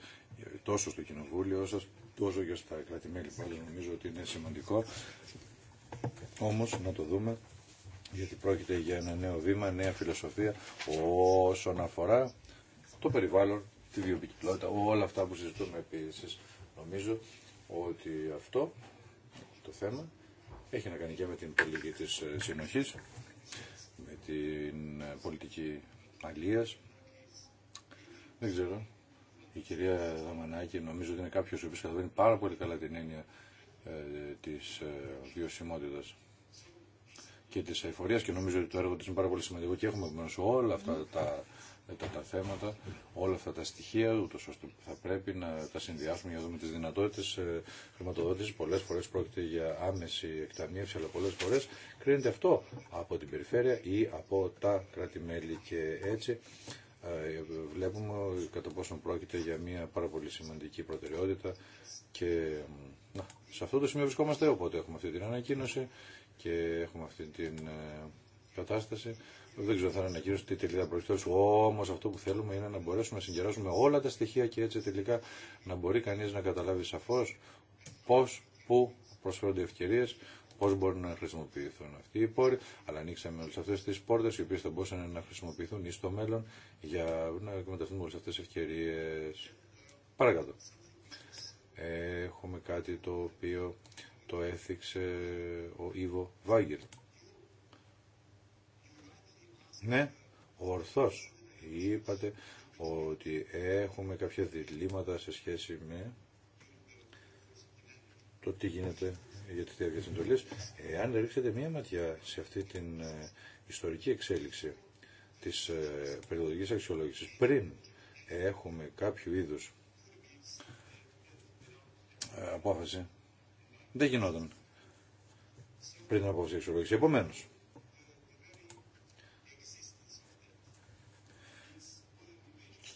τόσο στο κοινοβούλιο όσο, τόσο και στα κρατημέλη πάλι νομίζω ότι είναι σημαντικό όμως να το δούμε γιατί πρόκειται για ένα νέο βήμα, νέα φιλοσοφία όσον αφορά το περιβάλλον, τη βιοπικιλότητα όλα αυτά που συζητούμε επίσης. Νομίζω ότι αυτό το θέμα έχει να κάνει και με την πολιτική της συνοχής την πολιτική αλίας. Δεν ξέρω. Η κυρία Δαμανάκη νομίζω ότι είναι κάποιος ο οποίος καταλαβαίνει πάρα πολύ καλά την έννοια ε, της ε, βιωσιμότητας και της αηφορίας και νομίζω ότι το έργο της είναι πάρα πολύ σημαντικό και έχουμε επομένως όλα αυτά τα τα, τα θέματα, όλα αυτά τα στοιχεία, ούτως ώστε θα πρέπει να τα συνδυάσουμε για να δούμε τις δυνατότητες ε, χρηματοδότησης. Πολλές φορές πρόκειται για άμεση εκταμίευση, αλλά πολλές φορές κρίνεται αυτό από την περιφέρεια ή από τα κράτη-μέλη και έτσι. Ε, βλέπουμε κατά πόσο πρόκειται για μια πάρα πολύ σημαντική προτεραιότητα και να, σε αυτό το σημείο βρισκόμαστε, οπότε έχουμε αυτή την ανακοίνωση και έχουμε αυτή την ε, κατάσταση. Δεν ξέρω θα είναι τι τελικά προεκτώσει. Όμω αυτό που θέλουμε είναι να μπορέσουμε να συγκεράσουμε όλα τα στοιχεία και έτσι τελικά να μπορεί κανεί να καταλάβει σαφώ πώ, πού προσφέρονται ευκαιρίε, πώ μπορούν να χρησιμοποιηθούν αυτοί οι πόροι. Αλλά ανοίξαμε όλε αυτέ τι πόρτε οι οποίε θα μπορούσαν να χρησιμοποιηθούν ή στο μέλλον για να εκμεταλλευτούμε όλε αυτέ τι ευκαιρίε. Παρακάτω. Έχουμε κάτι το οποίο το έθιξε ο Ιβο Βάγκελ. Ναι, ορθώς είπατε ότι έχουμε κάποια διλήμματα σε σχέση με το τι γίνεται για τη διάρκεια της Εάν ρίξετε μία ματιά σε αυτή την ε, ιστορική εξέλιξη της ε, περιοδικής αξιολόγησης πριν έχουμε κάποιο είδους ε, απόφαση, δεν γινόταν πριν την απόφαση αξιολόγηση. Επομένως,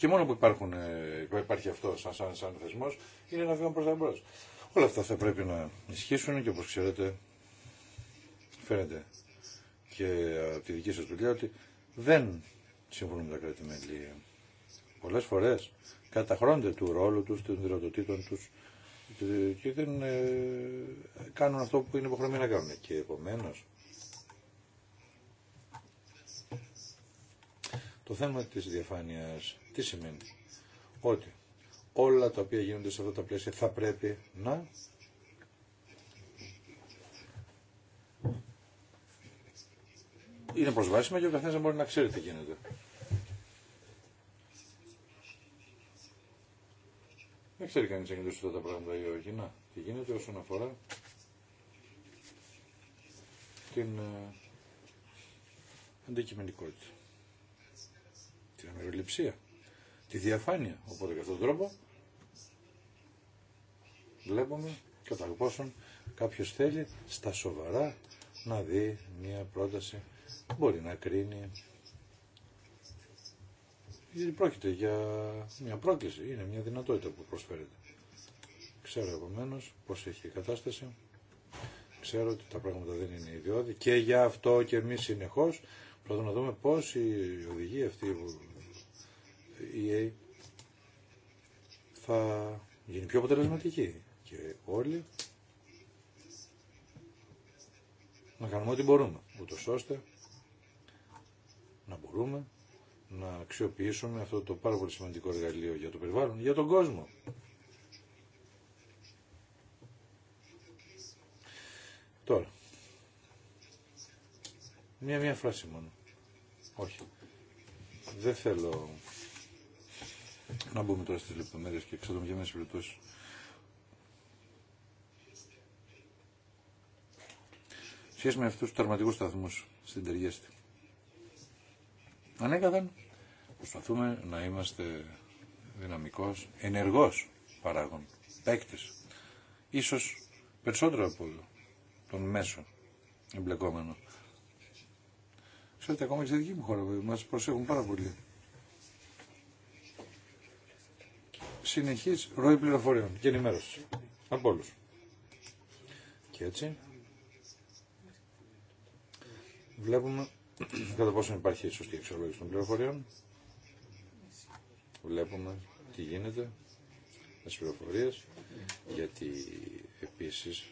Και μόνο που υπάρχουν, ε, υπάρχει αυτό σαν, σαν, θεσμός είναι να βήμα προ τα μπρο. Όλα αυτά θα πρέπει να ισχύσουν και όπω ξέρετε φαίνεται και από τη δική σα δουλειά ότι δεν συμφωνούν με τα κράτη-μέλη. Πολλέ φορέ καταχρώνται του ρόλου τους, των δυνατοτήτων τους και δεν ε, κάνουν αυτό που είναι υποχρεωμένοι να κάνουν. Και επομένως Το θέμα της διαφάνειας τι σημαίνει. Ότι όλα τα οποία γίνονται σε αυτά τα πλαίσια θα πρέπει να είναι προσβάσιμα και ο καθένας δεν μπορεί να ξέρει τι γίνεται. Δεν ξέρει κανείς αν γίνεται αυτά τα πράγματα ή όχι. Να, τι γίνεται όσον αφορά την ε, αντικειμενικότητα την αμεροληψία, τη διαφάνεια. Οπότε κατά αυτόν τον τρόπο βλέπουμε κατά πόσον κάποιο θέλει στα σοβαρά να δει μια πρόταση, μπορεί να κρίνει. Γιατί πρόκειται για μια πρόκληση, είναι μια δυνατότητα που προσφέρεται. Ξέρω επομένω πώς έχει η κατάσταση. Ξέρω ότι τα πράγματα δεν είναι ιδιώδη και για αυτό και εμείς συνεχώς Πρώτα να δούμε πώς η οδηγία αυτή που EA θα γίνει πιο αποτελεσματική και όλοι να κάνουμε ό,τι μπορούμε, ούτως ώστε να μπορούμε να αξιοποιήσουμε αυτό το πάρα πολύ σημαντικό εργαλείο για το περιβάλλον, για τον κόσμο. Τώρα, μία-μία φράση μόνο. Όχι. Δεν θέλω να μπούμε τώρα στις λεπτομέρειες και εξατομικές για περιπτώσεις. Σχέση με αυτούς τους τερματικούς σταθμούς στην Τεργέστη. Ανέκαθεν προσπαθούμε να είμαστε δυναμικός, ενεργός παράγων, παίκτης. Ίσως περισσότερο από τον μέσο εμπλεκόμενο. Ξέρετε, ακόμα και στη δική μου χώρα μας προσέχουν πάρα πολύ. συνεχής ροή πληροφοριών και ενημέρωση από όλου. Και έτσι βλέπουμε κατά πόσο υπάρχει η σωστή εξολόγηση των πληροφοριών. Βλέπουμε τι γίνεται με τι πληροφορίες, γιατί επίσης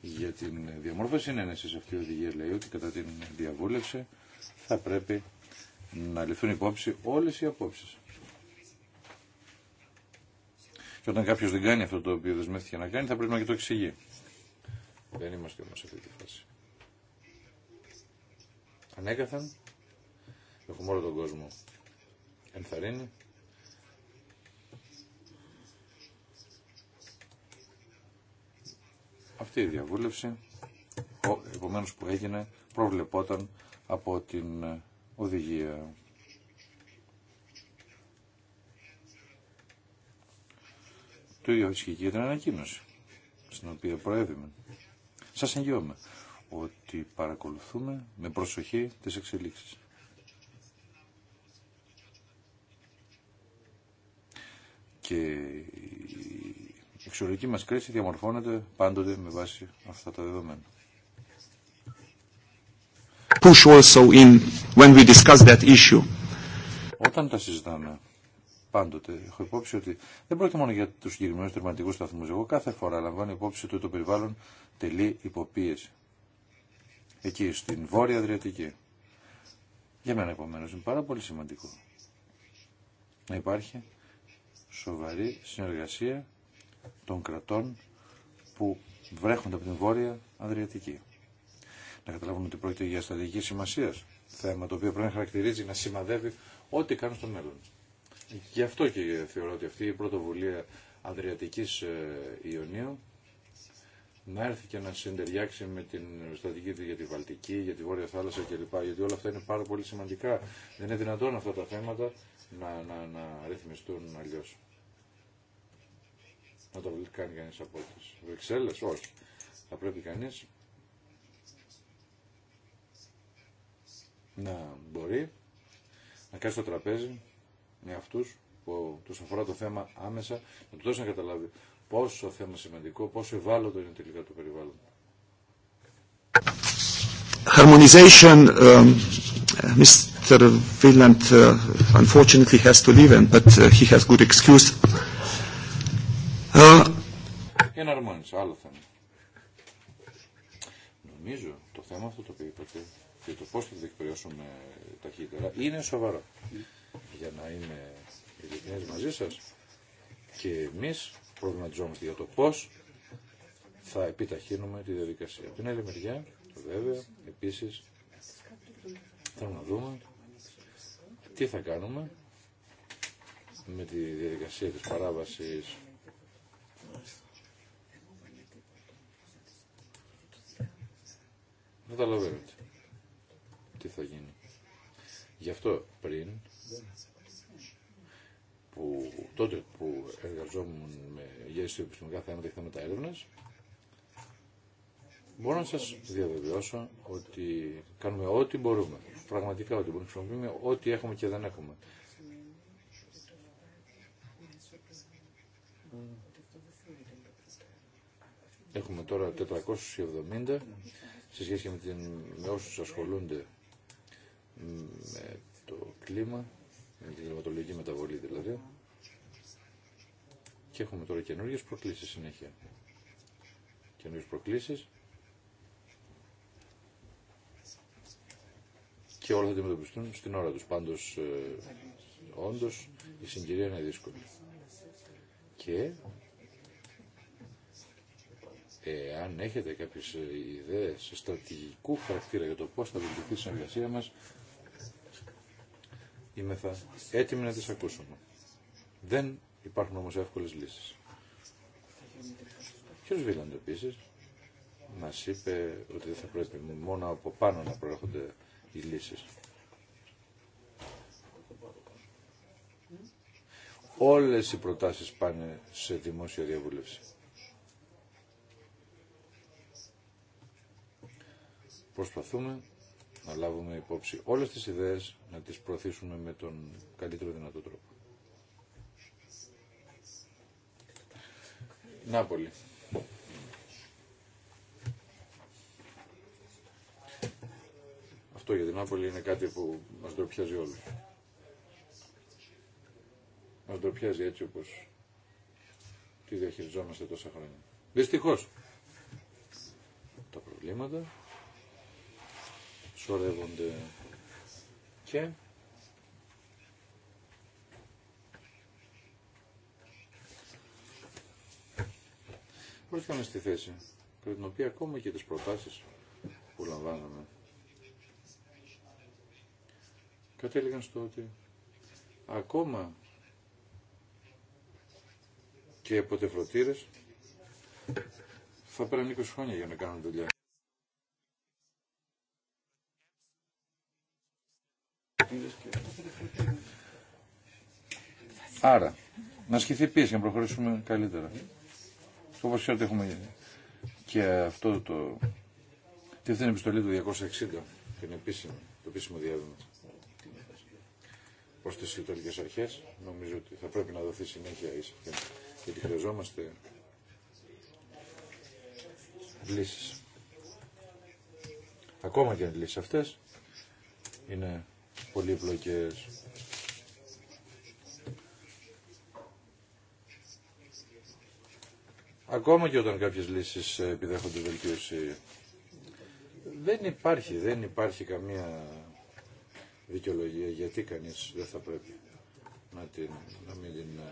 για την διαμόρφωση ενένεσης αυτή η οδηγία λέει ότι κατά την διαβούλευση θα πρέπει να ληφθούν υπόψη όλες οι απόψεις. Και όταν κάποιο δεν κάνει αυτό το οποίο δεσμεύτηκε να κάνει, θα πρέπει να και το εξηγεί. Δεν είμαστε όμω σε αυτή τη φάση. Ανέκαθεν, έχουμε όλο τον κόσμο ενθαρρύνει. Αυτή η διαβούλευση, επομένως που έγινε, προβλεπόταν από την ε, οδηγία Το ίδιο έχει και για την ανακοίνωση, στην οποία προέβημε. Σας εγγυώμαι ότι παρακολουθούμε με προσοχή τις εξελίξεις. Και η εξωτερική μας κρίση διαμορφώνεται πάντοτε με βάση αυτά τα δεδομένα.
Push
also in when we discuss that issue.
Όταν τα συζητάμε πάντοτε. Έχω υπόψη ότι δεν πρόκειται μόνο για του συγκεκριμένου τερματικού σταθμού. Εγώ κάθε φορά λαμβάνω υπόψη ότι το περιβάλλον τελεί υποπίεση. Εκεί, στην Βόρεια Αδριατική. Για μένα, επομένω, είναι πάρα πολύ σημαντικό να υπάρχει σοβαρή συνεργασία των κρατών που βρέχονται από την Βόρεια Αδριατική. Να καταλάβουμε ότι πρόκειται για στρατηγική σημασία θέμα το οποίο πρέπει να χαρακτηρίζει, να σημαδεύει ό,τι κάνουν στο μέλλον. Γι' αυτό και θεωρώ ότι αυτή η πρωτοβουλία Ανδριατικής ε, Ιωνίου να έρθει και να συντεριάξει με την στρατηγική για τη Βαλτική, για τη Βόρεια Θάλασσα κλπ. Γιατί όλα αυτά είναι πάρα πολύ σημαντικά. Δεν είναι δυνατόν αυτά τα θέματα να, να, να ρυθμιστούν αλλιώ. Να τα κάνει κανεί από τι Βρυξέλλε, όχι. Θα πρέπει κανεί να μπορεί να κάτσει το τραπέζι με αυτούς που τους αφορά το θέμα άμεσα, να του δώσει να καταλάβει πόσο θέμα σημαντικό, πόσο ευάλωτο είναι τελικά το περιβάλλον.
Harmonization, um, Mr. Villand, uh, unfortunately has to leave, but uh, he has good excuse.
Ένα uh, άλλο θέμα. Νομίζω το θέμα αυτό το οποίο είπατε και το πώς θα διεκπαιρεώσουμε ταχύτερα είναι σοβαρό για να είμαι ειλικρινής μαζί σας και εμείς προβληματιζόμαστε για το πώς θα επιταχύνουμε τη διαδικασία. Από την άλλη μεριά, βέβαια, επίσης, θέλουμε να δούμε τι θα κάνουμε με τη διαδικασία της παράβασης τα καταλαβαίνετε τι θα γίνει. Γι' αυτό πριν που, τότε που εργαζόμουν με, για επιστημονικά θέματα και θέματα έρευνα, μπορώ να σας διαβεβαιώσω ότι κάνουμε ό,τι μπορούμε. Πραγματικά ό,τι μπορούμε. Χρησιμοποιούμε ό,τι έχουμε και δεν έχουμε. Έχουμε τώρα 470 σε σχέση με, την, με όσους ασχολούνται με το κλίμα με την γραμματολογική μεταβολή δηλαδή. Και έχουμε τώρα καινούργιες προκλήσεις συνέχεια. Καινούργιες προκλήσεις και όλα θα αντιμετωπιστούν στην ώρα τους. Πάντως, ε, όντως, η συγκυρία είναι δύσκολη. Και αν έχετε κάποιες ε, ιδέες στρατηγικού χαρακτήρα για το πώς θα βελτιωθεί η συνεργασία μας, θα έτοιμοι να τις ακούσουμε. Δεν υπάρχουν όμως εύκολες λύσεις. Ποιο κ. Βίλαντ επίσης μας είπε ότι δεν θα πρέπει μόνο από πάνω να προέρχονται οι λύσεις. Όλες οι προτάσεις πάνε σε δημόσια διαβούλευση. Προσπαθούμε να λάβουμε υπόψη όλες τις ιδέες, να τις προωθήσουμε με τον καλύτερο δυνατό τρόπο. Νάπολη. Αυτό για την Νάπολη είναι κάτι που μας ντροπιάζει όλους. Μας ντροπιάζει έτσι όπως τη διαχειριζόμαστε τόσα χρόνια. Δυστυχώς. Τα προβλήματα συσσωρεύονται και βρίσκαμε στη θέση πριν την οποία ακόμα και τις προτάσεις που λαμβάναμε κατέληγαν στο ότι ακόμα και τεφροτήρες θα πέραν 20 χρόνια για να κάνουν δουλειά. Άρα, να ασκηθεί πίεση να προχωρήσουμε καλύτερα. Όπω ξέρετε έχουμε και αυτό το... Τι αυτή επιστολή του 260, την επίσημη, το επίσημο διάβημα Προ τι ιστορικέ αρχέ, Νομίζω ότι θα πρέπει να δοθεί συνέχεια η αυτήν, γιατί χρειαζόμαστε λύσεις. Ακόμα και αν λύσεις αυτές είναι πολύ πολύπλοκες. Ακόμα και όταν κάποιες λύσεις επιδέχονται βελτίωση, δεν υπάρχει, δεν υπάρχει καμία δικαιολογία γιατί κανείς δεν θα πρέπει να, την, να μην την ε,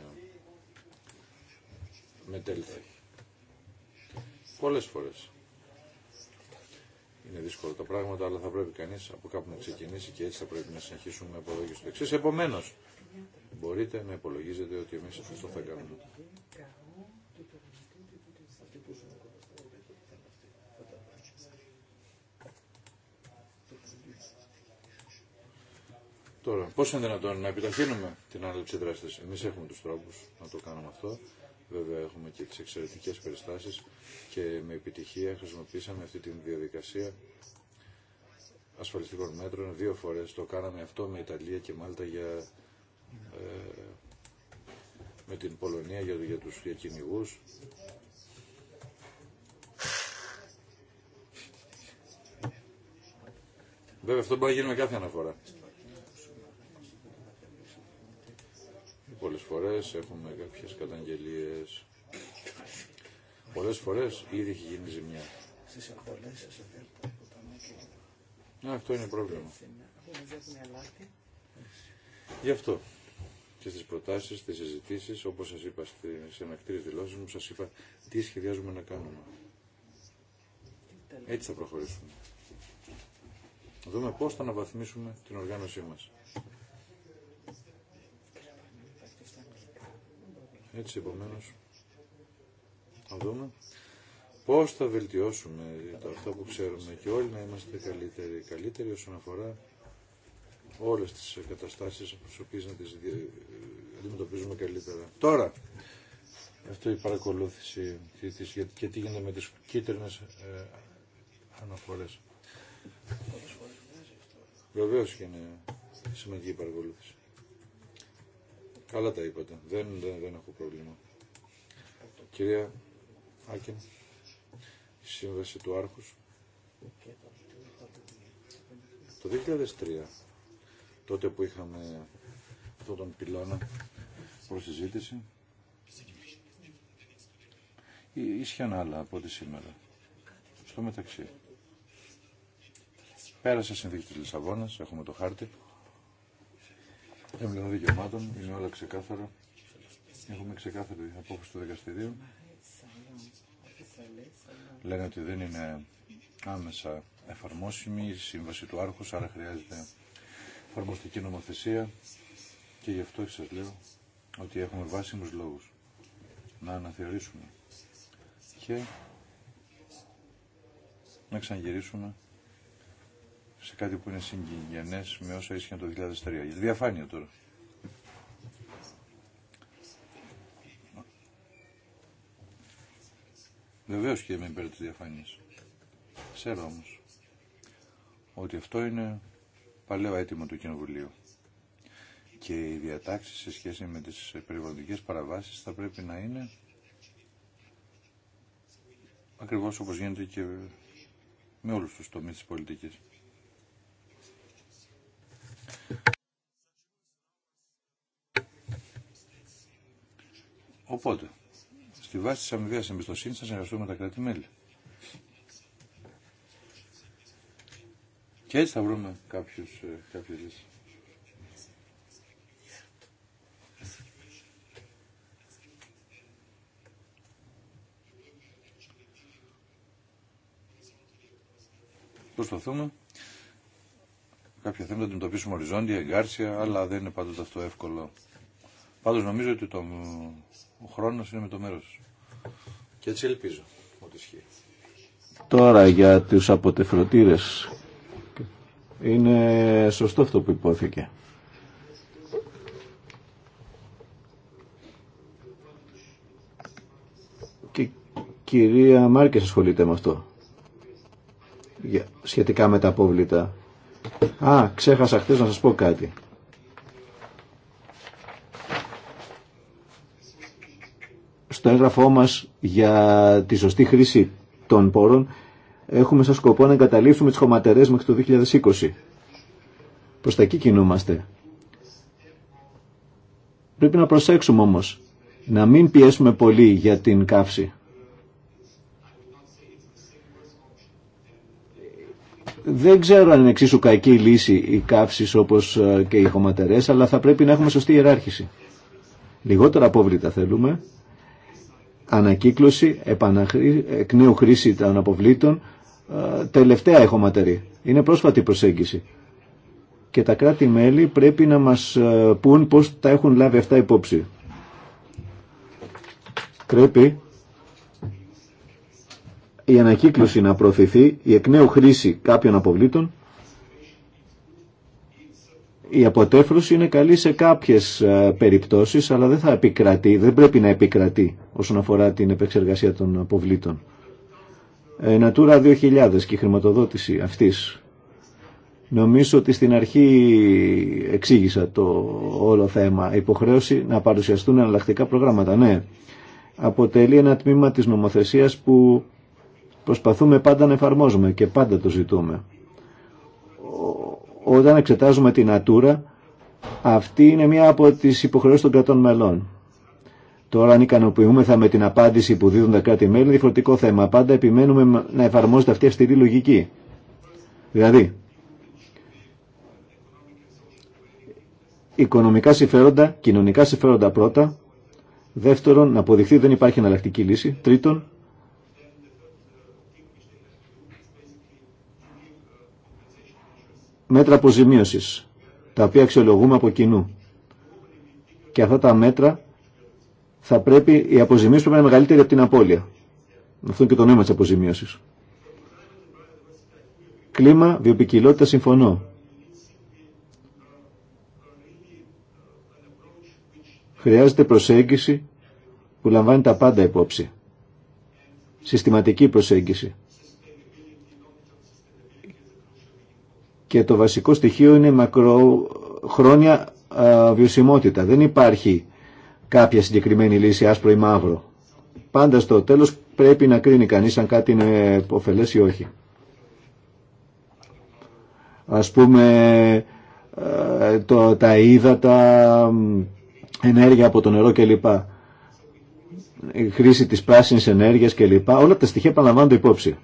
μετέλθει. Πολλές φορές είναι δύσκολο τα πράγματα, αλλά θα πρέπει κανείς από κάπου να ξεκινήσει και έτσι θα πρέπει να συνεχίσουμε από εδώ το στο εξής. Επομένως, μπορείτε να υπολογίζετε ότι εμείς αυτό θα κάνουμε. Τώρα, πώς είναι δυνατόν να επιταχύνουμε την άνοιξη δράση Εμείς έχουμε τους τρόπους να το κάνουμε αυτό. Βέβαια έχουμε και τις εξαιρετικές περιστάσεις και με επιτυχία χρησιμοποίησαμε αυτή τη διαδικασία ασφαλιστικών μέτρων. Δύο φορές το κάναμε αυτό με Ιταλία και Μάλτα για, ε, με την Πολωνία για, για τους Βέβαια αυτό μπορεί να γίνει με κάθε αναφορά. πολλές φορές, έχουμε κάποιες καταγγελίες. Πολλές φορές ήδη έχει γίνει ζημιά. Ναι, αυτό είναι πρόβλημα.
Ναι.
Γι' αυτό και στις προτάσεις, στις συζητήσεις, όπως σας είπα σε μεκτήρες δηλώσεις μου, σας είπα τι σχεδιάζουμε να κάνουμε. Έτσι θα προχωρήσουμε. Να δούμε πώς θα αναβαθμίσουμε την οργάνωσή μας. Έτσι επομένω, θα δούμε πώς θα βελτιώσουμε το αυτό που ξέρουμε και όλοι να είμαστε καλύτεροι, καλύτεροι όσον αφορά όλες τις καταστάσεις από τις να τις αντιμετωπίζουμε καλύτερα. Τώρα, αυτό η παρακολούθηση και τι γίνεται με τις κίτρινες αναφορέ. Ε, αναφορές. Βεβαίως και είναι σημαντική η παρακολούθηση. Καλά τα είπατε. Δεν, δεν, δεν έχω πρόβλημα. Κυρία Άκεν, σύμβαση του Άρχους. Το 2003, τότε που είχαμε αυτόν τον πυλώνα προς συζήτηση, ίσιαν άλλα από ό,τι σήμερα. Στο μεταξύ. Πέρασε συνθήκη της Λισαβόνας, έχουμε το χάρτη θεμελιών δικαιωμάτων, είναι όλα ξεκάθαρα. Έχουμε ξεκάθαρη απόφαση του δικαστηρίου. Λένε ότι δεν είναι άμεσα εφαρμόσιμη η σύμβαση του άρχους, άρα χρειάζεται εφαρμοστική νομοθεσία και γι' αυτό σας λέω ότι έχουμε βάσιμους λόγους να αναθεωρήσουμε και να ξαναγυρίσουμε σε κάτι που είναι συγγενές με όσα ίσχυαν το 2003. διαφάνεια τώρα. Βεβαίως και είμαι υπέρ της διαφάνειας. Ξέρω όμως ότι αυτό είναι παλαιό αίτημα του Κοινοβουλίου. Και οι διατάξεις σε σχέση με τις περιβαλλοντικές παραβάσεις θα πρέπει να είναι ακριβώς όπως γίνεται και με όλους τους τομείς της πολιτικής. Οπότε, στη βάση της αμοιβαίας εμπιστοσύνης θα συνεργαστούμε με τα κράτη-μέλη. Και έτσι θα βρούμε κάποιους, ε, κάποιες λύσεις. Προσπαθούμε κάποια θέματα να αντιμετωπίσουμε οριζόντια, εγκάρσια, αλλά δεν είναι πάντοτε αυτό εύκολο. Πάντω νομίζω ότι το... ο χρόνο είναι με το μέρο. Και έτσι ελπίζω ότι ισχύει.
Τώρα για του αποτεφρωτήρε. Είναι σωστό αυτό που υπόθηκε. Και η κυρία Μάρκες ασχολείται με αυτό. Για, σχετικά με τα απόβλητα. Α, ξέχασα χθε να σας πω κάτι. Στο έγγραφό μας για τη σωστή χρήση των πόρων έχουμε σαν σκοπό να εγκαταλείψουμε τις χωματερές μέχρι το 2020. Προς τα εκεί κινούμαστε. Πρέπει να προσέξουμε όμως να μην πιέσουμε πολύ για την καύση. δεν ξέρω αν είναι εξίσου κακή η λύση οι καύσεις όπως ε, και οι χωματερέ, αλλά θα πρέπει να έχουμε σωστή ιεράρχηση. Λιγότερα απόβλητα θέλουμε, ανακύκλωση, επαναχρή, εκ νέου χρήση των αποβλήτων, ε, τελευταία η Είναι πρόσφατη προσέγγιση. Και τα κράτη-μέλη πρέπει να μας ε, πούν πώς τα έχουν λάβει αυτά υπόψη. Πρέπει η ανακύκλωση να προωθηθεί, η εκ νέου χρήση κάποιων αποβλήτων. Η αποτέφρωση είναι καλή σε κάποιες ε, περιπτώσεις, αλλά δεν θα επικρατεί, δεν πρέπει να επικρατεί όσον αφορά την επεξεργασία των αποβλήτων. Ε, Natura 2000 και η χρηματοδότηση αυτής. Νομίζω ότι στην αρχή εξήγησα το όλο θέμα. Η υποχρέωση να παρουσιαστούν εναλλακτικά προγράμματα. Ναι, αποτελεί ένα τμήμα της νομοθεσίας που Προσπαθούμε πάντα να εφαρμόζουμε και πάντα το ζητούμε. Όταν εξετάζουμε την ατούρα, αυτή είναι μία από τις υποχρεώσεις των κρατών μελών. Τώρα αν ικανοποιούμεθα με την απάντηση που δίδουν τα κράτη-μέλη είναι διαφορετικό θέμα. Πάντα επιμένουμε να εφαρμόζεται αυτή η αυστηρή λογική. Δηλαδή, οικονομικά συμφέροντα, κοινωνικά συμφέροντα πρώτα. Δεύτερον, να αποδειχθεί δεν υπάρχει εναλλακτική λύση. Τρίτον, μέτρα αποζημίωσης, τα οποία αξιολογούμε από κοινού. Και αυτά τα μέτρα θα πρέπει, η αποζημίωση πρέπει να είναι μεγαλύτερη από την απώλεια. Αυτό είναι και το νόημα της αποζημίωσης. Κλίμα, βιοπικιλότητα, συμφωνώ. Χρειάζεται προσέγγιση που λαμβάνει τα πάντα υπόψη. Συστηματική προσέγγιση. και το βασικό στοιχείο είναι η μακροχρόνια βιωσιμότητα. Δεν υπάρχει κάποια συγκεκριμένη λύση άσπρο ή μαύρο. Πάντα στο τέλος πρέπει να κρίνει κανείς αν κάτι είναι ωφελές ή όχι. Ας πούμε το, τα ύδατα, ενέργεια από το νερό κλπ. Η χρήση της πράσινης ενέργειας κλπ. Όλα τα στοιχεία επαναλαμβάνονται υπόψη.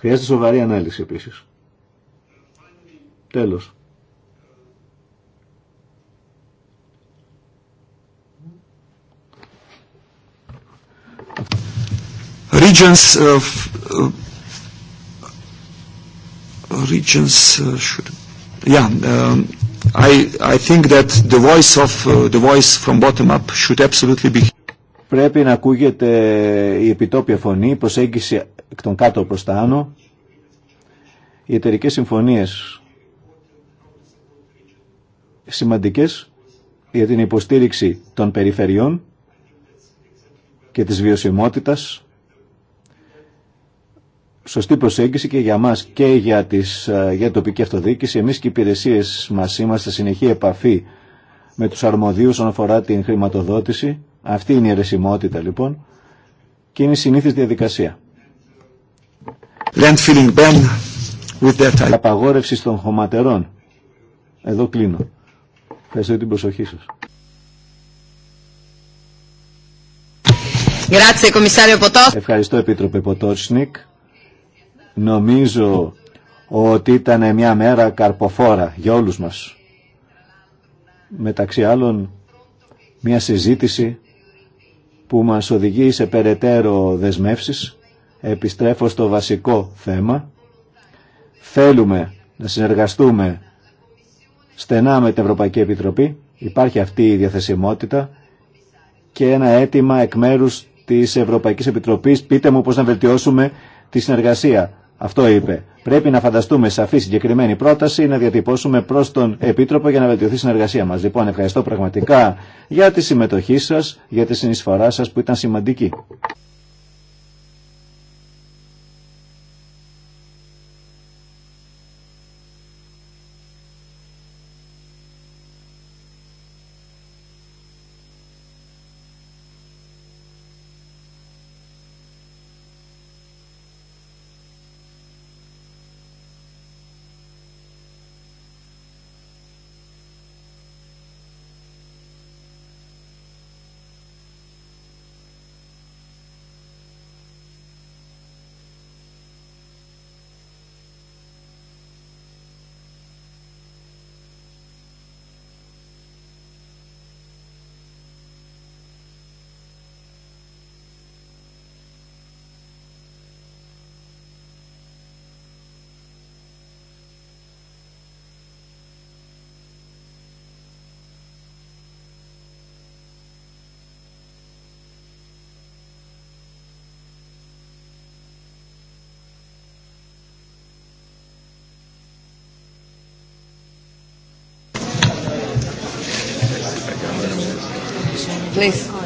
Χρειάζεται σοβαρή ανάλυση επίσης. Τέλος.
Regions of regions
should yeah I I think that the voice of the voice from bottom up should absolutely be πρέπει να ακούγεται η επιτόπια φωνή, η προσέγγιση εκ των κάτω προς τα άνω, οι εταιρικές συμφωνίες σημαντικές για την υποστήριξη των περιφερειών και της βιωσιμότητας, σωστή προσέγγιση και για μας και για, τις, για την τοπική αυτοδίκηση. Εμείς και οι υπηρεσίες μας είμαστε συνεχή επαφή με τους αρμοδίους όσον αφορά την χρηματοδότηση αυτή είναι η αιρεσιμότητα λοιπόν και είναι η συνήθις διαδικασία. Απαγόρευση των χωματερών. Εδώ κλείνω. Ευχαριστώ την προσοχή σας. Ευχαριστώ Επίτροπε Ποτόρσνικ. Νομίζω ότι ήταν μια μέρα καρποφόρα για όλους μας. Μεταξύ άλλων μια συζήτηση που μας οδηγεί σε περαιτέρω δεσμεύσεις. Επιστρέφω στο βασικό θέμα. Θέλουμε να συνεργαστούμε στενά με την Ευρωπαϊκή Επιτροπή. Υπάρχει αυτή η διαθεσιμότητα και ένα αίτημα εκ μέρους της Ευρωπαϊκής Επιτροπής. Πείτε μου πώς να βελτιώσουμε τη συνεργασία. Αυτό είπε. Πρέπει να φανταστούμε σαφή συγκεκριμένη πρόταση να διατυπώσουμε προ τον Επίτροπο για να βελτιωθεί η συνεργασία μα. Λοιπόν, ευχαριστώ πραγματικά για τη συμμετοχή σα, για τη συνεισφορά σα που ήταν σημαντική.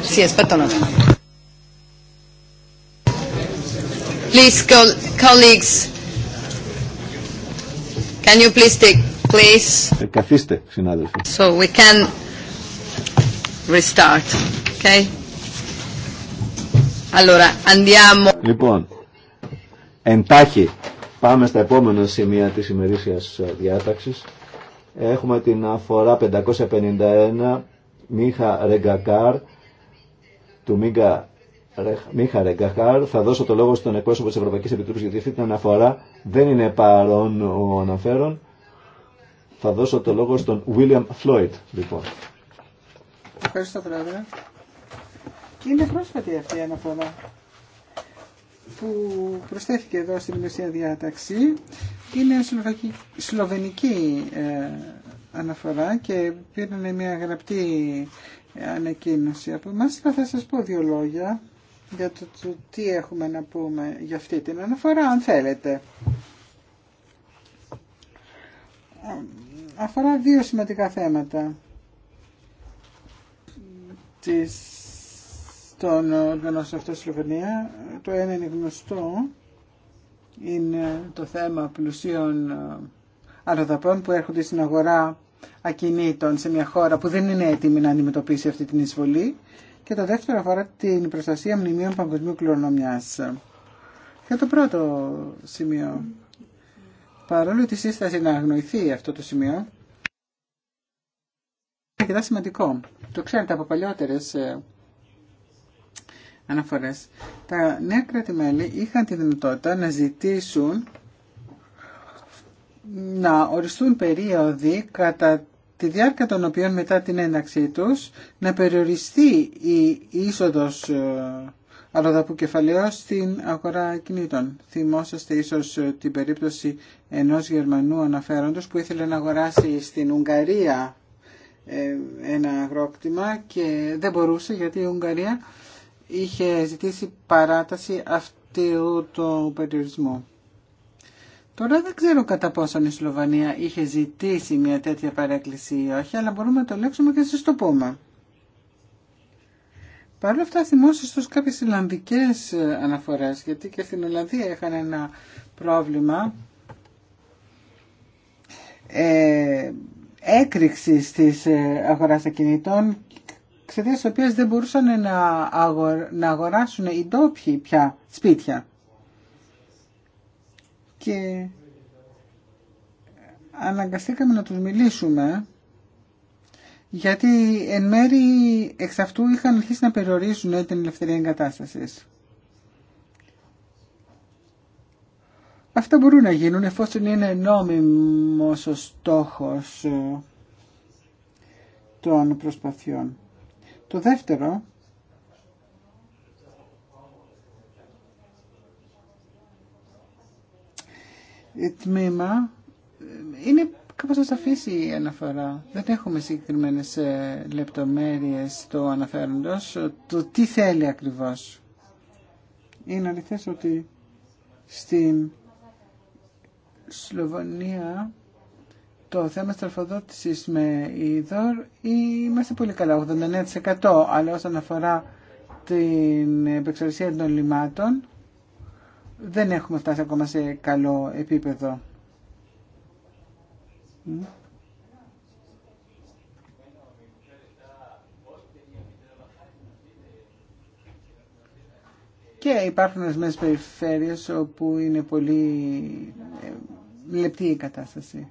Sì, aspetta un attimo.
Please, co colleagues, can you please take place?
Ε, καθίστε, συνάδελφοι.
So we can restart, okay? Allora, andiamo.
Λοιπόν, εντάχει, πάμε στα επόμενα σημεία της ημερήσιας ε, διάταξης. Έχουμε την αφορά 551 Μίχα Ρεγκακάρ του Μίγκα Μίχα Ρεγκαχάρ, θα δώσω το λόγο στον εκπρόσωπο τη Ευρωπαϊκή Επιτροπή γιατί αυτή την αναφορά δεν είναι παρόν ο αναφέρον. Θα δώσω το λόγο στον Βίλιαμ Φλόιτ. λοιπόν.
Ευχαριστώ, Πρόεδρε. Είναι πρόσφατη αυτή η αναφορά που προσθέθηκε εδώ στην Ινδοσία Διάταξη. Είναι σλοβενική ε, αναφορά και πήραν μια γραπτή ανακοίνωση από εμάς. Θα σας πω δύο λόγια για το, τι έχουμε να πούμε για αυτή την αναφορά, αν θέλετε. Αφορά δύο σημαντικά θέματα της, των οργανώσεων αυτών στη Το ένα είναι γνωστό, είναι το θέμα πλουσίων ε, αλλοδαπών που έρχονται στην αγορά ακινήτων σε μια χώρα που δεν είναι έτοιμη να αντιμετωπίσει αυτή την εισβολή και το δεύτερο αφορά την προστασία μνημείων παγκοσμίου κληρονομιάς. Για το πρώτο σημείο, παρόλο ότι η σύσταση να αγνοηθεί αυτό το σημείο, είναι αρκετά σημαντικό. Το ξέρετε από παλιότερε ε, αναφορέ. Τα νέα κράτη-μέλη είχαν τη δυνατότητα να ζητήσουν να οριστούν περίοδοι κατά τη διάρκεια των οποίων μετά την ένταξή τους να περιοριστεί η είσοδος ε, αλλοδαπού κεφαλαίου στην αγορά κινήτων. Θυμόσαστε ίσως ε, την περίπτωση ενός Γερμανού αναφέροντος που ήθελε να αγοράσει στην Ουγγαρία ε, ένα αγρόκτημα και δεν μπορούσε γιατί η Ουγγαρία είχε ζητήσει παράταση αυτού του περιορισμού. Τώρα δεν ξέρω κατά πόσον η Σλοβανία είχε ζητήσει μια τέτοια παρέκκληση ή όχι, αλλά μπορούμε να το λέξουμε και να το πούμε. Παρ' όλα αυτά θυμόσαστε στους κάποιες Ιλλανδικές ε, αναφορές, γιατί και στην Ολλανδία είχαν ένα πρόβλημα ε, έκρηξης της ε, αγοράς ακινητών, ξεδίες οποίες δεν μπορούσαν να, αγοράσουν οι ντόπιοι πια σπίτια και αναγκαστήκαμε να τους μιλήσουμε γιατί εν μέρη εξ αυτού είχαν αρχίσει να περιορίζουν ε, την ελευθερία εγκατάστασης. Αυτά μπορούν να γίνουν εφόσον είναι νόμιμος ο στόχος ε, των προσπαθειών. Το δεύτερο Ε, τμήμα ε, είναι κάπως αφήσει η αναφορά. Δεν έχουμε συγκεκριμένες ε, λεπτομέρειες του αναφέροντος, το τι θέλει ακριβώς. Είναι αληθές ότι στην Σλοβονία το θέμα στραφοδότησης με είδωρ είμαστε πολύ καλά, 89% αλλά όσον αφορά την επεξεργασία των λιμάτων δεν έχουμε φτάσει ακόμα σε καλό επίπεδο. Και υπάρχουν ορισμένε περιφέρειες όπου είναι πολύ ε, λεπτή η κατάσταση.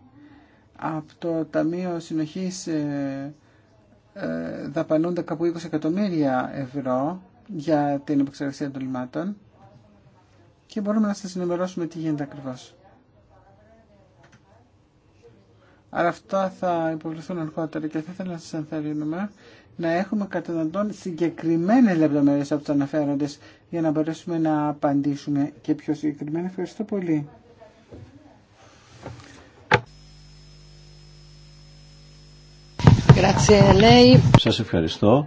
Από το Ταμείο Συνοχής ε, ε, δαπανούνται κάπου 20 εκατομμύρια ευρώ για την επεξεργασία των λιμάτων και μπορούμε να σας ενημερώσουμε τι γίνεται ακριβώς. Αλλά αυτά θα υποβληθούν αργότερα και θα ήθελα να σας ενθαρρύνουμε να έχουμε τον συγκεκριμένες λεπτομέρειες από τους αναφέροντες για να μπορέσουμε να απαντήσουμε και πιο συγκεκριμένα. Ευχαριστώ πολύ.
Σας ευχαριστώ.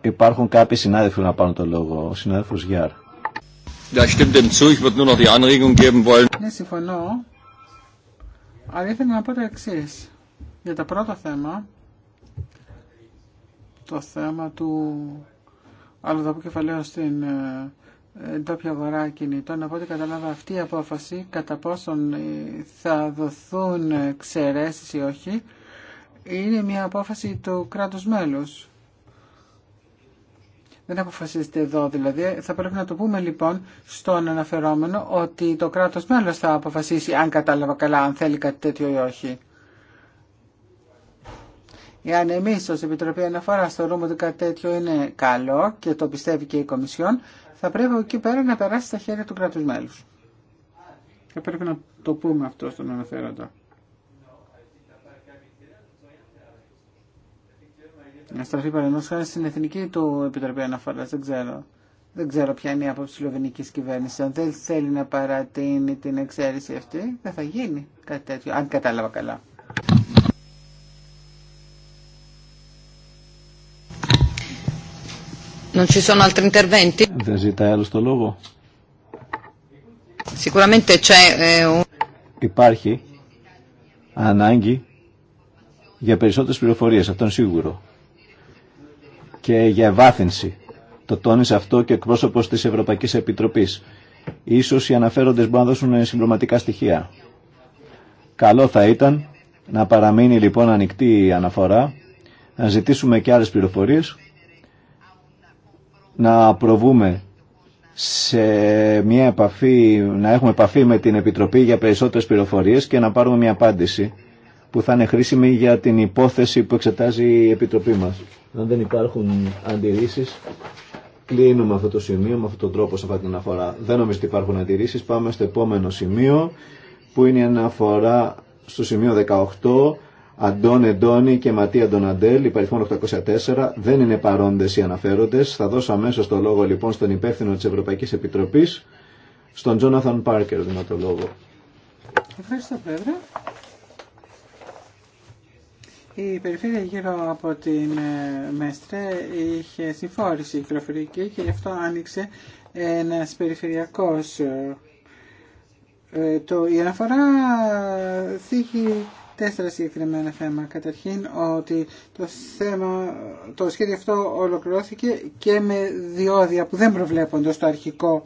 Υπάρχουν κάποιοι συνάδελφοι να πάρουν το λόγο. Ο συνάδελφος Γιάρ. Da stimmt dem zu. Ich würde nur noch die Anregung geben wollen.
Ναι, συμφωνώ. Αλλά ήθελα να πω το εξή. Για το πρώτο θέμα, το θέμα του αλλοδαπού κεφαλαίου στην ε, τόπια αγορά κινητών. Από ό,τι κατάλαβα αυτή η απόφαση, κατά πόσον ε, θα δοθούν ξαιρέσει ή όχι, είναι μια απόφαση του κράτους μέλους. Δεν αποφασίζεται εδώ δηλαδή. Θα πρέπει να το πούμε λοιπόν στον αναφερόμενο ότι το κράτος μέλος θα αποφασίσει αν κατάλαβα καλά, αν θέλει κάτι τέτοιο ή όχι. Εάν εμεί ω Επιτροπή Αναφορά θεωρούμε ότι κάτι τέτοιο είναι καλό και το πιστεύει και η Κομισιόν, θα πρέπει εκεί πέρα να περάσει στα χέρια του κράτου μέλου. Θα πρέπει να το πούμε αυτό στον αναφέροντα. Να στραφεί παραδείγματο χάρη στην Εθνική του Επιτροπή Αναφορά. Δεν ξέρω. Δεν ξέρω ποια είναι η άποψη τη Σλοβενική κυβέρνηση. Αν δεν θέλει να παρατείνει την εξαίρεση αυτή, δεν θα γίνει κάτι τέτοιο. Αν κατάλαβα καλά.
Non ci sono altri interventi? Δεν ζητάει άλλο το λόγο. Sicuramente c'è eh,
Υπάρχει ανάγκη για περισσότερες πληροφορίες, αυτό είναι σίγουρο και για ευάθυνση. Το τόνισε αυτό και ο εκπρόσωπος της Ευρωπαϊκής Επιτροπής. Ίσως οι αναφέροντες μπορούν να δώσουν συμπληρωματικά στοιχεία. Καλό θα ήταν να παραμείνει λοιπόν ανοιχτή η αναφορά, να ζητήσουμε και άλλες πληροφορίες, να προβούμε σε μια επαφή, να έχουμε επαφή με την Επιτροπή για περισσότερες πληροφορίες και να πάρουμε μια απάντηση που θα είναι χρήσιμη για την υπόθεση που εξετάζει η Επιτροπή μας. Αν δεν υπάρχουν αντιρρήσει, κλείνουμε αυτό το σημείο με αυτόν τον τρόπο σε αυτή την αναφορά. Δεν νομίζω ότι υπάρχουν αντιρρήσει. Πάμε στο επόμενο σημείο που είναι η αναφορά στο σημείο 18. Αντών Εντώνη και Ματία Ντοναντέλ, υπαριθμόν 804, δεν είναι παρόντε οι αναφέροντε. Θα δώσω αμέσω το λόγο λοιπόν στον υπεύθυνο τη Ευρωπαϊκή Επιτροπή, στον Τζόναθαν Πάρκερ, δυνατό λόγο.
Ευχαριστώ, Πρόεδρε. Η περιφέρεια γύρω από την ε, Μέστρε είχε συμφόρηση κυκλοφορική και γι' αυτό άνοιξε ένας περιφερειακός ε, ε, το, η αναφορά θύχει τέσσερα συγκεκριμένα θέματα. Καταρχήν ότι το, θέμα, το σχέδιο αυτό ολοκληρώθηκε και με διόδια που δεν προβλέπονται στο αρχικό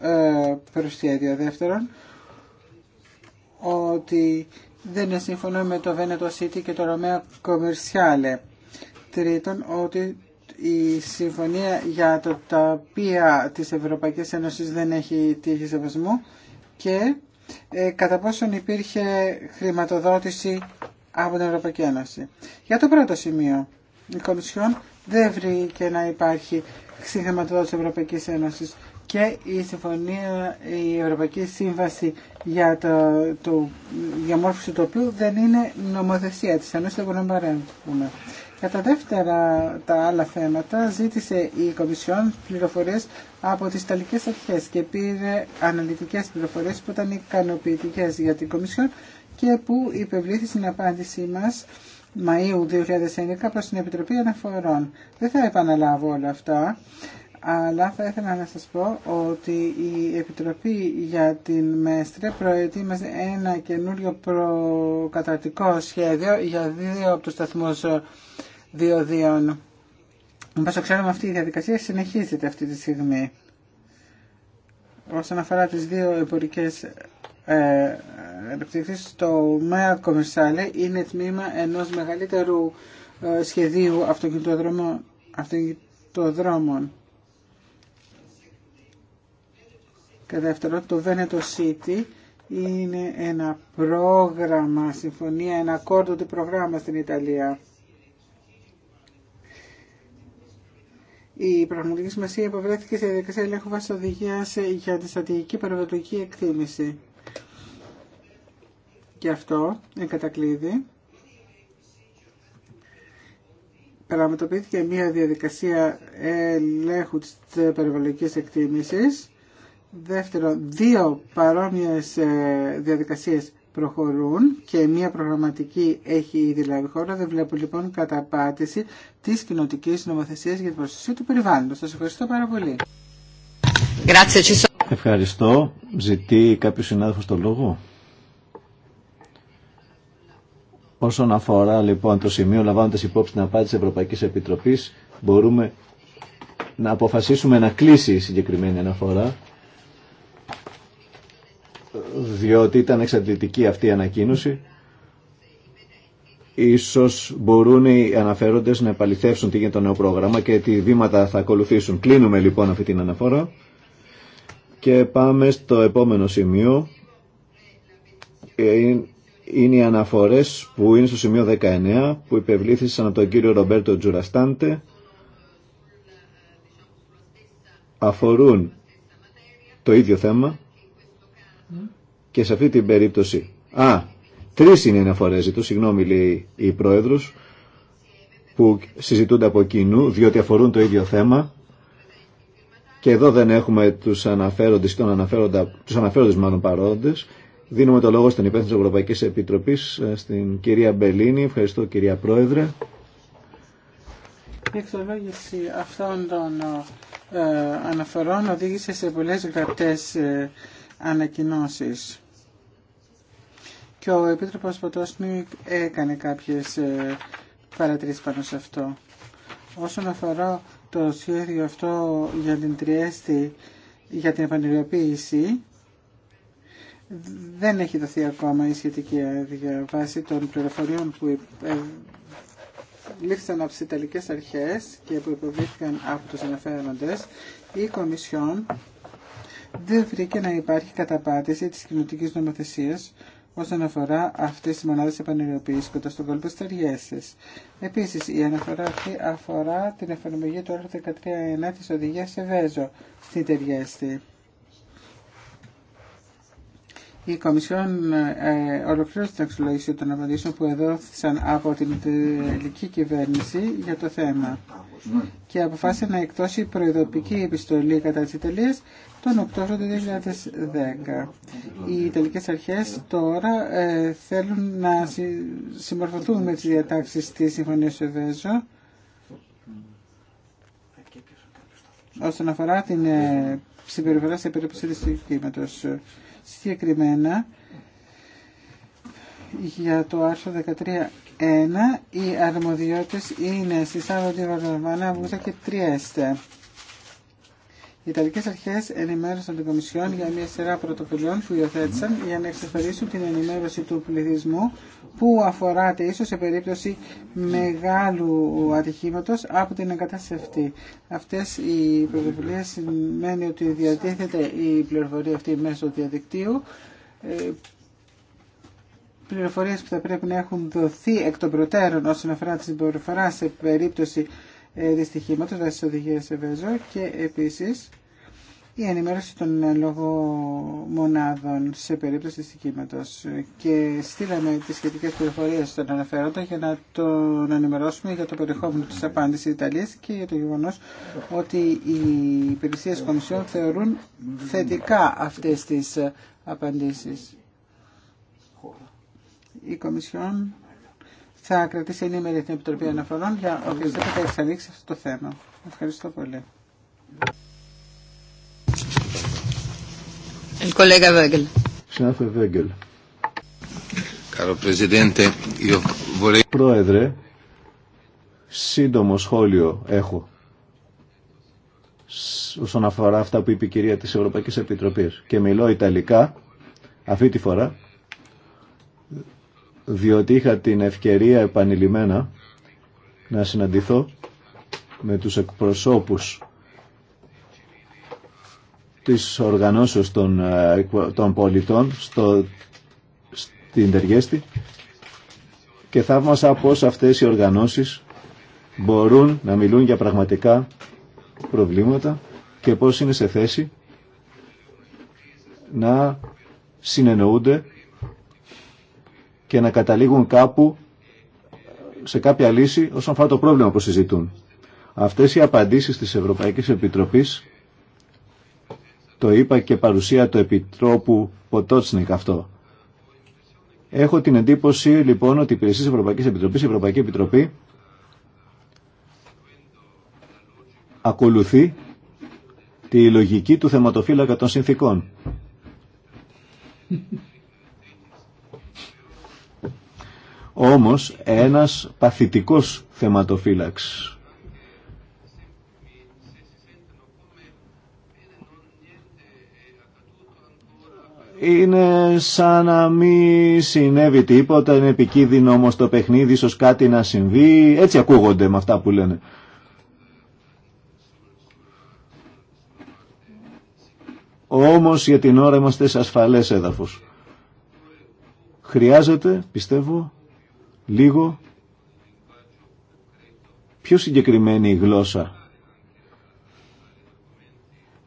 ε, προσχέδιο. Δεύτερον, ότι δεν συμφωνώ με το Veneto City και το Ρωμαίο Κομερσιάλε. Τρίτον, ότι η συμφωνία για το ταπία της Ευρωπαϊκής Ένωσης δεν έχει τύχη σεβασμού και ε, κατά πόσον υπήρχε χρηματοδότηση από την Ευρωπαϊκή Ένωση. Για το πρώτο σημείο, η Κομισιόν δεν βρήκε να υπάρχει της Ευρωπαϊκής Ένωσης και η συμφωνία, η Ευρωπαϊκή Σύμβαση για το, το διαμόρφωση του οποίου δεν είναι νομοθεσία της, ενώ δεν μπορούμε να παρέμβουμε. Κατά δεύτερα τα άλλα θέματα ζήτησε η Κομισιόν πληροφορίες από τις Ιταλικές Αρχές και πήρε αναλυτικές πληροφορίες που ήταν ικανοποιητικέ για την Κομισιόν και που υπευλήθη στην απάντησή μας Μαΐου 2011 προς την Επιτροπή Αναφορών. Δεν θα επαναλάβω όλα αυτά αλλά θα ήθελα να σας πω ότι η Επιτροπή για την ΜΕΣΤΡΕ προετοίμασε ένα καινούριο προκαταρτικό σχέδιο για δύο από τους σταθμούς διοδίων. Όπως ξέρουμε αυτή η διαδικασία συνεχίζεται αυτή τη στιγμή. Όσον αφορά τις δύο εμπορικές ε, το ΜΕΑ Κομισάλε είναι τμήμα ενός μεγαλύτερου ε, σχεδίου αυτοκινητοδρόμων Κατά το Veneto City είναι ένα πρόγραμμα, συμφωνία, ένα κόρτο του προγράμμα στην Ιταλία. Η πραγματική σημασία υποβρέθηκε σε διαδικασία ελέγχου βάση οδηγία για τη στρατηγική περιβαλλοντική εκτίμηση. Και αυτό εγκατακλείδη. Πραγματοποιήθηκε μια διαδικασία ελέγχου της περιβαλλοντικής εκτίμησης Δεύτερον, δύο παρόμοιες ε, διαδικασίες προχωρούν και μία προγραμματική έχει ήδη λάβει χώρα. Δεν βλέπω λοιπόν καταπάτηση της κοινοτική νομοθεσίας για την προστασία του περιβάλλοντος. Σας ευχαριστώ πάρα πολύ.
Ευχαριστώ. Ζητεί κάποιο συνάδελφο το λόγο. Όσον αφορά λοιπόν το σημείο λαμβάνοντα υπόψη την απάντηση τη Ευρωπαϊκής Επιτροπής μπορούμε να αποφασίσουμε να κλείσει η συγκεκριμένη αναφορά διότι ήταν εξαντλητική αυτή η ανακοίνωση. Ίσως μπορούν οι αναφέροντες να επαληθεύσουν τι γίνεται το νέο πρόγραμμα και τι βήματα θα ακολουθήσουν. Κλείνουμε λοιπόν αυτή την αναφορά και πάμε στο επόμενο σημείο. Ε, είναι οι αναφορές που είναι στο σημείο 19 που υπευλήθησαν από τον κύριο Ρομπέρτο Τζουραστάντε αφορούν το ίδιο θέμα και σε αυτή την περίπτωση. Α, τρεις είναι οι αναφορές ζητού, συγγνώμη λέει η Πρόεδρος, που συζητούνται από κοινού, διότι αφορούν το ίδιο θέμα. Και εδώ δεν έχουμε τους αναφέροντες, τον αναφέροντα, τους αναφέροντες μάλλον παρόντες. Δίνουμε το λόγο στην υπεύθυνο Ευρωπαϊκή Ευρωπαϊκής Επιτροπής, ε, στην κυρία Μπελίνη. Ευχαριστώ κυρία Πρόεδρε.
Η εξολόγηση αυτών των ε, αναφορών οδήγησε σε πολλές γραπτές ε, ανακοινώσεις. Και ο Επίτροπος Ποτόσνικ έκανε κάποιες ε, παρατηρήσεις πάνω σε αυτό. Όσον αφορά το σχέδιο αυτό για την Τριέστη, για την επανειλοποίηση, δεν έχει δοθεί ακόμα η σχετική άδεια βάσει των πληροφοριών που ε, λήφθησαν από τις Ιταλικές αρχές και που υποβλήθηκαν από τους αναφέροντες, η Κομισιόν δεν βρήκε να υπάρχει καταπάτηση της κοινωτικής νομοθεσίας όσον αφορά αυτέ τι μονάδε επανειριοποίηση κοντά στον κόλπο τη Επίση, η αναφορά αυτή αφορά την εφαρμογή του άρθρου 131 τη οδηγία Σεβέζο στην Τεριέστη. Η Κομισιόν ε, ολοκλήρωσε την αξιολόγηση των απαντήσεων που εδόθησαν από την Ιταλική κυβέρνηση για το θέμα και αποφάσισε να εκτώσει προειδοποιητική επιστολή κατά της Ιταλίας τον Οκτώβριο του 2010. Οι Ιταλικές αρχές τώρα ε, θέλουν να συμμορφωθούν με τι διατάξει τη Συμφωνίας του Εβέζο όσον αφορά την ε, συμπεριφορά σε περίπτωση του Συγκεκριμένα, για το άρθρο 13.1 οι αρμοδιότητες είναι στη Σάββατη Βαρδαβάνα, Βούτα και Τριέστε. Οι Ιταλικέ αρχέ ενημέρωσαν την Κομισιόν για μια σειρά πρωτοβουλειών που υιοθέτησαν για να εξασφαλίσουν την ενημέρωση του πληθυσμού που αφοράται ίσω σε περίπτωση μεγάλου ατυχήματο από την εγκατάσταση αυτή. Αυτέ οι πρωτοβουλίε σημαίνει ότι διατίθεται η πληροφορία αυτή μέσω διαδικτύου. Ε, Πληροφορίε που θα πρέπει να έχουν δοθεί εκ των προτέρων όσον αφορά την συμπεριφορά σε περίπτωση ε, δυστυχήματο, βάσει δηλαδή της οδηγίας ΕΒΕΖΟ και επίσης η ενημέρωση των λογομονάδων σε περίπτωση δυστυχήματο. Και στείλαμε τι σχετικέ πληροφορίε στον αναφέροντα για να τον ενημερώσουμε για το περιεχόμενο της απάντηση Ιταλία και για το γεγονό ότι οι υπηρεσίε Κομισιόν θεωρούν θετικά αυτές τις απαντήσει Η Κομισιόν θα κρατήσει ενήμερη την Επιτροπή Αναφορών για οποιοδήποτε θα εξελίξει αυτό το θέμα. Ευχαριστώ πολύ.
Πρόεδρε, σύντομο σχόλιο έχω όσον αφορά αυτά που είπε η κυρία της Ευρωπαϊκής Επιτροπής και μιλώ Ιταλικά αυτή τη φορά διότι είχα την ευκαιρία επανειλημμένα να συναντηθώ με τους εκπροσώπους της οργανώσεως ε, των, πολιτών στο, στην Τεργέστη και θαύμασα πώς αυτές οι οργανώσεις μπορούν να μιλούν για πραγματικά προβλήματα και πώς είναι σε θέση να συνεννοούνται και να καταλήγουν κάπου σε κάποια λύση όσον αφορά το πρόβλημα που συζητούν. Αυτές οι απαντήσεις της Ευρωπαϊκής Επιτροπής, το είπα και παρουσία του Επιτρόπου Ποτότσνικ αυτό. Έχω την εντύπωση λοιπόν ότι η υπηρεσία της Ευρωπαϊκής Επιτροπής, η Ευρωπαϊκή Επιτροπή ακολουθεί τη λογική του θεματοφύλακα των συνθήκων. Όμως ένας παθητικός θεματοφύλαξ. Είναι σαν να μη συνέβη τίποτα, είναι επικίνδυνο όμως το παιχνίδι, ίσως κάτι να συμβεί, έτσι ακούγονται με αυτά που λένε. Όμως για την ώρα είμαστε σε ασφαλές έδαφος. Χρειάζεται, πιστεύω, λίγο πιο συγκεκριμένη η γλώσσα.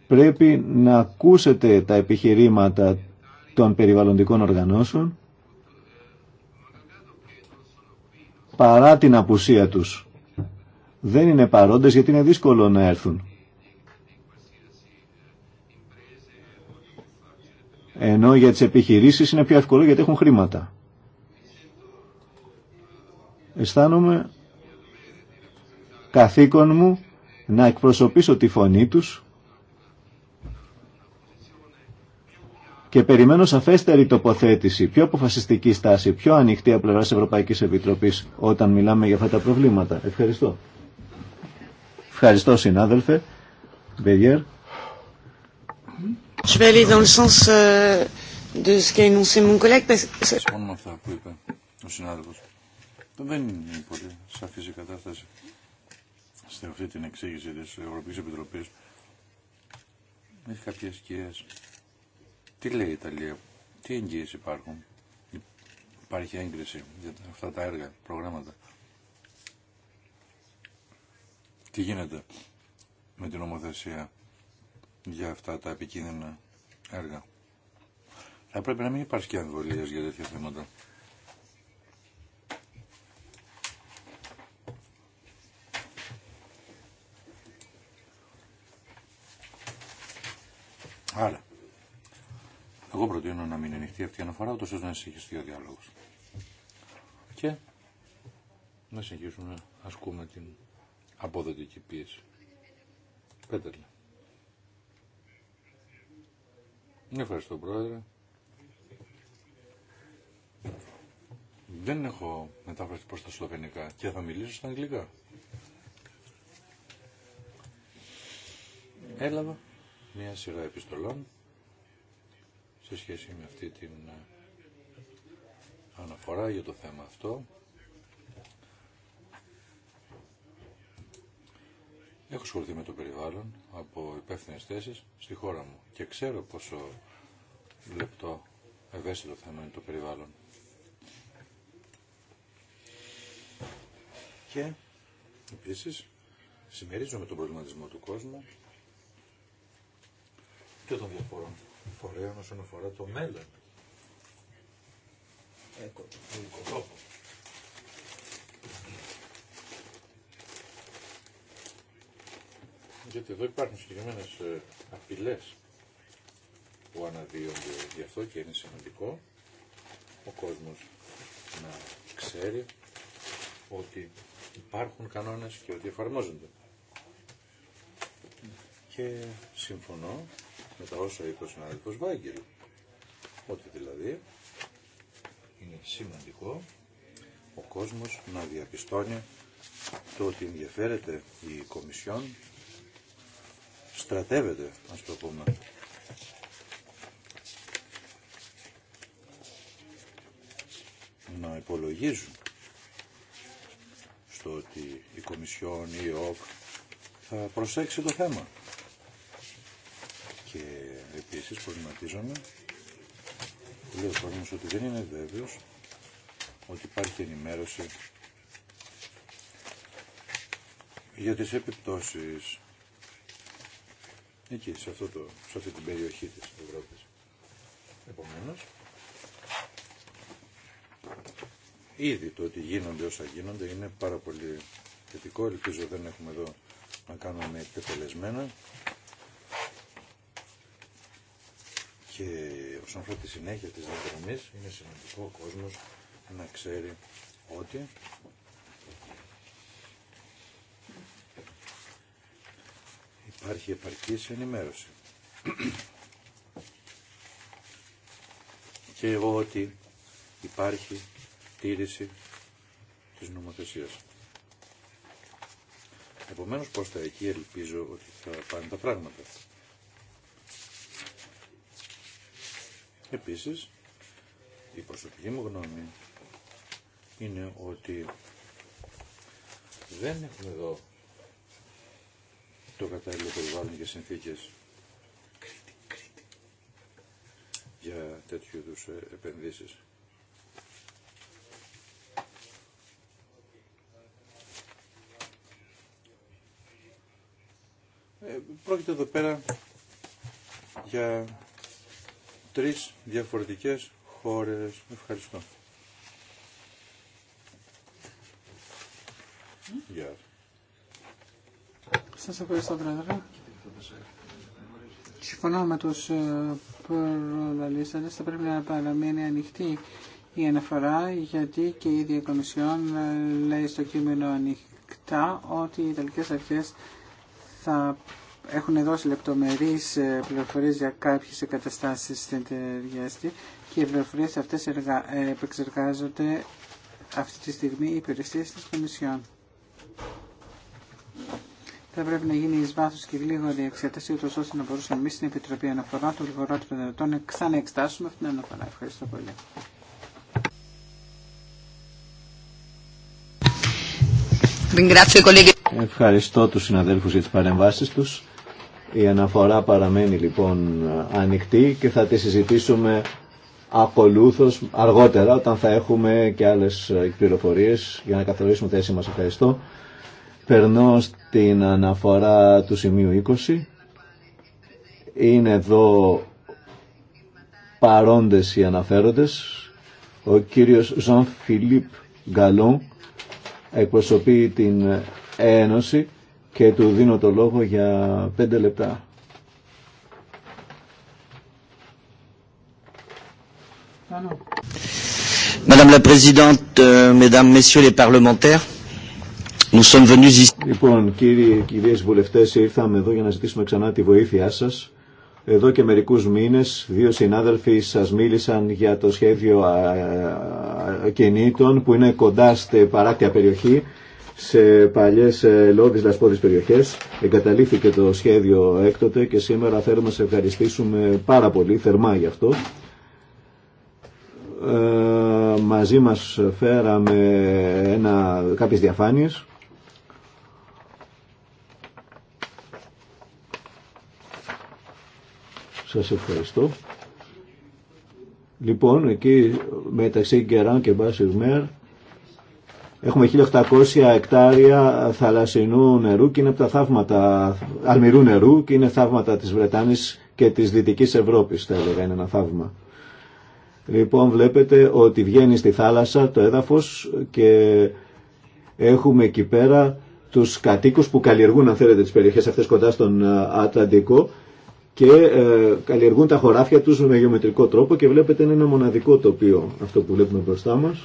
Πρέπει να ακούσετε τα επιχειρήματα των περιβαλλοντικών οργανώσεων παρά την απουσία τους. Δεν είναι παρόντες γιατί είναι δύσκολο να έρθουν. Ενώ για τις επιχειρήσεις είναι πιο εύκολο γιατί έχουν χρήματα αισθάνομαι καθήκον μου να εκπροσωπήσω τη φωνή τους και περιμένω σαφέστερη τοποθέτηση, πιο αποφασιστική στάση, πιο ανοιχτή από πλευρά Ευρωπαϊκή Επιτροπή όταν μιλάμε για αυτά τα προβλήματα. Ευχαριστώ. Ευχαριστώ, συνάδελφε. Μπεγιέρ.
Je vais aller dans le sens euh, de ce qu'a énoncé mon collègue. Parce... που
είπε ο συνάδελφος. Δεν είναι πολύ σαφής η κατάσταση σε αυτή την εξήγηση της Ευρωπαϊκής Επιτροπής. Έχει κάποιες σκιές. Τι λέει η Ιταλία, τι εγγύες υπάρχουν. Υπάρχει έγκριση για αυτά τα έργα, προγράμματα. Τι γίνεται με την ομοθεσία για αυτά τα επικίνδυνα έργα. Θα πρέπει να μην υπάρχει και αμφιβολίες για τέτοια θέματα. Άρα, εγώ προτείνω να μην ανοιχτεί αυτή η αναφορά, ούτως ώστε να συνεχιστεί ο διάλογο. Και να συνεχίσουμε να ασκούμε την αποδοτική πίεση. Πέτερλε. Ευχαριστώ, Πρόεδρε. Δεν έχω μετάφραση προς τα σλοβενικά και θα μιλήσω στα αγγλικά. Έλαβα μια σειρά επιστολών σε σχέση με αυτή την ε, αναφορά για το θέμα αυτό. Έχω σχοληθεί με το περιβάλλον από υπεύθυνες θέσει στη χώρα μου και ξέρω πόσο λεπτό ευαίσθητο θέμα είναι το περιβάλλον. Και επίσης συμμερίζομαι τον προβληματισμό του κόσμου και των διαφορών φορέων όσον αφορά το μέλλον. Έκο, Γιατί εδώ υπάρχουν συγκεκριμένε ε, απειλέ που αναδύονται γι' αυτό και είναι σημαντικό ο κόσμο να ξέρει ότι υπάρχουν κανόνες και ότι εφαρμόζονται. Και συμφωνώ με τα όσα είπε ο συνάδελφος Βάγκελ. Ότι δηλαδή είναι σημαντικό ο κόσμος να διαπιστώνει το ότι ενδιαφέρεται η Κομισιόν στρατεύεται, ας το πούμε. Να υπολογίζουν στο ότι η Κομισιόν ή η ΟΚ θα προσέξει το θέμα. Επίση προβληματίζομαι Λέω ο ότι δεν είναι βέβαιος ότι υπάρχει ενημέρωση για τις επιπτώσεις εκεί, σε, αυτό το, σε αυτή την περιοχή τη Ευρώπης. επομένω, ήδη το ότι γίνονται όσα γίνονται είναι πάρα πολύ θετικό. Ελπίζω δεν έχουμε εδώ να κάνουμε εκτελεσμένα και όσον αφορά τη συνέχεια της διαδρομής είναι σημαντικό ο κόσμος να ξέρει ότι υπάρχει επαρκής ενημέρωση. και εγώ ότι υπάρχει τήρηση της νομοθεσίας. Επομένως, προς τα εκεί ελπίζω ότι θα πάνε τα πράγματα. Επίσης, η προσωπική μου γνώμη είναι ότι δεν έχουμε εδώ το κατάλληλο περιβάλλον και συνθήκες για τέτοιου είδου ε, επενδύσεις. Ε, πρόκειται εδώ πέρα για τρεις διαφορετικές χώρες. Ευχαριστώ.
Γεια. Σας ευχαριστώ, Πρόεδρε. Συμφωνώ με τους ε, προλαλήσαντες. Θα πρέπει να παραμείνει ανοιχτή η αναφορά, γιατί και η ίδια Κομισιόν ε, λέει στο κείμενο ανοιχτά ότι οι Ιταλικές Αρχές θα έχουν δώσει λεπτομερείς ε, πληροφορίες για κάποιες εγκαταστάσεις στην εταιρεία και οι πληροφορίες αυτές ε, επεξεργάζονται αυτή τη στιγμή οι υπηρεσίες της Κομισιόν. Θα πρέπει να γίνει εις βάθος και γλίγορη εξέταση, ούτως ώστε να μπορούσαμε εμείς στην Επιτροπή Αναφορά του Λιγοράτου Δυνατών να ξαναεξτάσουμε αυτήν την αναφορά. Ευχαριστώ πολύ.
Ευχαριστώ τους συναδέλφους για τις παρεμβάσεις τους. Η αναφορά παραμένει λοιπόν ανοιχτή και θα τη συζητήσουμε ακολούθως αργότερα όταν θα έχουμε και άλλες πληροφορίες για να καθορίσουμε θέση μας. Ευχαριστώ. Περνώ στην αναφορά του σημείου 20. Είναι εδώ παρόντες οι αναφέροντες. Ο κύριος Ζαν Φιλίπ Γκαλόν εκπροσωπεί την Ένωση και του δίνω το λόγο για πέντε λεπτά. Madame la Présidente, euh, Mesdames, Messieurs les Parlementaires, nous Λοιπόν, κύριοι, κυρίες βουλευτές, ήρθαμε εδώ για να ζητήσουμε ξανά τη βοήθειά σας. Εδώ και μερικούς μήνες δύο συνάδελφοι σας μίλησαν για το σχέδιο κενήτων που είναι κοντά στην παράκτια περιοχή σε παλιές ε, λόγες λασπόδης περιοχές. εγκαταλήφθηκε το σχέδιο έκτοτε και σήμερα θέλουμε να σε ευχαριστήσουμε πάρα πολύ, θερμά γι' αυτό. Ε, μαζί μας φέραμε ένα, κάποιες διαφάνειες. Σας ευχαριστώ. Λοιπόν, εκεί μεταξύ Γκεράν και Μπάσιρ Μέρ Έχουμε 1.800 εκτάρια θαλασσινού νερού και είναι από τα θαύματα αλμυρού νερού και είναι θαύματα της Βρετάνης και της Δυτικής Ευρώπης, θα έλεγα, είναι ένα θαύμα. Λοιπόν, βλέπετε ότι βγαίνει στη θάλασσα το έδαφος και έχουμε εκεί πέρα τους κατοίκους που καλλιεργούν, αν θέλετε, τις περιοχές αυτές κοντά στον ε, Ατλαντικό και ε, καλλιεργούν τα χωράφια τους με γεωμετρικό τρόπο και βλέπετε είναι ένα μοναδικό τοπίο αυτό που βλέπουμε μπροστά μας.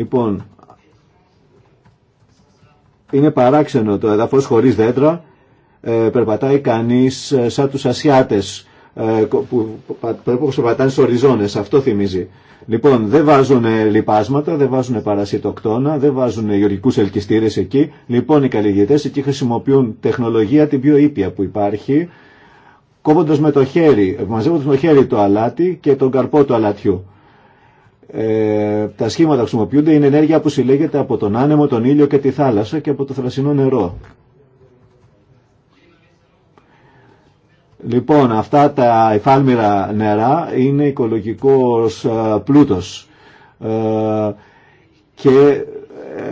Λοιπόν, είναι παράξενο το εδαφός χωρίς δέντρα, ε, περπατάει κανείς ε, σαν τους Ασιάτες ε, που περπατάνε στους οριζόνες, αυτό θυμίζει. Λοιπόν, δεν βάζουν λιπάσματα, δεν βάζουν παρασιτοκτόνα, δεν βάζουν γεωργικούς ελκυστήρες εκεί. Λοιπόν, οι καλλιεργητές εκεί χρησιμοποιούν τεχνολογία την πιο ήπια που υπάρχει, κόβοντας με το χέρι, μαζεύοντας με το χέρι το αλάτι και τον καρπό του αλατιού. Ε, τα σχήματα που χρησιμοποιούνται είναι ενέργεια που συλλέγεται από τον άνεμο, τον ήλιο και τη θάλασσα και από το θαλασσινό νερό. Λοιπόν, αυτά τα υφάλμυρα νερά είναι οικολογικός ε, πλούτος. Ε, και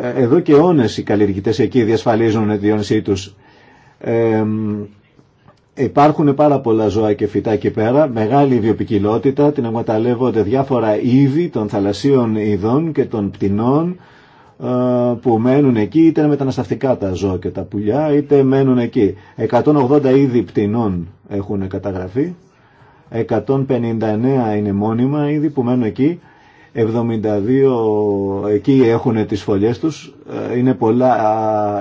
ε, εδώ και αιώνες οι καλλιεργητές εκεί διασφαλίζουν τη διόνυσή τους. Ε, Υπάρχουν πάρα πολλά ζώα και φυτά εκεί πέρα, μεγάλη βιοπικιλότητα, την εγκαταλεύονται διάφορα είδη των θαλασσίων ειδών και των πτηνών ε, που μένουν εκεί, είτε είναι μετανασταυτικά τα ζώα και τα πουλιά, είτε μένουν εκεί. 180 είδη πτηνών έχουν καταγραφεί, 159 είναι μόνιμα είδη που μένουν εκεί 72 εκεί έχουν τις φωλιές τους ε, είναι, πολλά,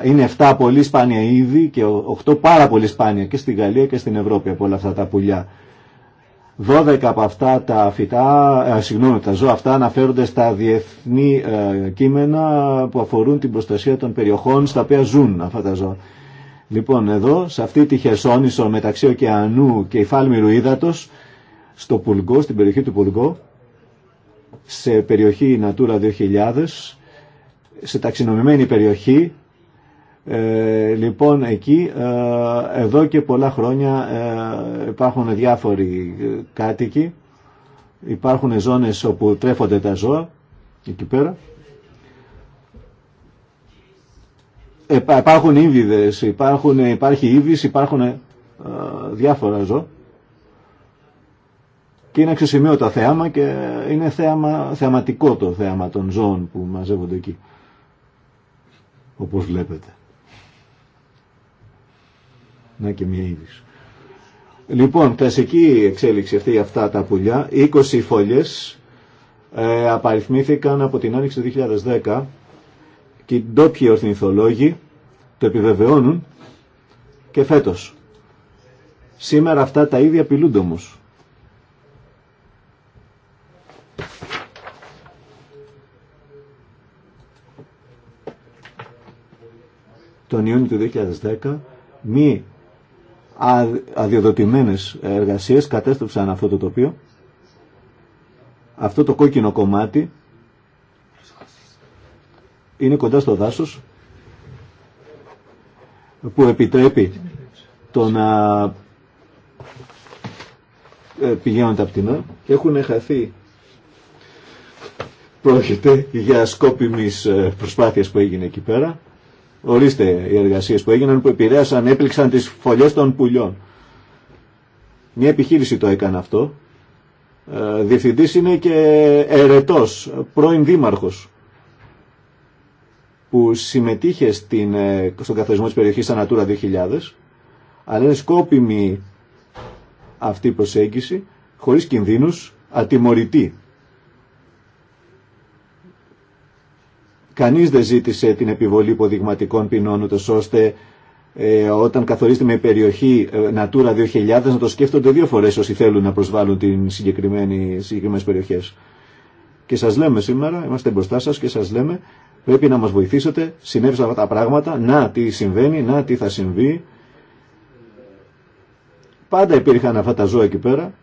είναι 7 πολύ σπάνια είδη και 8 πάρα πολύ σπάνια και στη Γαλλία και στην Ευρώπη από όλα αυτά τα πουλιά 12 από αυτά τα φυτά, α, ε, συγγνώμη, τα ζώα αυτά αναφέρονται στα διεθνή ε, κείμενα που αφορούν την προστασία των περιοχών στα οποία ζουν αυτά τα ζώα. Λοιπόν, εδώ, σε αυτή τη χερσόνησο μεταξύ ωκεανού και υφάλμηρου ύδατος, στο Πουλγκό, στην περιοχή του Πουλγκό, σε περιοχή Natura 2000, σε ταξινομημένη περιοχή. Ε, λοιπόν, εκεί, ε, εδώ και πολλά χρόνια ε, υπάρχουν διάφοροι ε, κάτοικοι. Υπάρχουν ζώνες όπου τρέφονται τα ζώα, εκεί πέρα. υπάρχουν ύβιδες, υπάρχουν, υπάρχει ύβης, υπάρχουν διάφορα ζώα και είναι αξιοσημείωτα θέαμα και είναι θέαμα, θεαματικό το θέαμα των ζώων που μαζεύονται εκεί. Όπως βλέπετε. Να και μια είδηση. Λοιπόν, κλασική εξέλιξη αυτή για αυτά τα πουλιά. 20 φόλιε ε, απαριθμήθηκαν από την άνοιξη του 2010 και οι ντόπιοι ορθινηθολόγοι το επιβεβαιώνουν και φέτος. Σήμερα αυτά τα ίδια απειλούνται όμως. τον Ιούνιο του 2010 μη αδειοδοτημένες εργασίες κατέστρεψαν αυτό το τοπίο. Αυτό το κόκκινο κομμάτι είναι κοντά στο δάσος που επιτρέπει το να ε, πηγαίνουν τα πτηνά και έχουν χαθεί πρόκειται για σκόπιμης ε, προσπάθειας που έγινε εκεί πέρα Ορίστε οι εργασίες που έγιναν που επηρέασαν, έπληξαν τις φωλιές των πουλιών. Μια επιχείρηση το έκανε αυτό. Ε, διευθυντής είναι και ερετός, πρώην δήμαρχος που συμμετείχε στην, ε, στον καθορισμό της περιοχής Ανατούρα 2000 αλλά είναι σκόπιμη αυτή η προσέγγιση χωρίς κινδύνους, ατιμωρητή Κανείς δεν ζήτησε την επιβολή υποδειγματικών ποινών ούτως ώστε ε, όταν καθορίζεται με περιοχή ε, Natura 2000 να το σκέφτονται δύο φορές όσοι θέλουν να προσβάλλουν τις συγκεκριμένες περιοχές. Και σας λέμε σήμερα, είμαστε μπροστά σας και σας λέμε πρέπει να μας βοηθήσετε, συνέβησαν αυτά τα πράγματα, να τι συμβαίνει, να τι θα συμβεί. Πάντα υπήρχαν αυτά τα ζώα εκεί πέρα.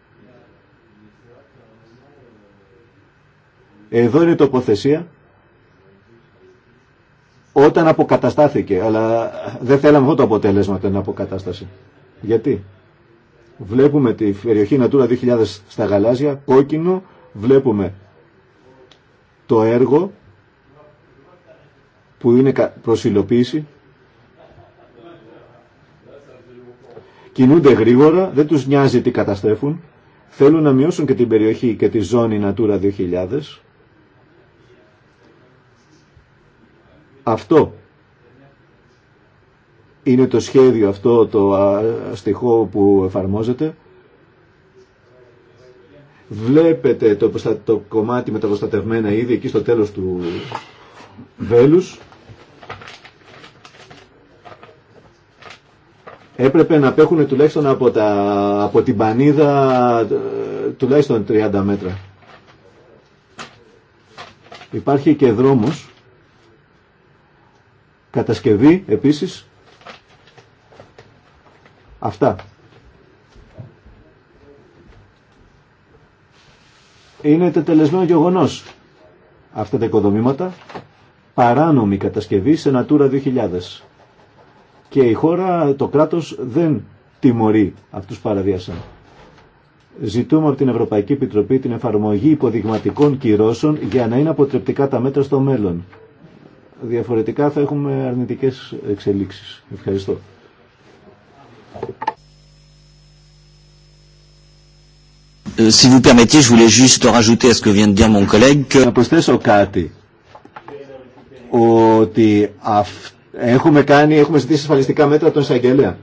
Εδώ είναι η τοποθεσία όταν αποκαταστάθηκε, αλλά δεν θέλαμε αυτό το αποτέλεσμα την αποκατάσταση. Γιατί. Βλέπουμε τη περιοχή Natura 2000 στα γαλάζια, κόκκινο, βλέπουμε το έργο που είναι προσιλοποίηση. Κινούνται γρήγορα, δεν τους νοιάζει τι καταστρέφουν. Θέλουν να μειώσουν και την περιοχή και τη ζώνη Natura 2000 Αυτό είναι το σχέδιο αυτό το στοιχό που εφαρμόζεται. Βλέπετε το, το κομμάτι με τα προστατευμένα ήδη εκεί στο τέλος του βέλους. Έπρεπε να απέχουν τουλάχιστον από, τα, από την πανίδα ε, τουλάχιστον 30 μέτρα. Υπάρχει και δρόμος κατασκευή επίσης. Αυτά. Είναι τετελεσμένο γεγονός αυτά τα οικοδομήματα παράνομη κατασκευή σε Natura 2000. Και η χώρα, το κράτος δεν τιμωρεί αυτούς παραβίασαν. Ζητούμε από την Ευρωπαϊκή Επιτροπή την εφαρμογή υποδειγματικών κυρώσεων για να είναι αποτρεπτικά τα μέτρα στο μέλλον. Διαφορετικά θα έχουμε αρνητικές εξελίξεις. Ευχαριστώ. Si Να προσθέσω κάτι. Ότι έχουμε, κάνει, έχουμε ζητήσει ασφαλιστικά μέτρα τον εισαγγελέα.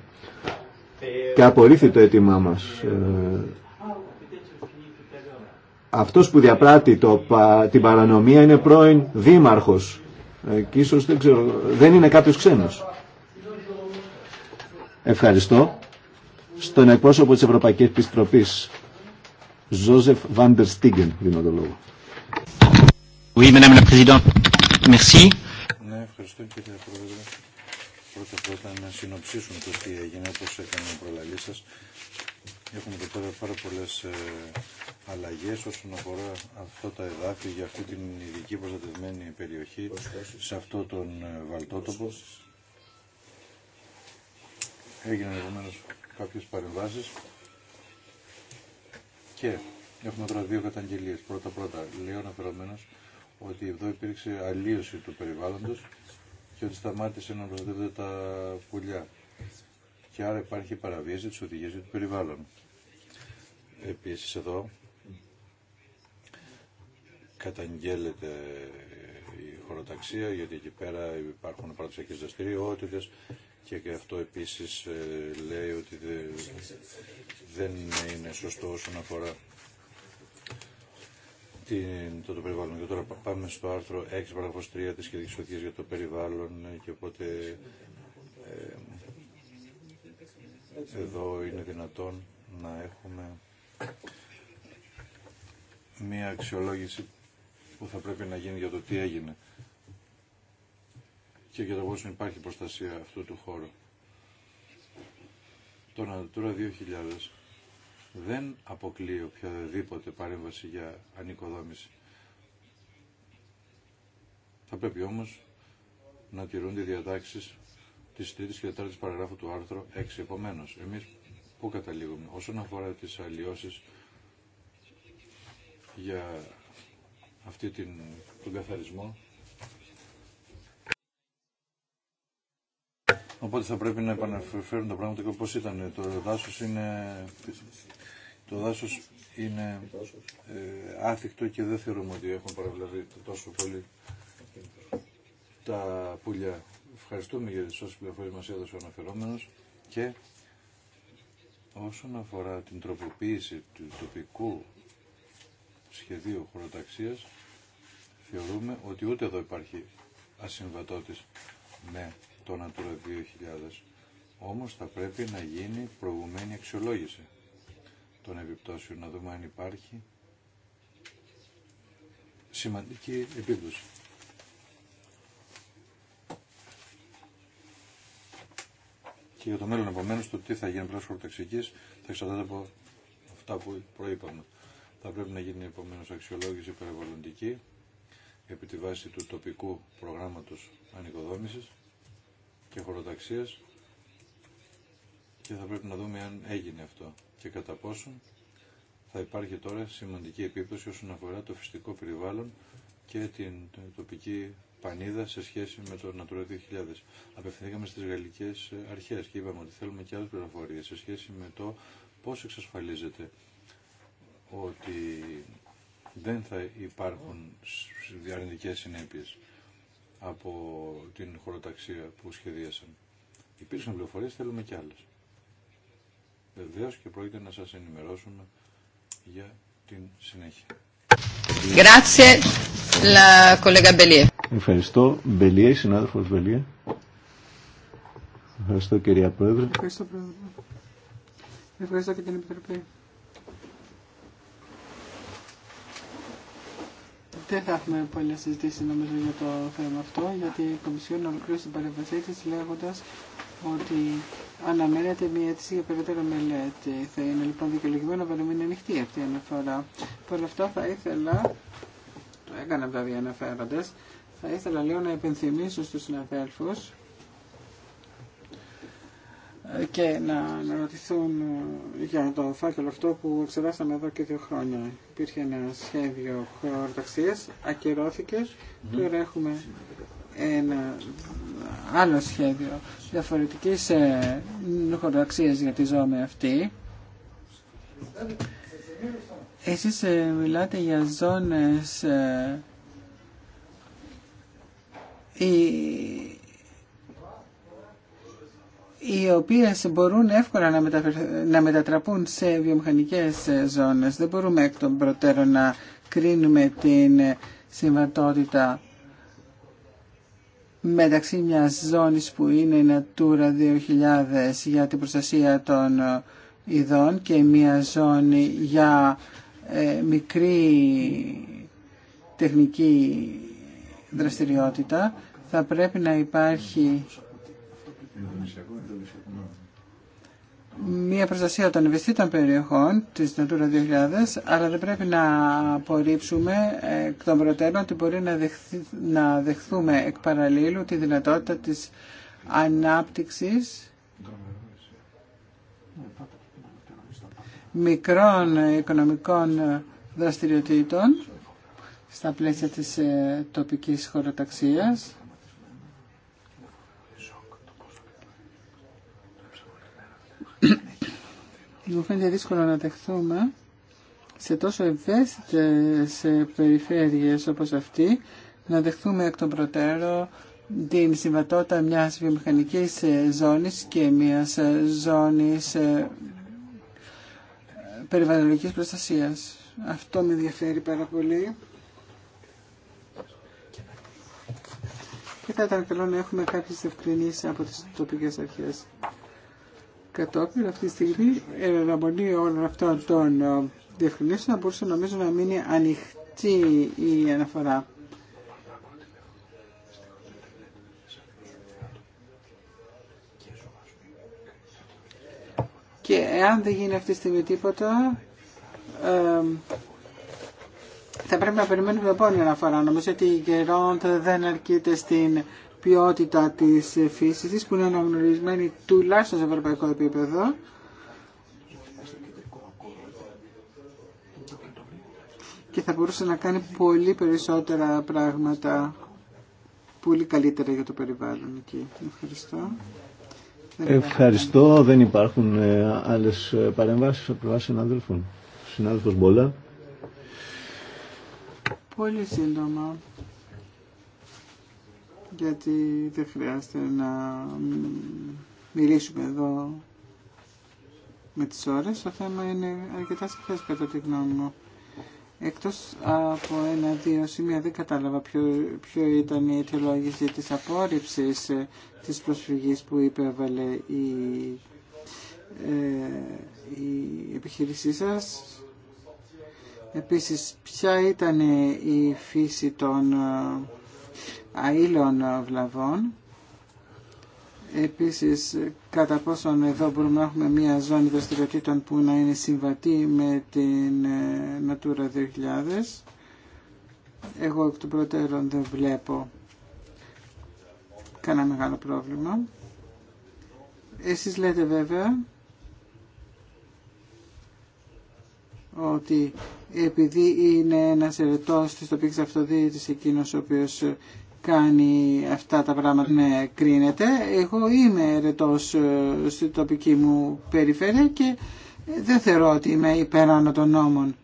Και απορρίφθη το αίτημά μας. Ε, αυτός που διαπράττει την παρανομία είναι πρώην δήμαρχος και ίσως δεν ξέρω, δεν είναι κάποιος ξένος. Ευχαριστώ. Στον εκπρόσωπο της Ευρωπαϊκής Επιστροπής, Ζόζεφ Βάντερ Στίγκεν, δίνω το λόγο. Oui, Madame la Présidente. Merci.
Ναι, ευχαριστώ κύριε Πρόεδρε. Πρώτα πρώτα να συνοψίσουμε το τι έγινε όπως έκανε ο προλαλής σας. Έχουμε εδώ πέρα πάρα πολλές ε, αλλαγές όσον αφορά αυτό το εδάφιο για αυτή την ειδική προστατευμένη περιοχή σε αυτό τον ε, βαλτότοπο. Έγιναν επομένως κάποιες παρεμβάσεις και έχουμε τώρα δύο καταγγελίες. Πρώτα-πρώτα λέω αναφερομένως ότι εδώ υπήρξε αλλίωση του περιβάλλοντος και ότι σταμάτησε να προστατεύονται τα πουλιά. Και άρα υπάρχει παραβίαση της οδηγίας του περιβάλλον. Επίσης εδώ καταγγέλλεται η χωροταξία γιατί εκεί πέρα υπάρχουν παραδοσιακές δραστηριότητε και, και αυτό επίσης ε, λέει ότι δεν είναι σωστό όσον αφορά την, το, το περιβάλλον. Και τώρα πάμε στο άρθρο 6 παραγωγός 3 της σχετικής για το περιβάλλον ε, και οπότε ε,
εδώ είναι
δυνατόν να έχουμε μία αξιολόγηση που θα πρέπει να γίνει για το τι έγινε και για το πόσο υπάρχει προστασία αυτού του χώρου. Το Natura 2000 δεν αποκλείει οποιαδήποτε παρέμβαση για ανοικοδόμηση. Θα πρέπει όμως να τηρούνται οι διατάξεις της τρίτης και τέταρτης παραγράφου του άρθρου 6. Επομένως, εμείς πού καταλήγουμε όσον αφορά τις αλλοιώσεις για αυτή την, τον καθαρισμό. Οπότε θα πρέπει να επαναφέρουν τα πράγματα και όπως ήταν. Το δάσος είναι, το δάσος είναι ε, άθικτο και δεν θεωρούμε ότι έχουν παραβλαβεί τόσο πολύ τα πουλιά. Ευχαριστούμε για τις όσες πληροφορίες μας έδωσε ο αναφερόμενος και όσον αφορά την τροποποίηση του τοπικού σχεδίου χωροταξίας θεωρούμε ότι ούτε εδώ υπάρχει ασυμβατότης με το Natura 2000. Όμως θα πρέπει να γίνει προηγουμένη αξιολόγηση των επιπτώσεων, να δούμε αν υπάρχει σημαντική επίπτωση. Και για το μέλλον επομένως το τι θα γίνει πλέον ταξικής θα εξαρτάται από αυτά που προείπαμε. Θα πρέπει να γίνει επομένως αξιολόγηση περιβαλλοντική επί τη βάση του τοπικού προγράμματος ανοικοδόμησης και χωροταξίας και θα πρέπει να δούμε αν έγινε αυτό και κατά πόσον θα υπάρχει τώρα σημαντική επίπτωση όσον αφορά το φυσικό περιβάλλον και την τοπική πανίδα σε σχέση με το Natura 2000. Απευθυνθήκαμε στις γαλλικές αρχές και είπαμε ότι θέλουμε και άλλες πληροφορίες σε σχέση με το πώς εξασφαλίζεται ότι δεν θα υπάρχουν αρνητικές συνέπειες από την χωροταξία που σχεδίασαν. Υπήρξαν πληροφορίες, θέλουμε κι άλλες. Βεβαίως και πρόκειται να σας ενημερώσουμε για την
συνέχεια.
Ευχαριστώ. Μπελιέ, συνάδελφος Μπελιέ. Ευχαριστώ κυρία Πρόεδρε.
Ευχαριστώ Πρόεδρε. Ευχαριστώ και την Επιτροπή. Δεν θα έχουμε πολλέ συζητήσει νομίζω για το θέμα αυτό, γιατί η Κομισιόν ολοκλήρωσε την παρέμβασή τη λέγοντα ότι αναμένεται μία αίτηση για περαιτέρω μελέτη. Θα είναι λοιπόν δικαιολογημένο να παραμείνει ανοιχτή αυτή η αναφορά. Παρ' αυτά θα ήθελα, το έκανα βέβαια αναφέροντα, θα ήθελα λίγο να υπενθυμίσω στου συναδέλφου και να αναρωτηθούν για το φάκελο αυτό που εξετάσαμε εδώ και δύο χρόνια. Υπήρχε ένα σχέδιο χωροταξία, ακυρώθηκε, τώρα έχουμε ένα άλλο σχέδιο διαφορετική ε, χωροταξία για τη ζώμη αυτή. Εσείς ε, μιλάτε για ζώνες ε, οι οποίες μπορούν εύκολα να, μετατραπούν σε βιομηχανικές ζώνες. Δεν μπορούμε εκ των προτέρων να κρίνουμε την συμβατότητα μεταξύ μιας ζώνης που είναι η Natura 2000 για την προστασία των ειδών και μια ζώνη για ε, μικρή τεχνική δραστηριότητα θα πρέπει να υπάρχει ναι. μία προστασία των ευαισθητών περιοχών της Natura 2000, αλλά δεν πρέπει να απορρίψουμε εκ των προτέρων ότι μπορεί να, δεχθούμε εκ παραλλήλου τη δυνατότητα της ανάπτυξης μικρών οικονομικών δραστηριοτήτων στα πλαίσια της ε, τοπικής χωροταξίας Μου φαίνεται δύσκολο να δεχθούμε σε τόσο ευαίσθητες ε, περιφέρειες όπως αυτή να δεχθούμε εκ των προτέρων την συμβατότητα μιας βιομηχανικής ε, ζώνης και μιας ε, ζώνης περιβαλλοντικής προστασίας. Αυτό με ενδιαφέρει πάρα πολύ. Και θα ήταν καλό να έχουμε κάποιες ευκρινήσεις από τις τοπικές αρχές. Κατόπιν αυτή τη στιγμή εναμονή όλων αυτών των ε, διευκρινήσεων μπορούσε νομίζω να μείνει ανοιχτή η αναφορά. Και εάν δεν γίνει αυτή τη στιγμή τίποτα, ε, θα πρέπει να περιμένουμε την επόμενη αναφορά. Νομίζω ότι η Γερόντ δεν αρκείται στην ποιότητα της φύσης που είναι αναγνωρισμένη τουλάχιστον σε ευρωπαϊκό επίπεδο και θα μπορούσε να κάνει πολύ περισσότερα πράγματα πολύ καλύτερα για το περιβάλλον εκεί. Ευχαριστώ.
Ευχαριστώ. Δεν υπάρχουν ε, άλλες ε, παρεμβάσεις από πλευρά συνάδελφων. Συνάδελφος Μπολά.
Πολύ σύντομα γιατί δεν χρειάζεται να μιλήσουμε εδώ με τις ώρες. Το θέμα είναι αρκετά σαφές κατά τη γνώμη μου. Εκτός από ένα-δύο σημεία δεν κατάλαβα ποιο, ποιο ήταν η αιτιολόγηση της απόρριψης ε, της προσφυγής που υπέβαλε η, ε, η επιχείρησή σας. Επίσης, ποια ήταν η φύση των ε, αήλων βλαβών. Επίσης, κατά πόσον εδώ μπορούμε να έχουμε μια ζώνη δραστηριοτήτων που να είναι συμβατή με την ε, Natura 2000. Εγώ εκ των προτέρων δεν βλέπω κανένα μεγάλο πρόβλημα. Εσείς λέτε βέβαια ότι επειδή είναι ένας ερετός της τοπικής αυτοδίτησης εκείνος ο οποίος κάνει αυτά τα πράγματα με ναι, κρίνεται. Εγώ είμαι ερετός ε, στη τοπική μου περιφέρεια και δεν θεωρώ ότι είμαι υπεράνω των νόμων.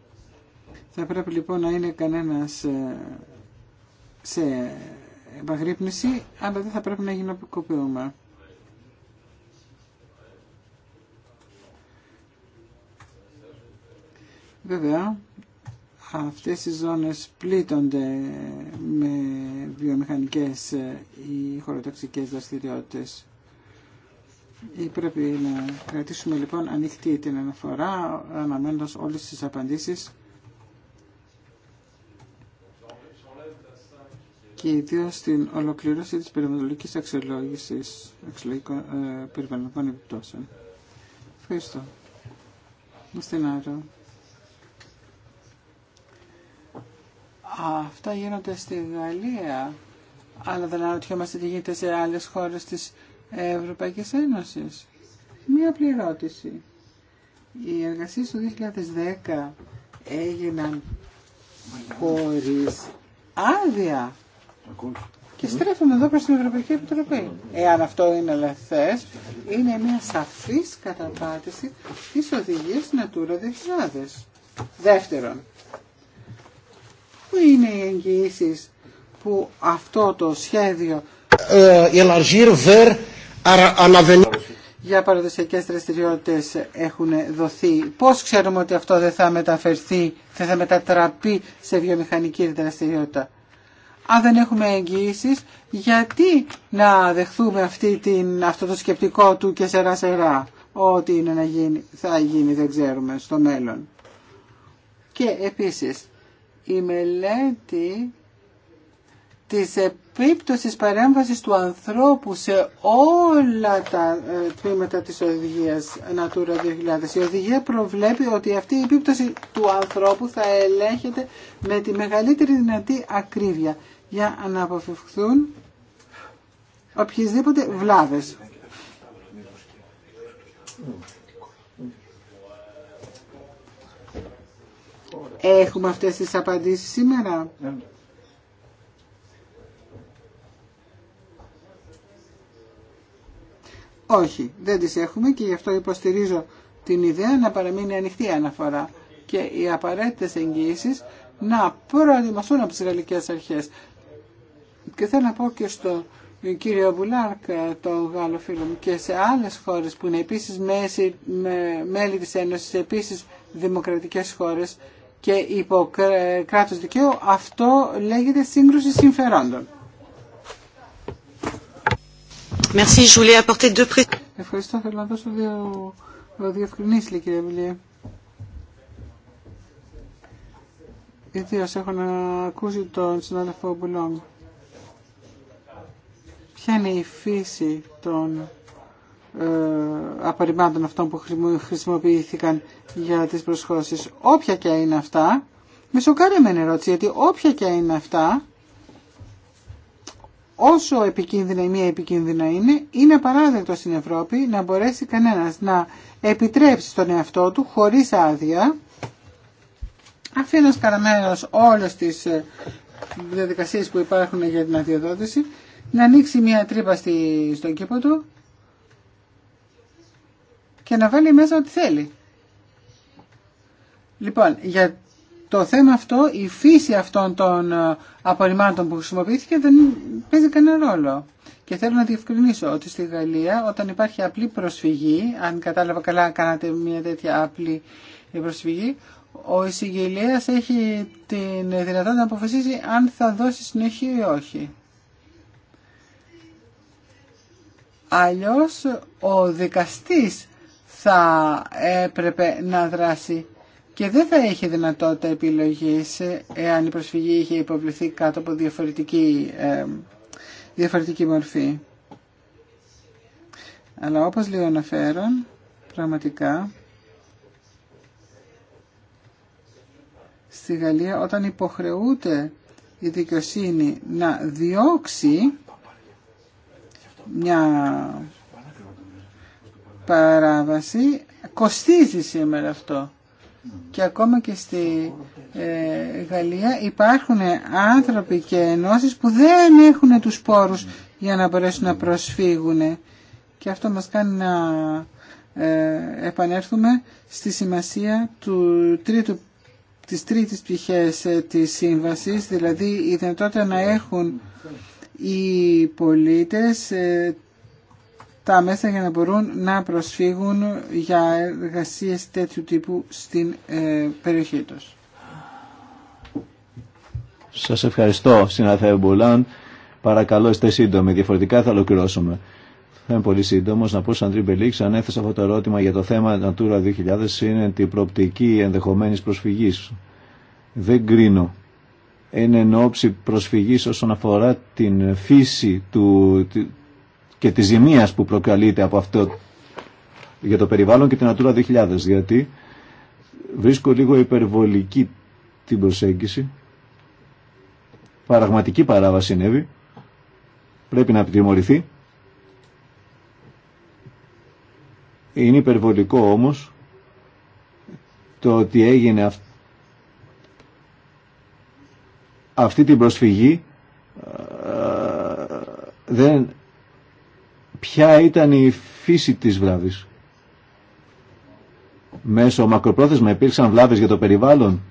Θα πρέπει λοιπόν να είναι κανένας ε, σε επαγρύπνηση, αλλά δεν θα πρέπει να γυμνοποιούμε. Βέβαια, αυτές οι ζώνες πλήττονται με βιομηχανικές ε, ή χωροταξικές δραστηριότητες. Ή πρέπει να κρατήσουμε λοιπόν ανοιχτή την αναφορά, αναμένοντας όλες τις απαντήσεις και ιδίω την ολοκλήρωση της περιβαλλοντικής αξιολόγησης αξιολογικών ε, περιβαλλοντικών επιπτώσεων. Ευχαριστώ. Στην Αυτά γίνονται στη Γαλλία, αλλά δεν αναρωτιόμαστε τι γίνεται σε άλλες χώρες της Ευρωπαϊκής Ένωσης. Μία απλή ερώτηση. Οι εργασίες του 2010 έγιναν χωρίς άδεια. Και στρέφουμε εδώ προς την Ευρωπαϊκή Επιτροπή. Εάν αυτό είναι λεθές, είναι μια σαφής καταπάτηση της οδηγίας Natura 2000. Δεύτερον, Πού είναι οι εγγυήσει που αυτό το σχέδιο ε, για παραδοσιακές δραστηριότητες έχουν δοθεί. Πώς ξέρουμε ότι αυτό δεν θα μεταφερθεί, δεν θα μετατραπεί σε βιομηχανική δραστηριότητα. Αν δεν έχουμε εγγυήσει, γιατί να δεχθούμε αυτή την, αυτό το σκεπτικό του και σερά σερά ότι είναι να γίνει, θα γίνει δεν ξέρουμε στο μέλλον. Και επίσης η μελέτη της επίπτωσης παρέμβασης του ανθρώπου σε όλα τα ε, τμήματα της οδηγίας Natura 2000. Η οδηγία προβλέπει ότι αυτή η επίπτωση του ανθρώπου θα ελέγχεται με τη μεγαλύτερη δυνατή ακρίβεια για να αποφευχθούν οποιασδήποτε βλάβες. Έχουμε αυτές τις απαντήσεις σήμερα. Όχι, δεν τις έχουμε και γι' αυτό υποστηρίζω την ιδέα να παραμείνει ανοιχτή η αναφορά και οι απαραίτητες εγγύησεις να προετοιμαστούν από τις γαλλικές αρχές. Και θέλω να πω και στο κύριο Βουλάρκ, τον Γάλλο φίλο μου, και σε άλλες χώρες που είναι επίσης μέση, μέλη της Ένωσης, επίσης δημοκρατικές χώρες, και υπό κράτος δικαίου αυτό λέγεται σύγκρουση συμφερόντων. Ευχαριστώ. Θέλω να δώσω δύο διευκρινήσεις, λέει κυρία Βουλή. Ιδίω έχω να ακούσει τον συνάδελφο Μπουλόμ. Ποια είναι η φύση των ε, απορριμμάτων αυτών που χρησιμοποιήθηκαν για τις προσχώσεις. Όποια και είναι αυτά, με σοκάρει ερώτηση, γιατί όποια και είναι αυτά, όσο επικίνδυνα ή μία επικίνδυνα είναι, είναι απαράδεκτο στην Ευρώπη να μπορέσει κανένας να επιτρέψει στον εαυτό του χωρίς άδεια, αφήνοντας καραμένος όλες τις ε, διαδικασίες που υπάρχουν για την αδειοδότηση, να ανοίξει μία τρύπα στον κήπο του και να βάλει μέσα ό,τι θέλει. Λοιπόν, για το θέμα αυτό, η φύση αυτών των ε, απορριμμάτων που χρησιμοποιήθηκε δεν παίζει κανένα ρόλο. Και θέλω να διευκρινίσω ότι στη Γαλλία όταν υπάρχει απλή προσφυγή, αν κατάλαβα καλά κάνατε μια τέτοια απλή προσφυγή, ο εισηγηλέας έχει την δυνατότητα να αποφασίσει αν θα δώσει συνεχή ή όχι. Αλλιώς ο δικαστής θα έπρεπε να δράσει και δεν θα είχε δυνατότητα επιλογής εάν η προσφυγή είχε υποβληθεί κάτω από διαφορετική, ε, διαφορετική μορφή. Αλλά όπως λέω αναφέρον, πραγματικά, στη Γαλλία όταν υποχρεούται η δικαιοσύνη να διώξει μια παράβαση κοστίζει σήμερα αυτό. Και ακόμα και στη ε, Γαλλία υπάρχουν άνθρωποι και ενώσεις που δεν έχουν τους πόρους για να μπορέσουν να προσφύγουν. Και αυτό μας κάνει να ε, επανέλθουμε στη σημασία του τρίτου, της τρίτης πτυχές ε, της σύμβασης, δηλαδή η δυνατότητα να έχουν οι πολίτες τα μέσα για να μπορούν να προσφύγουν για εργασίες τέτοιου τύπου στην ε, περιοχή τους.
Σας ευχαριστώ, συνάδελφε Μπουλάν. Παρακαλώ, είστε σύντομοι. Διαφορετικά θα ολοκληρώσουμε. Θα είμαι πολύ σύντομο να πω σαν Τριμπελίξ. Αν αυτό το ερώτημα για το θέμα Natura 2000, είναι την προοπτική ενδεχομένη προσφυγή. Δεν κρίνω. Είναι εν ώψη προσφυγή όσον αφορά την φύση του, και τη ζημία που προκαλείται από αυτό για το περιβάλλον και την Natura 2000 γιατί βρίσκω λίγο υπερβολική την προσέγγιση παραγματική παράβαση συνέβη πρέπει να τιμωρηθεί είναι υπερβολικό όμως το ότι έγινε αυτή την προσφυγή δεν ποια ήταν η φύση της βλάβης. Μέσω μακροπρόθεσμα υπήρξαν βλάβες για το περιβάλλον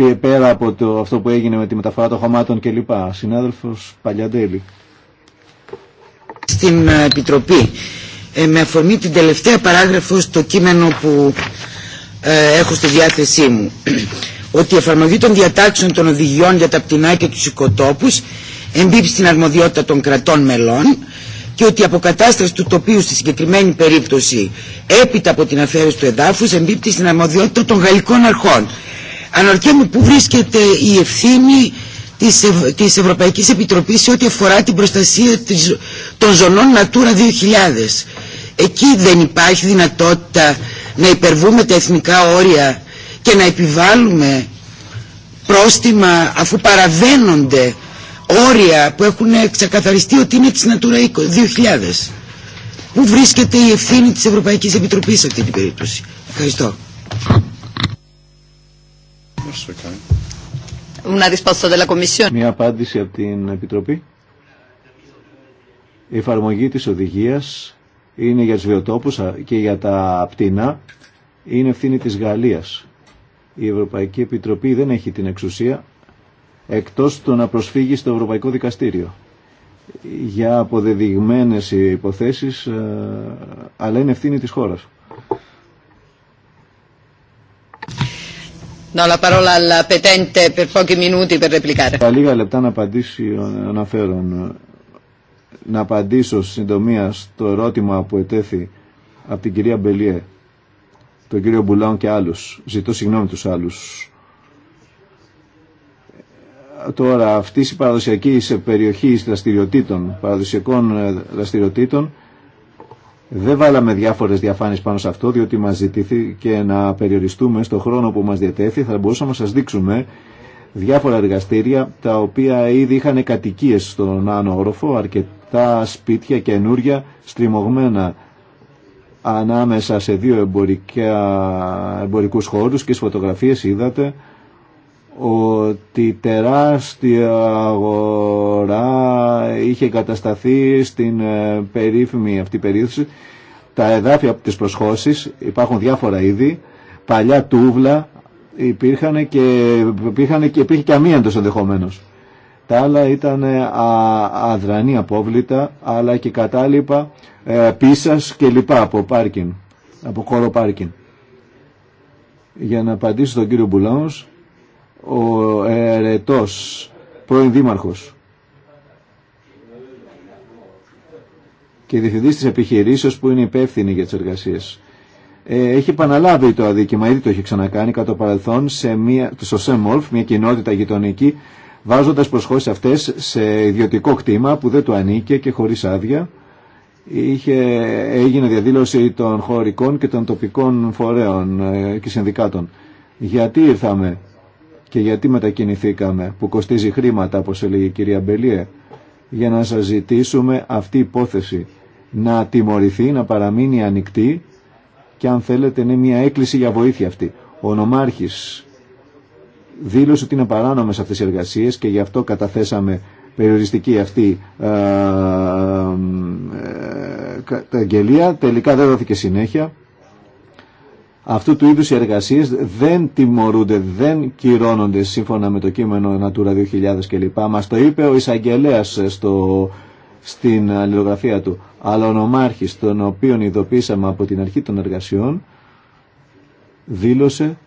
ε, πέρα από το, αυτό που έγινε με τη μεταφορά των χωμάτων κλπ. Συνάδελφος Παλιαντέλη. Στην ε, Επιτροπή,
ε, με αφορμή την τελευταία παράγραφο στο κείμενο που έχω στη διάθεσή μου, ότι η εφαρμογή των διατάξεων των οδηγιών για τα πτηνά και τους οικοτόπους εμπίπτει στην αρμοδιότητα των κρατών μελών και ότι η αποκατάσταση του τοπίου στη συγκεκριμένη περίπτωση έπειτα από την αφαίρεση του εδάφους εμπίπτει στην αρμοδιότητα των γαλλικών αρχών. Αναρωτιέμαι πού βρίσκεται η ευθύνη της, Ευ της Ευρωπαϊκής Επιτροπής σε ό,τι αφορά την προστασία των ζωνών Natura 2000. Εκεί δεν υπάρχει δυνατότητα να υπερβούμε τα εθνικά όρια και να επιβάλλουμε πρόστιμα αφού παραβαίνονται όρια που έχουν ξεκαθαριστεί ότι είναι της Natura 2000. Πού βρίσκεται η ευθύνη της Ευρωπαϊκής Επιτροπής σε αυτή την περίπτωση. Ευχαριστώ.
Μια απάντηση από την Επιτροπή. Η εφαρμογή της οδηγίας είναι για τους βιοτόπους και για τα πτήνα. Είναι ευθύνη της Γαλλίας. Η Ευρωπαϊκή Επιτροπή δεν έχει την εξουσία εκτός το να προσφύγει στο Ευρωπαϊκό Δικαστήριο για αποδεδειγμένες υποθέσεις ε, αλλά είναι ευθύνη της χώρας. No, λίγα λεπτά να απαντήσει ε, αναφέρον. Ε, να απαντήσω συντομία στο ερώτημα που ετέθη από την κυρία Μπελιέ, τον κύριο Μπουλάν και άλλους. Ζητώ συγγνώμη τους άλλους τώρα αυτή η παραδοσιακή περιοχή δραστηριοτήτων, παραδοσιακών ε, δραστηριοτήτων, δεν βάλαμε διάφορες διαφάνειες πάνω σε αυτό, διότι μας ζητήθηκε να περιοριστούμε στο χρόνο που μας διατέθη. Θα μπορούσαμε να σας δείξουμε διάφορα εργαστήρια, τα οποία ήδη είχαν κατοικίες στον Άνω Όροφο, αρκετά σπίτια καινούρια, στριμωγμένα ανάμεσα σε δύο εμπορικά, εμπορικούς χώρους και στις φωτογραφίες είδατε ότι τεράστια αγορά είχε κατασταθεί στην ε, περίφημη αυτή περίπτωση. Τα εδάφια από τις προσχώσεις υπάρχουν διάφορα είδη, παλιά τούβλα υπήρχαν και, υπήρχαν και υπήρχε και αμύαντος ενδεχομένω. Τα άλλα ήταν ε, αδρανή απόβλητα, αλλά και κατάλοιπα ε, πίσας και λοιπά από πάρκιν, από κόρο πάρκιν. Για να απαντήσω τον κύριο Μπουλάνος, ο ερετός πρώην δήμαρχος και διευθυντής της επιχειρήσεως που είναι υπεύθυνη για τις εργασίες. Ε, έχει επαναλάβει το αδίκημα, ήδη το έχει ξανακάνει κατά το παρελθόν σε μια, στο ΣΕΜΟΛΦ, μια κοινότητα γειτονική, βάζοντας προσχώσεις αυτές σε ιδιωτικό κτήμα που δεν του ανήκε και χωρίς άδεια. Είχε, έγινε διαδήλωση των χωρικών και των τοπικών φορέων ε, και συνδικάτων. Γιατί ήρθαμε και γιατί μετακινηθήκαμε που κοστίζει χρήματα όπως έλεγε η κυρία Μπελίε για να σας ζητήσουμε αυτή η υπόθεση να τιμωρηθεί, να παραμείνει ανοιχτή και αν θέλετε είναι μια έκκληση για βοήθεια αυτή. Ο νομάρχης δήλωσε ότι είναι παράνομες αυτές οι εργασίες και γι' αυτό καταθέσαμε περιοριστική αυτή ε, καταγγελία. Τελικά δεν δόθηκε συνέχεια αυτού του είδους οι εργασίες δεν τιμωρούνται, δεν κυρώνονται σύμφωνα με το κείμενο Natura 2000 κλπ. Μας το είπε ο εισαγγελέα στο, στην αλληλογραφία του. Αλλά ο νομάρχης, τον οποίον ειδοποίησαμε από την αρχή των εργασιών, δήλωσε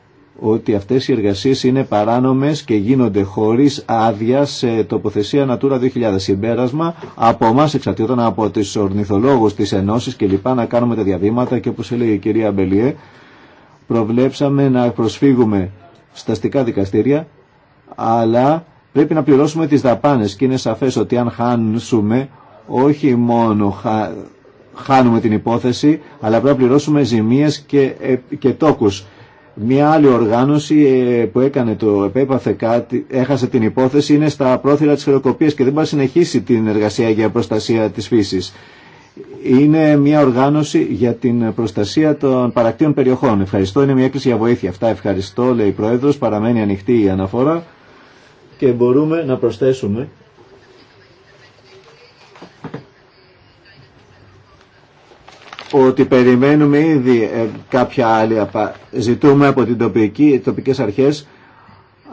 ότι αυτές οι εργασίες είναι παράνομες και γίνονται χωρίς άδεια σε τοποθεσία Natura 2000. Συμπέρασμα από εμά εξαρτιόταν από τις ορνηθολόγους της Ενώσης και λοιπά να κάνουμε τα διαβήματα και όπως έλεγε η κυρία Μπελιέ προβλέψαμε να προσφύγουμε στα αστικά δικαστήρια, αλλά πρέπει να πληρώσουμε τις δαπάνες και είναι σαφές ότι αν χάνουμε, όχι μόνο χα... χάνουμε την υπόθεση, αλλά πρέπει να πληρώσουμε ζημίες και, και τόκους. Μια άλλη οργάνωση ε, που έκανε το επέπαθε κάτι, έχασε την υπόθεση, είναι στα πρόθυρα της χειροκοπίας και δεν μπορεί να συνεχίσει την εργασία για προστασία της φύσης είναι μια οργάνωση για την προστασία των παρακτήων περιοχών. Ευχαριστώ, είναι μια έκκληση για βοήθεια. Αυτά ευχαριστώ, λέει η Πρόεδρος, παραμένει ανοιχτή η αναφορά και μπορούμε να προσθέσουμε ότι περιμένουμε ήδη ε, κάποια άλλη ζητούμε από την τοπική, τοπικές αρχές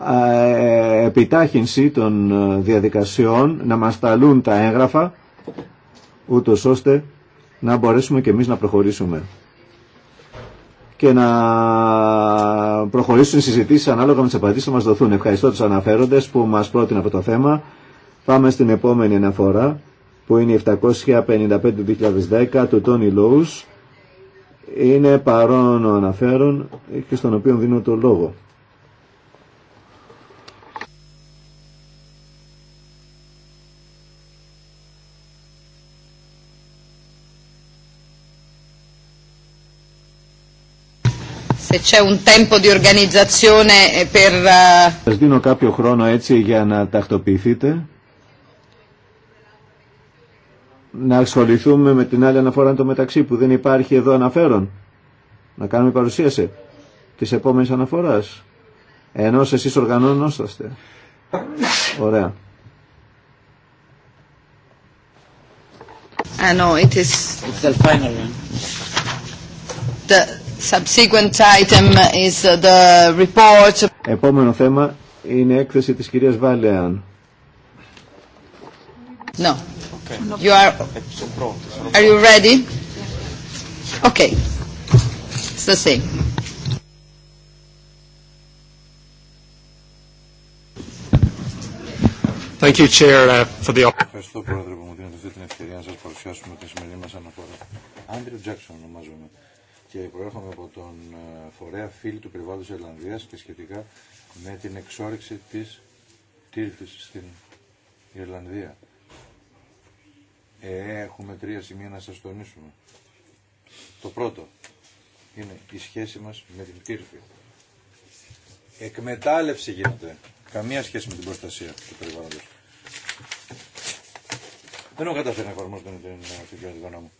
ε, επιτάχυνση των ε, διαδικασιών να μας ταλούν τα έγγραφα ούτως ώστε να μπορέσουμε και εμείς να προχωρήσουμε και να προχωρήσουν οι συζητήσεις ανάλογα με τις απαντήσεις που μας δοθούν. Ευχαριστώ τους αναφέροντες που μας πρότειναν από το θέμα. Πάμε στην επόμενη αναφορά που είναι η 755 του 2010 του Τόνι Λόους. Είναι παρόν ο αναφέρον και στον οποίο δίνω το λόγο.
Eh, eh,
Σε δίνω κάποιο χρόνο έτσι για να τακτοποιηθείτε. Να ασχοληθούμε με την άλλη αναφορά το μεταξύ που δεν υπάρχει εδώ αναφέρον. Να κάνουμε παρουσίαση της επόμενης αναφοράς. Ενώ εσεί οργανώνόσαστε. Ωραία.
Ah, no, it is... It's the final
one. The... Subsequent Επόμενο θέμα είναι έκθεση της κυρίας Βάλεαν.
No. Okay. You are... you ready? Okay. It's the same.
Thank you,
Chair, uh, Ευχαριστώ, Πρόεδρε, που μου δίνετε την ευκαιρία να σας παρουσιάσουμε τη σημερινή μας αναφορά. Άντριο ονομάζομαι και προέρχομαι από τον ε, φορέα φίλη του περιβάλλοντος Ιρλανδίας και σχετικά με την εξόρυξη της τύρφης στην Ιρλανδία. Ε, έχουμε τρία σημεία να σας τονίσουμε. Το πρώτο είναι η σχέση μας με την τύρφη. Εκμετάλλευση γίνεται. Καμία σχέση με την προστασία του περιβάλλοντος. Δεν έχω καταφέρει να εφαρμόσω την αυτοκινητικό μου.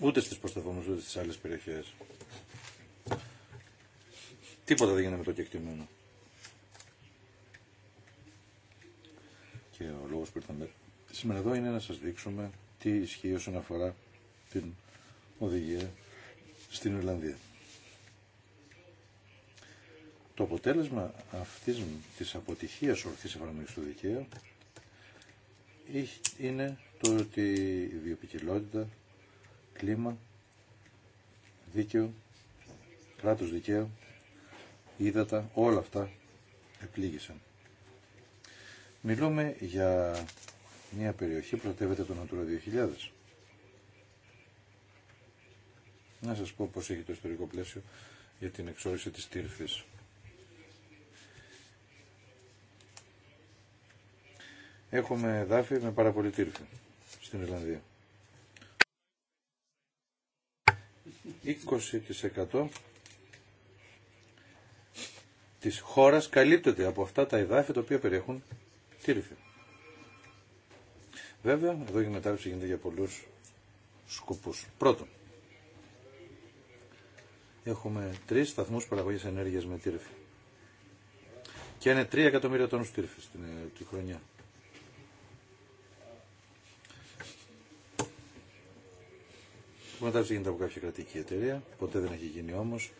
Ούτε στις προσταθόμενες ούτε στις άλλες περιοχές. Τίποτα δεν γίνεται με το κεκτημένο. Και ο λόγος που ήρθαμε σήμερα εδώ είναι να σας δείξουμε τι ισχύει όσον αφορά την οδηγία στην Ιρλανδία. Το αποτέλεσμα αυτής της αποτυχίας ορθής εφαρμογής του δικαίου είναι το ότι η βιοπικιλότητα κλίμα, δίκαιο, κράτος δικαίου, ύδατα, όλα αυτά επλήγησαν. Μιλούμε για μια περιοχή που προτεύεται το Natura 2000. Να σας πω πώς έχει το ιστορικό πλαίσιο για την εξόριση της τύρφης. Έχουμε δάφη με πάρα πολύ τύρφη στην Ιρλανδία. 20% της χώρας καλύπτεται από αυτά τα εδάφη τα οποία περιέχουν τύρφη. Βέβαια, εδώ η μετάρρυψη γίνεται για πολλούς σκοπούς. Πρώτον, έχουμε τρεις σταθμούς παραγωγής ενέργειας με τύρφη. Και είναι 3 εκατομμύρια τόνους τύρφης την, ε, τη χρονιά. Η μετάφραση γίνεται από κάποια κρατική εταιρεία, ποτέ δεν έχει γίνει όμως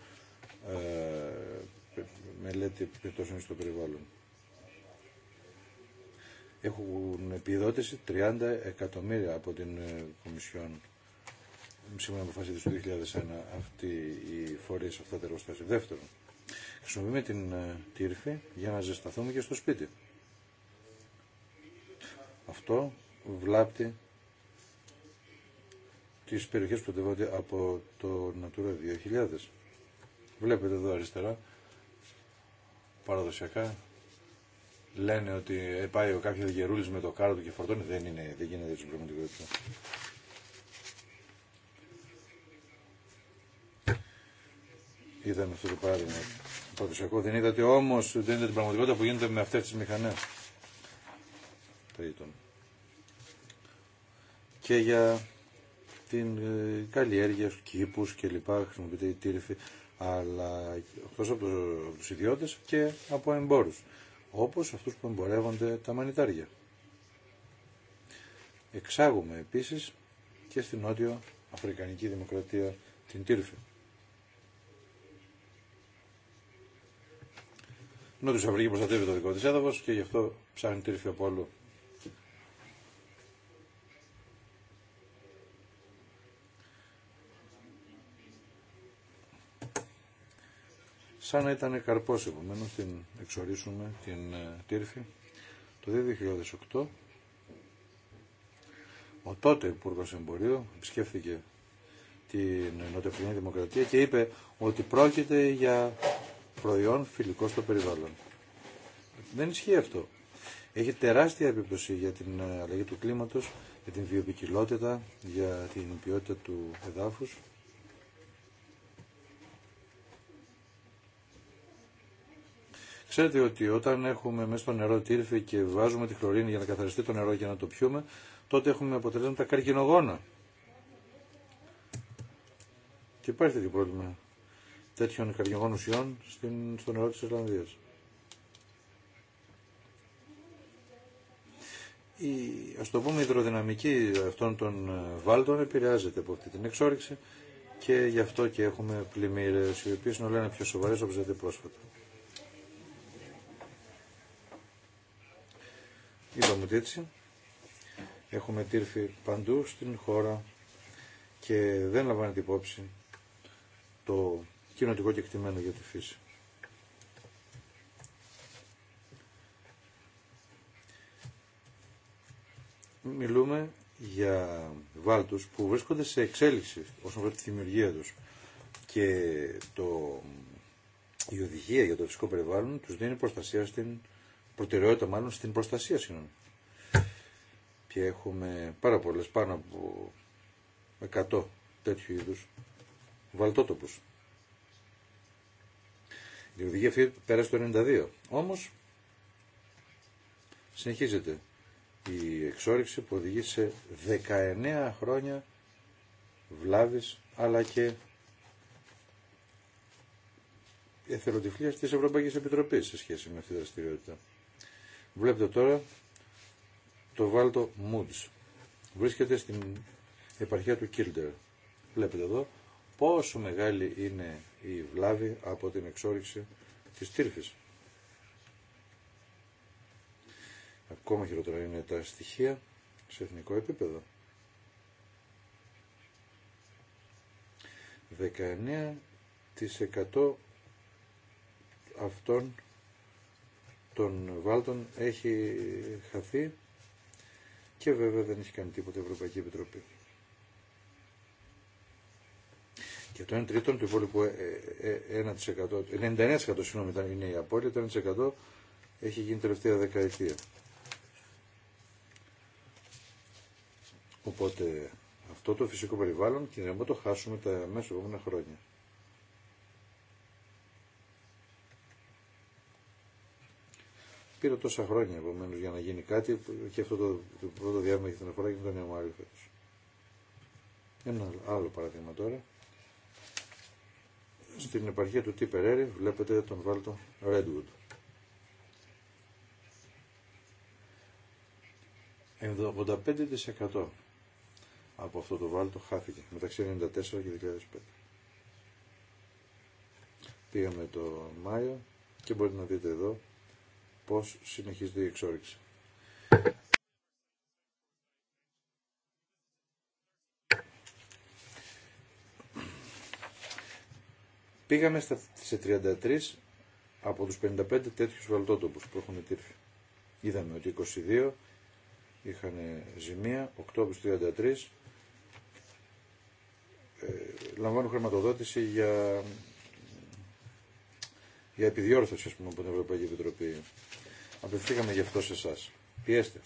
ε, μελέτη επιπτώσεων στο περιβάλλον. Έχουν επιδότηση 30 εκατομμύρια από την ε, Κομισιόν σήμερα αποφασίστηκε το 2001 η οι σε αυτά τα εργοστάσια. Δεύτερον, χρησιμοποιούμε την ε, τύρφη για να ζεσταθούμε και στο σπίτι. Αυτό βλάπτει τις περιοχές που από το Natura 2000. Βλέπετε εδώ αριστερά, παραδοσιακά, λένε ότι πάει ο κάποιος γερούλης με το κάρο του και φορτώνει. Δεν, είναι, δεν γίνεται έτσι πραγματικότητα. Είδαμε αυτό το παράδειγμα. Παραδοσιακό δεν είδατε όμως, δεν είδατε την πραγματικότητα που γίνεται με αυτές τις μηχανές. Και για την ε, καλλιέργεια στους κήπους και λοιπά, χρησιμοποιείται η τύρυφη, αλλά εκτός από τους ιδιώτες και από εμπόρους, όπως αυτούς που εμπορεύονται τα μανιτάρια. Εξάγουμε επίσης και στην Νότιο Αφρικανική Δημοκρατία την τύρυφη. Νότιος Αφρική προστατεύει το δικό της έδαφος και γι' αυτό ψάχνει τύρυφη από όλου. σαν να ήταν καρπός επομένως την εξορίσουμε την ε, τύρφη το 2008 ο τότε υπουργό Εμπορίου επισκέφθηκε την Νοτεφρινή Δημοκρατία και είπε ότι πρόκειται για προϊόν φιλικό στο περιβάλλον. Δεν ισχύει αυτό. Έχει τεράστια επίπτωση για την ε, αλλαγή του κλίματος, για την βιοποικιλότητα, για την ποιότητα του εδάφους. Ξέρετε ότι όταν έχουμε μέσα στο νερό τύρφη και βάζουμε τη χλωρίνη για να καθαριστεί το νερό και να το πιούμε, τότε έχουμε αποτελέσματα καρκινογόνα. Και υπάρχει τέτοιο πρόβλημα τέτοιων καρκινογόνων ουσιών στο νερό της Ισλανδίας. η, ας το πούμε, η υδροδυναμική αυτών των ε, βάλτων επηρεάζεται από αυτή την εξόριξη και γι' αυτό και έχουμε πλημμύρες οι οποίες είναι όλα πιο σοβαρές όπως είδατε πρόσφατα. Είπαμε ότι έτσι έχουμε τύρφει παντού στην χώρα και δεν λαμβάνεται υπόψη το κοινοτικό κεκτημένο για τη φύση. Μιλούμε για βάλτους που βρίσκονται σε εξέλιξη όσον αφορά τη δημιουργία τους και το, η οδηγία για το φυσικό περιβάλλον τους δίνει προστασία στην προτεραιότητα μάλλον στην προστασία, συγγνώμη. Και έχουμε πάρα πολλέ πάνω από 100 τέτοιου είδους βαλτότοπους. Η οδηγία αυτή πέρασε το 92. Όμως συνεχίζεται η εξόριξη που οδηγεί σε 19 χρόνια βλάβης αλλά και εθελοντυφλίας της Ευρωπαϊκής Επιτροπής σε σχέση με αυτή τη δραστηριότητα. Βλέπετε τώρα το βάλτο Moods. Βρίσκεται στην επαρχία του Κίλτερ. Βλέπετε εδώ πόσο μεγάλη είναι η βλάβη από την εξόριξη της τύρφης. Ακόμα χειρότερα είναι τα στοιχεία σε εθνικό επίπεδο. 19% αυτών των Βάλτων έχει χαθεί και βέβαια δεν έχει κάνει τίποτα η Ευρωπαϊκή Επιτροπή. Και το 1 τρίτο του υπόλοιπου 1%, ε, 99% ε, ε, συγγνώμη ήταν είναι η απόλυτη, το 1% έχει γίνει τελευταία δεκαετία. Οπότε αυτό το φυσικό περιβάλλον κινδυνεύουμε το χάσουμε τα μέσα επόμενα χρόνια. πήρε τόσα χρόνια επομένω για να γίνει κάτι και αυτό το, το πρώτο διάβημα για την αφορά και τον φέτος. Ένα άλλο παράδειγμα τώρα. Στην επαρχία του Τίπερερη βλέπετε τον βάλτο Redwood. Εδώ 85% από αυτό το βάλτο χάθηκε μεταξύ 1994 και 2005. Πήγαμε το Μάιο και μπορείτε να δείτε εδώ πώς συνεχίζεται η εξόριξη. Πήγαμε στα, σε 33 από τους 55 τέτοιους βαλτότοπους που έχουν τύρφει. Είδαμε ότι 22 είχαν ζημία, 8 από 33 ε, λαμβάνουν χρηματοδότηση για για επιδιόρθωση, ας πούμε, από την Ευρωπαϊκή Επιτροπή. Απευθύγαμε γι' αυτό σε εσά. Πιέστε.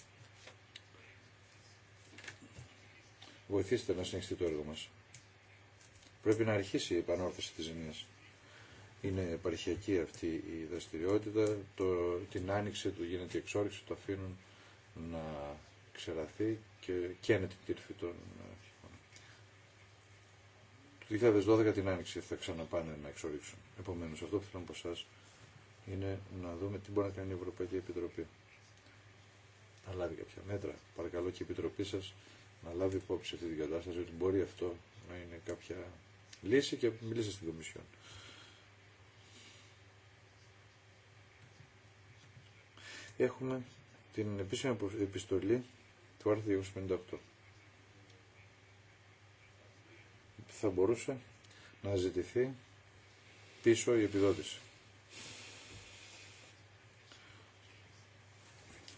Βοηθήστε να συνεχιστεί το έργο μας. Πρέπει να αρχίσει η επανόρθωση της ζημία. Είναι επαρχιακή αυτή η δραστηριότητα. Το, την άνοιξη του γίνεται η εξόριξη, το αφήνουν να ξεραθεί και καίνεται την τύρφη των το 2012 την άνοιξη θα ξαναπάνε να εξορίξουν. Επομένω, αυτό που θέλω από εσά είναι να δούμε τι μπορεί να κάνει η Ευρωπαϊκή Επιτροπή. Να λάβει κάποια μέτρα. Παρακαλώ και η Επιτροπή σα να λάβει υπόψη αυτή την κατάσταση ότι μπορεί αυτό να είναι κάποια λύση και μιλήστε στην Κομισιόν. Έχουμε την επίσημη επιστολή του άρθρου 258. θα μπορούσε να ζητηθεί πίσω η επιδότηση.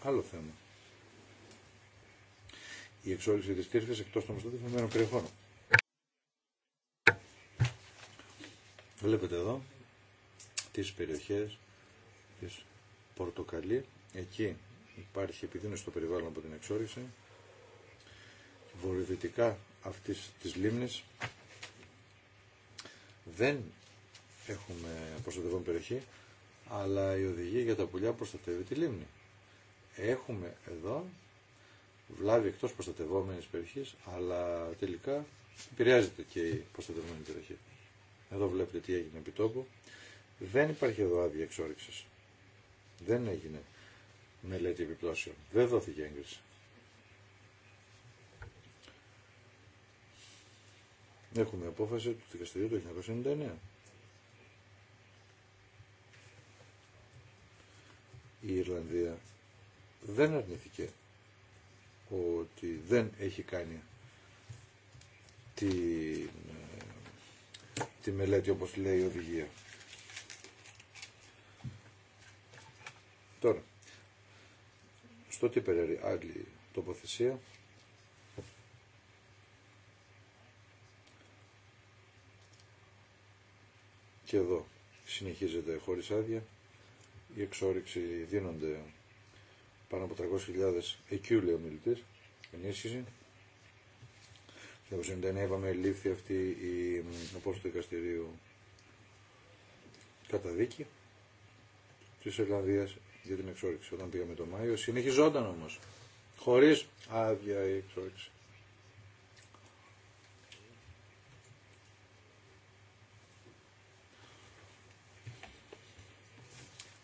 Άλλο θέμα. Η εξόριξη της τύρφης εκτός των προστατευμένων περιοχών. Βλέπετε εδώ τις περιοχές της Πορτοκαλί. Εκεί υπάρχει είναι στο περιβάλλον από την εξόριξη. Βορειοδυτικά αυτής της λίμνης δεν έχουμε προστατευόμενη περιοχή, αλλά η οδηγία για τα πουλιά προστατεύει τη λίμνη. Έχουμε εδώ βλάβη εκτός προστατευόμενης περιοχής, αλλά τελικά επηρεάζεται και η προστατευόμενη περιοχή. Εδώ βλέπετε τι έγινε επί τόπου. Δεν υπάρχει εδώ άδεια εξόριξης. Δεν έγινε μελέτη επιπτώσεων. Δεν δόθηκε έγκριση. Έχουμε απόφαση του δικαστηρίου του 1999. Η Ιρλανδία δεν αρνηθήκε ότι δεν έχει κάνει τη, τη μελέτη όπως λέει η οδηγία. Τώρα, στο τι περαίρει άλλη τοποθεσία, Και εδώ συνεχίζεται χωρίς άδεια. Η εξόρυξη δίνονται πάνω από 300.000 εκεί λέει ο μιλητής, ενίσχυση. Το 1999 είπαμε λήφθη αυτή η απόφαση του δικαστηρίου κατά δίκη της Ελλανδίας για την εξόριξη όταν πήγαμε το Μάιο. Συνεχιζόταν όμως, χωρίς άδεια η εξόριξη.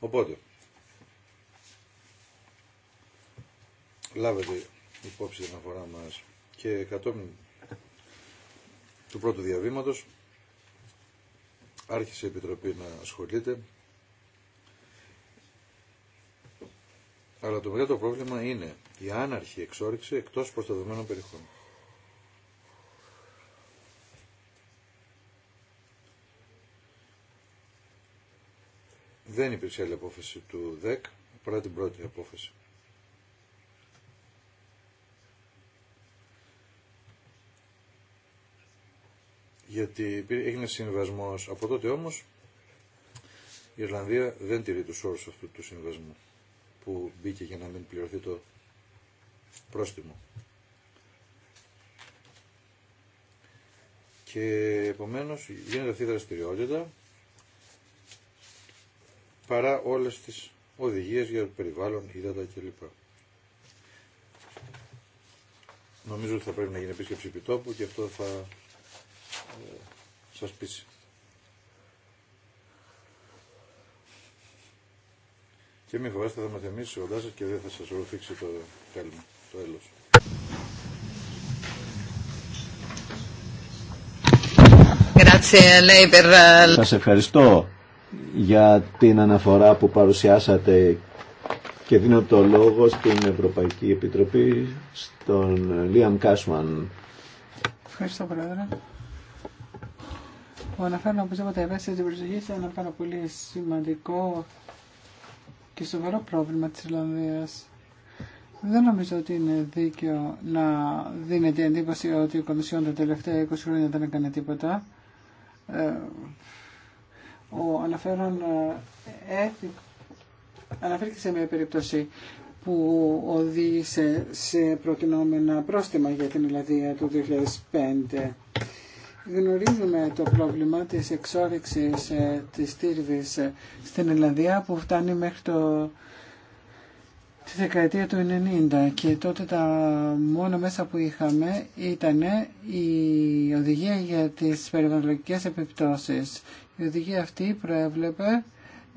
Οπότε, λάβετε υπόψη την αφορά μας και κατόπιν του πρώτου διαβήματος άρχισε η Επιτροπή να ασχολείται αλλά το μεγάλο πρόβλημα είναι η άναρχη εξόριξη εκτός προστατευμένων περιχώρων. Δεν υπήρξε άλλη απόφαση του ΔΕΚ παρά την πρώτη απόφαση. Γιατί έγινε συμβασμό. Από τότε όμως η Ιρλανδία δεν τηρεί τους όρους αυτού του συμβασμού που μπήκε για να μην πληρωθεί το πρόστιμο. Και επομένως γίνεται αυτή η δραστηριότητα παρά όλες τις οδηγίες για το περιβάλλον, ύδατα κλπ. Νομίζω ότι θα πρέπει να γίνει επίσκεψη επιτόπου και αυτό θα ε, σας πείσει. Και μην φοβάστε θα με θεμίσει κοντά σας και δεν θα σας ρουφήξει
το τέλμα, το έλος. Ε,
σας ευχαριστώ για την αναφορά που παρουσιάσατε και δίνω το λόγο στην Ευρωπαϊκή Επιτροπή στον Λίαμ Κάσμαν.
Ευχαριστώ Πρόεδρε. Ο αναφέρον οπωσδήποτε ευαίσθηση της προσοχή είναι ένα πάρα πολύ σημαντικό και σοβαρό πρόβλημα της Ιρλανδίας. Δεν νομίζω ότι είναι δίκαιο να δίνεται εντύπωση ότι η Κομισιόν τα τελευταία 20 χρόνια δεν έκανε τίποτα. Ε, ο αναφέρον έθι, ε, ε, αναφέρθηκε σε μια περίπτωση που οδήγησε σε προτινόμενα πρόστιμα για την Ελλαδία το 2005. Γνωρίζουμε το πρόβλημα της εξόρυξης ε, της τύρβης στην Ελλαδία που φτάνει μέχρι το τη δεκαετία του 90 και τότε τα μόνο μέσα που είχαμε ήταν η οδηγία για τις περιβαλλοντικές επιπτώσεις η οδηγία αυτή προέβλεπε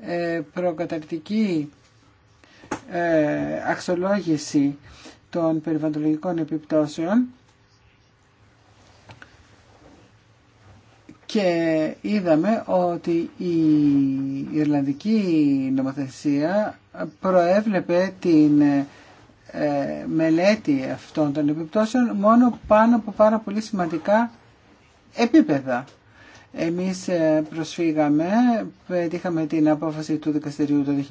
ε, προκαταρκτική ε, αξιολόγηση των περιβαλλοντικών επιπτώσεων και είδαμε ότι η Ιρλανδική νομοθεσία προέβλεπε την ε, μελέτη αυτών των επιπτώσεων μόνο πάνω από πάρα πολύ σημαντικά επίπεδα. Εμείς ε, προσφύγαμε, πετύχαμε την απόφαση του δικαστηρίου το 1999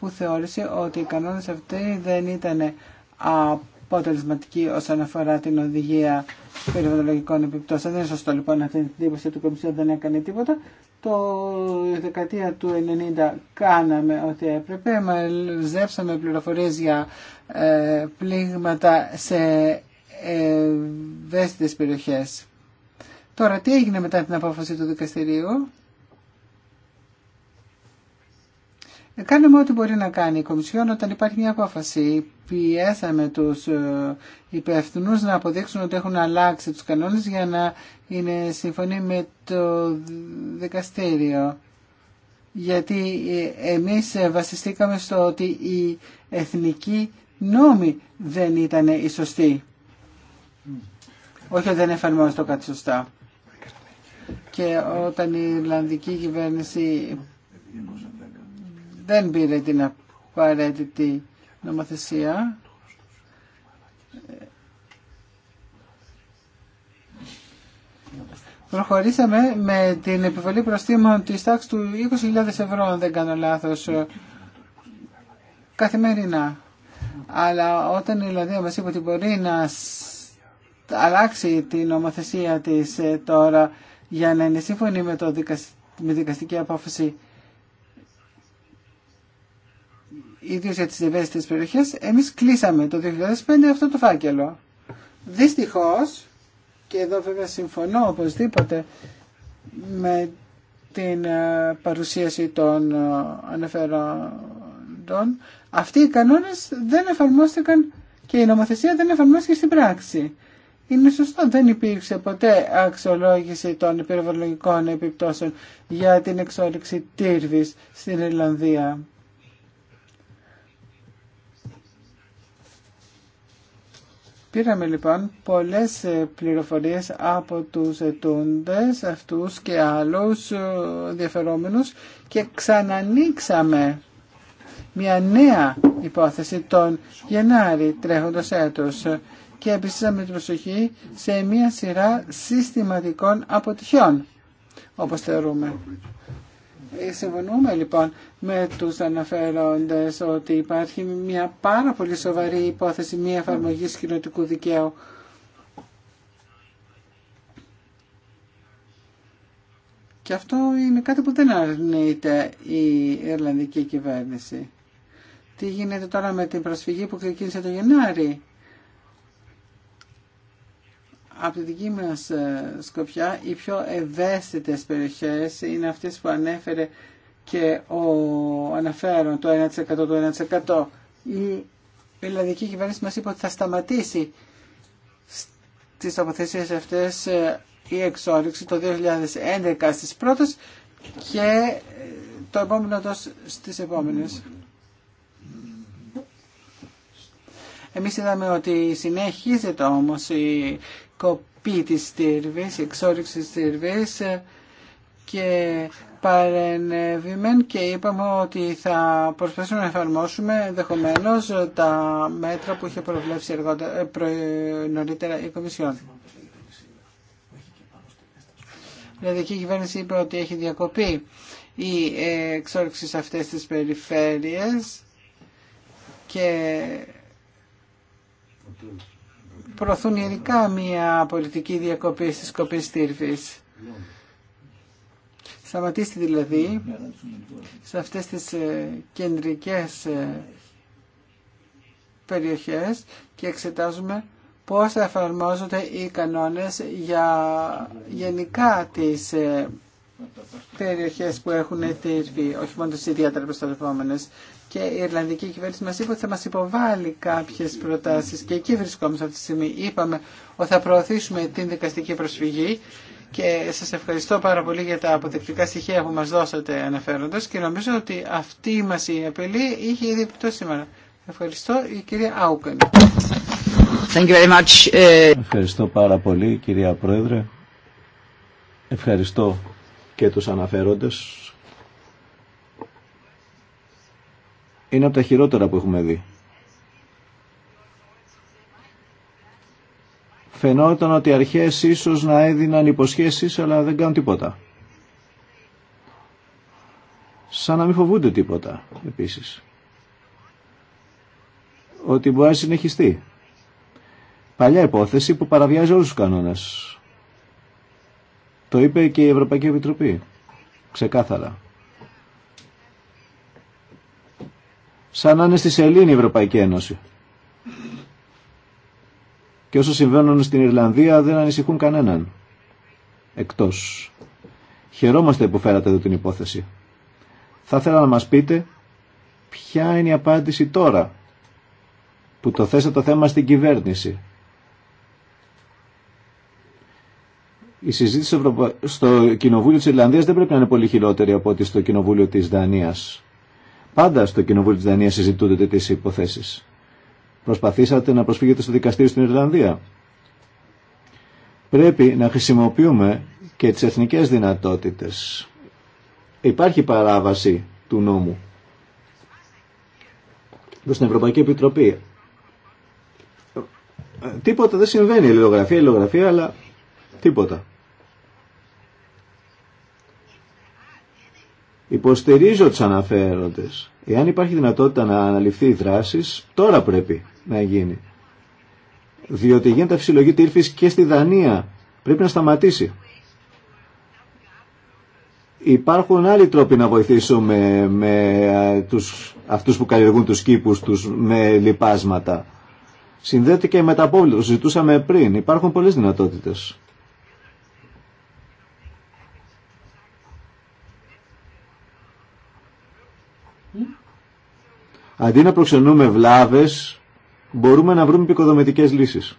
που θεώρησε ότι οι κανόνες αυτοί δεν ήταν αποτελεσματικοί όσον αφορά την οδηγία περιβαλλοντικών επιπτώσεων. Δεν είναι σωστό λοιπόν αυτή την εντύπωση του Κομισιόν δεν έκανε τίποτα. Το δεκαετία του 90 κάναμε ό,τι έπρεπε, μαζέψαμε πληροφορίες για ε, πλήγματα σε ευαίσθητες περιοχές. Τώρα, τι έγινε μετά την απόφαση του δικαστηρίου. Ε, Κάνουμε ό,τι μπορεί να κάνει η Κομισιόν όταν υπάρχει μια απόφαση. Πιέσαμε τους ε, υπευθυνούς να αποδείξουν ότι έχουν αλλάξει τους κανόνες για να είναι συμφωνή με το δικαστήριο. Γιατί ε, εμείς βασιστήκαμε στο ότι η εθνική νόμη δεν ήταν οι σωστοί. Όχι ότι δεν εφαρμόζεται κάτι και όταν η Ιρλανδική κυβέρνηση δεν πήρε την απαραίτητη νομοθεσία προχωρήσαμε με την επιβολή προστήμων της τάξης του 20.000 ευρώ αν δεν κάνω λάθος καθημερινά αλλά όταν η Ιρλανδία μας είπε ότι μπορεί να αλλάξει την νομοθεσία της ε, τώρα για να είναι σύμφωνη με, το δικαστική απόφαση ίδιος για τις ευαίσθητες περιοχές, εμείς κλείσαμε το 2005 αυτό το φάκελο. Δυστυχώς, και εδώ βέβαια συμφωνώ οπωσδήποτε με την ε, παρουσίαση των ε, αναφέροντων, αυτοί οι κανόνες δεν εφαρμόστηκαν και η νομοθεσία δεν εφαρμόστηκε στην πράξη. Είναι σωστό, δεν υπήρξε ποτέ αξιολόγηση των πυροβολογικών επιπτώσεων για την εξόριξη τύρβης στην Ιρλανδία. Πήραμε λοιπόν πολλές ε, πληροφορίες από τους ετούντες, αυτούς και άλλους ε, διαφερόμενους και ξανανοίξαμε μια νέα υπόθεση τον Γενάρη τρέχοντος έτος και με την προσοχή σε μια σειρά συστηματικών αποτυχιών, όπως θεωρούμε. Ε, συμφωνούμε λοιπόν με τους αναφέροντες ότι υπάρχει μια πάρα πολύ σοβαρή υπόθεση μια εφαρμογή κοινωτικού δικαίου. Και αυτό είναι κάτι που δεν αρνείται η Ιρλανδική κυβέρνηση. Τι γίνεται τώρα με την προσφυγή που ξεκίνησε το Γενάρη από τη δική μας ε, σκοπιά οι πιο ευαίσθητες περιοχές είναι αυτές που ανέφερε και ο αναφέρον το 1% το 1%. Η ελληνική κυβέρνηση μας είπε ότι θα σταματήσει στις τοποθεσίες αυτές ε, η εξόριξη το 2011 στις πρώτες και ε, το επόμενο τόσο στις επόμενες. Εμείς είδαμε ότι συνεχίζεται όμως η κοπή της στήρβης, εξόριξη της και παρενεβημέν και είπαμε ότι θα προσπαθήσουμε να εφαρμόσουμε ενδεχομένω τα μέτρα που είχε προβλέψει ε, νωρίτερα η Κομισιόν. Δηλαδή η κυβέρνηση είπε ότι έχει διακοπεί η εξόρυξη σε αυτές τις περιφέρειες και προωθούν ειδικά μια πολιτική διακοπή τη κοπή τύρφης. Σταματήστε δηλαδή σε αυτές τις ε, κεντρικές ε, περιοχές και εξετάζουμε πώς εφαρμόζονται οι κανόνες για γενικά τις ε, περιοχές που έχουν τύρφη, όχι μόνο τις ιδιαίτερα προστατευόμενες και η Ιρλανδική κυβέρνηση μας είπε ότι θα μας υποβάλει κάποιες προτάσεις και εκεί βρισκόμαστε αυτή τη στιγμή. Είπαμε ότι θα προωθήσουμε την δικαστική προσφυγή και σας ευχαριστώ πάρα πολύ για τα αποδεκτικά στοιχεία που μας δώσατε αναφέροντας και νομίζω ότι αυτή μας η απειλή είχε ήδη επιπτώσει σήμερα. Ευχαριστώ η κυρία Άουκεν.
Ε, ευχαριστώ πάρα πολύ κυρία Πρόεδρε. Ευχαριστώ και τους αναφέροντες είναι από τα χειρότερα που έχουμε δει. Φαινόταν ότι οι αρχές ίσως να έδιναν υποσχέσεις αλλά δεν κάνουν τίποτα. Σαν να μην φοβούνται τίποτα επίσης. Ότι μπορεί να συνεχιστεί. Παλιά υπόθεση που παραβιάζει όλους τους κανόνες. Το είπε και η Ευρωπαϊκή Επιτροπή. Ξεκάθαρα. σαν να είναι στη σελήνη η Ευρωπαϊκή Ένωση. Και όσο συμβαίνουν στην Ιρλανδία δεν ανησυχούν κανέναν. Εκτός. Χαιρόμαστε που φέρατε εδώ την υπόθεση. Θα ήθελα να μας πείτε ποια είναι η απάντηση τώρα που το θέσατε το θέμα στην κυβέρνηση. Η συζήτηση στο Κοινοβούλιο της Ιρλανδίας δεν πρέπει να είναι πολύ χειρότερη από ό,τι στο Κοινοβούλιο της Δανίας. Πάντα στο Κοινοβούλιο τη Δανία συζητούνται τέτοιες υποθέσεις. Προσπαθήσατε να προσφύγετε στο δικαστήριο στην Ιρλανδία. Πρέπει να χρησιμοποιούμε και τι εθνικές δυνατότητες. Υπάρχει παράβαση του νόμου προ την Ευρωπαϊκή Επιτροπή. Ε, τίποτα δεν συμβαίνει η αλληλογραφία, η λογογραφία αλλά τίποτα. Υποστηρίζω τους αναφέροντες. Εάν υπάρχει δυνατότητα να αναλυφθεί η δράση, τώρα πρέπει να γίνει. Διότι γίνεται αυσιολογή τύρφης και στη Δανία. Πρέπει να σταματήσει. Υπάρχουν άλλοι τρόποι να βοηθήσουμε με τους, αυτούς που καλλιεργούν τους κήπους τους με λιπάσματα. Συνδέεται και με τα πόλη, το συζητούσαμε πριν. Υπάρχουν πολλές δυνατότητες. Αντί να προξενούμε βλάβες, μπορούμε να βρούμε επικοδομητικές λύσεις.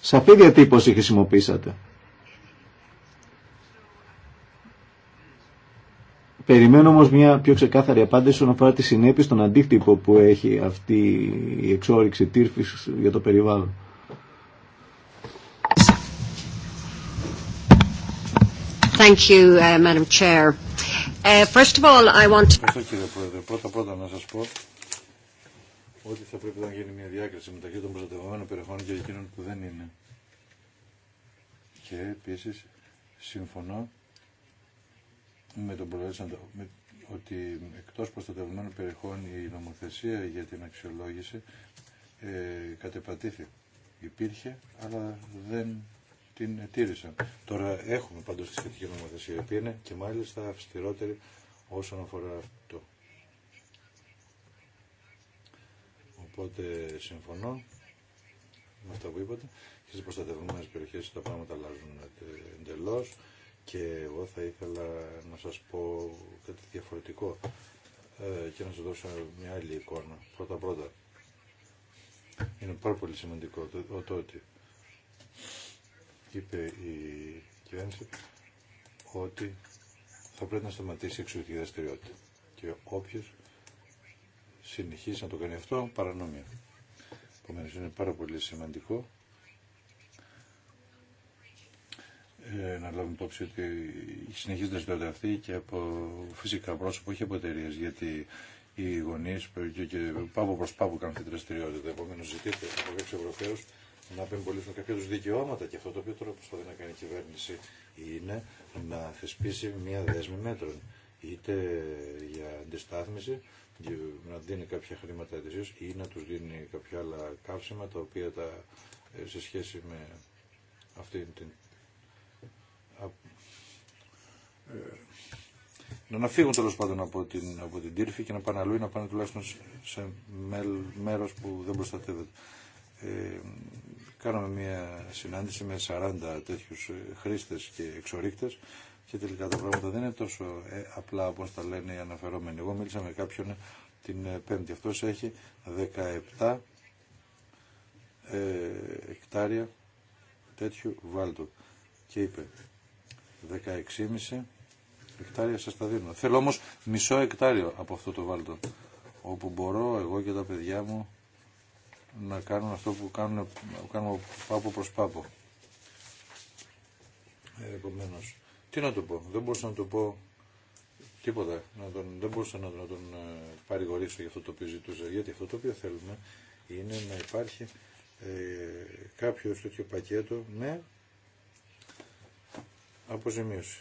Σαφή διατύπωση χρησιμοποίησατε. Περιμένω όμως μια πιο ξεκάθαρη απάντηση όσον αφορά τη συνέπεια στον αντίκτυπο που έχει αυτή η εξόριξη τύρφης για το περιβάλλον.
Thank you, uh, Madam Chair. Uh, first of all, I want
to... Ευχαριστώ κύριε Πρόεδρε. Πρώτα πρώτα να σας πω ότι θα πρέπει να γίνει μια διάκριση μεταξύ των προστατευόμενων περιεχών και εκείνων που δεν είναι. Και επίσης συμφωνώ με τον Πρόεδρε ότι εκτός προστατευμένων περιεχών η νομοθεσία για την αξιολόγηση ε, κατεπατήθη. Υπήρχε, αλλά δεν την τήρησαν. Τώρα έχουμε πάντως τη σχετική νομοθεσία, η είναι και μάλιστα αυστηρότερη όσον αφορά αυτό. Οπότε συμφωνώ με αυτά που είπατε και στις προστατευμένες περιοχές τα πράγματα αλλάζουν εντελώ και εγώ θα ήθελα να σας πω κάτι διαφορετικό ε, και να σας δώσω μια άλλη εικόνα. Πρώτα πρώτα είναι πάρα πολύ σημαντικό το, το ότι είπε η κυβέρνηση ότι θα πρέπει να σταματήσει η εξωτική δραστηριότητα. Και όποιο συνεχίσει να το κάνει αυτό, παρανομία. Επομένω, είναι πάρα πολύ σημαντικό ε, να λάβουμε υπόψη ότι συνεχίζεται η δραστηριότητα αυτή και από φυσικά πρόσωπα, όχι από εταιρείε, γιατί οι γονεί και, και προ πάβο κάνουν αυτή τη δραστηριότητα. Επομένω, ζητείται από κάποιου Ευρωπαίου να απεμπολίσουν κάποια του δικαιώματα και αυτό το οποίο τώρα προσπαθεί να κάνει η κυβέρνηση είναι να θεσπίσει μια δέσμη μέτρων είτε για αντιστάθμιση να δίνει κάποια χρήματα εταιρείως ή να τους δίνει κάποια άλλα καύσιμα τα οποία τα, ε, σε σχέση με αυτήν την ε, να φύγουν τέλο πάντων από την, από την τύρφη και να πάνε αλλού ή να πάνε τουλάχιστον σε μέρο που δεν προστατεύεται. Ε, Κάναμε μια συνάντηση με 40 τέτοιους ε, χρήστες και εξορίκτες και τελικά τα πράγματα δεν είναι τόσο ε, απλά όπως τα λένε οι αναφερόμενοι. Εγώ μίλησα με κάποιον ε, την Πέμπτη. Αυτός έχει 17 εκτάρια τέτοιου βάλτου και είπε 16,5 εκτάρια σας τα δίνω. Θέλω όμως μισό εκτάριο από αυτό το βάλτο όπου μπορώ εγώ και τα παιδιά μου να κάνουν αυτό που κάνουν, κάνουμε πάπο προς πάπο. Ε, Επομένω, τι να του πω, δεν μπορούσα να του πω τίποτα, να τον, δεν μπορούσα να, τον ε, παρηγορήσω για αυτό το οποίο ζητούσα, γιατί αυτό το οποίο θέλουμε είναι να υπάρχει ε, κάποιο τέτοιο πακέτο με αποζημίωση.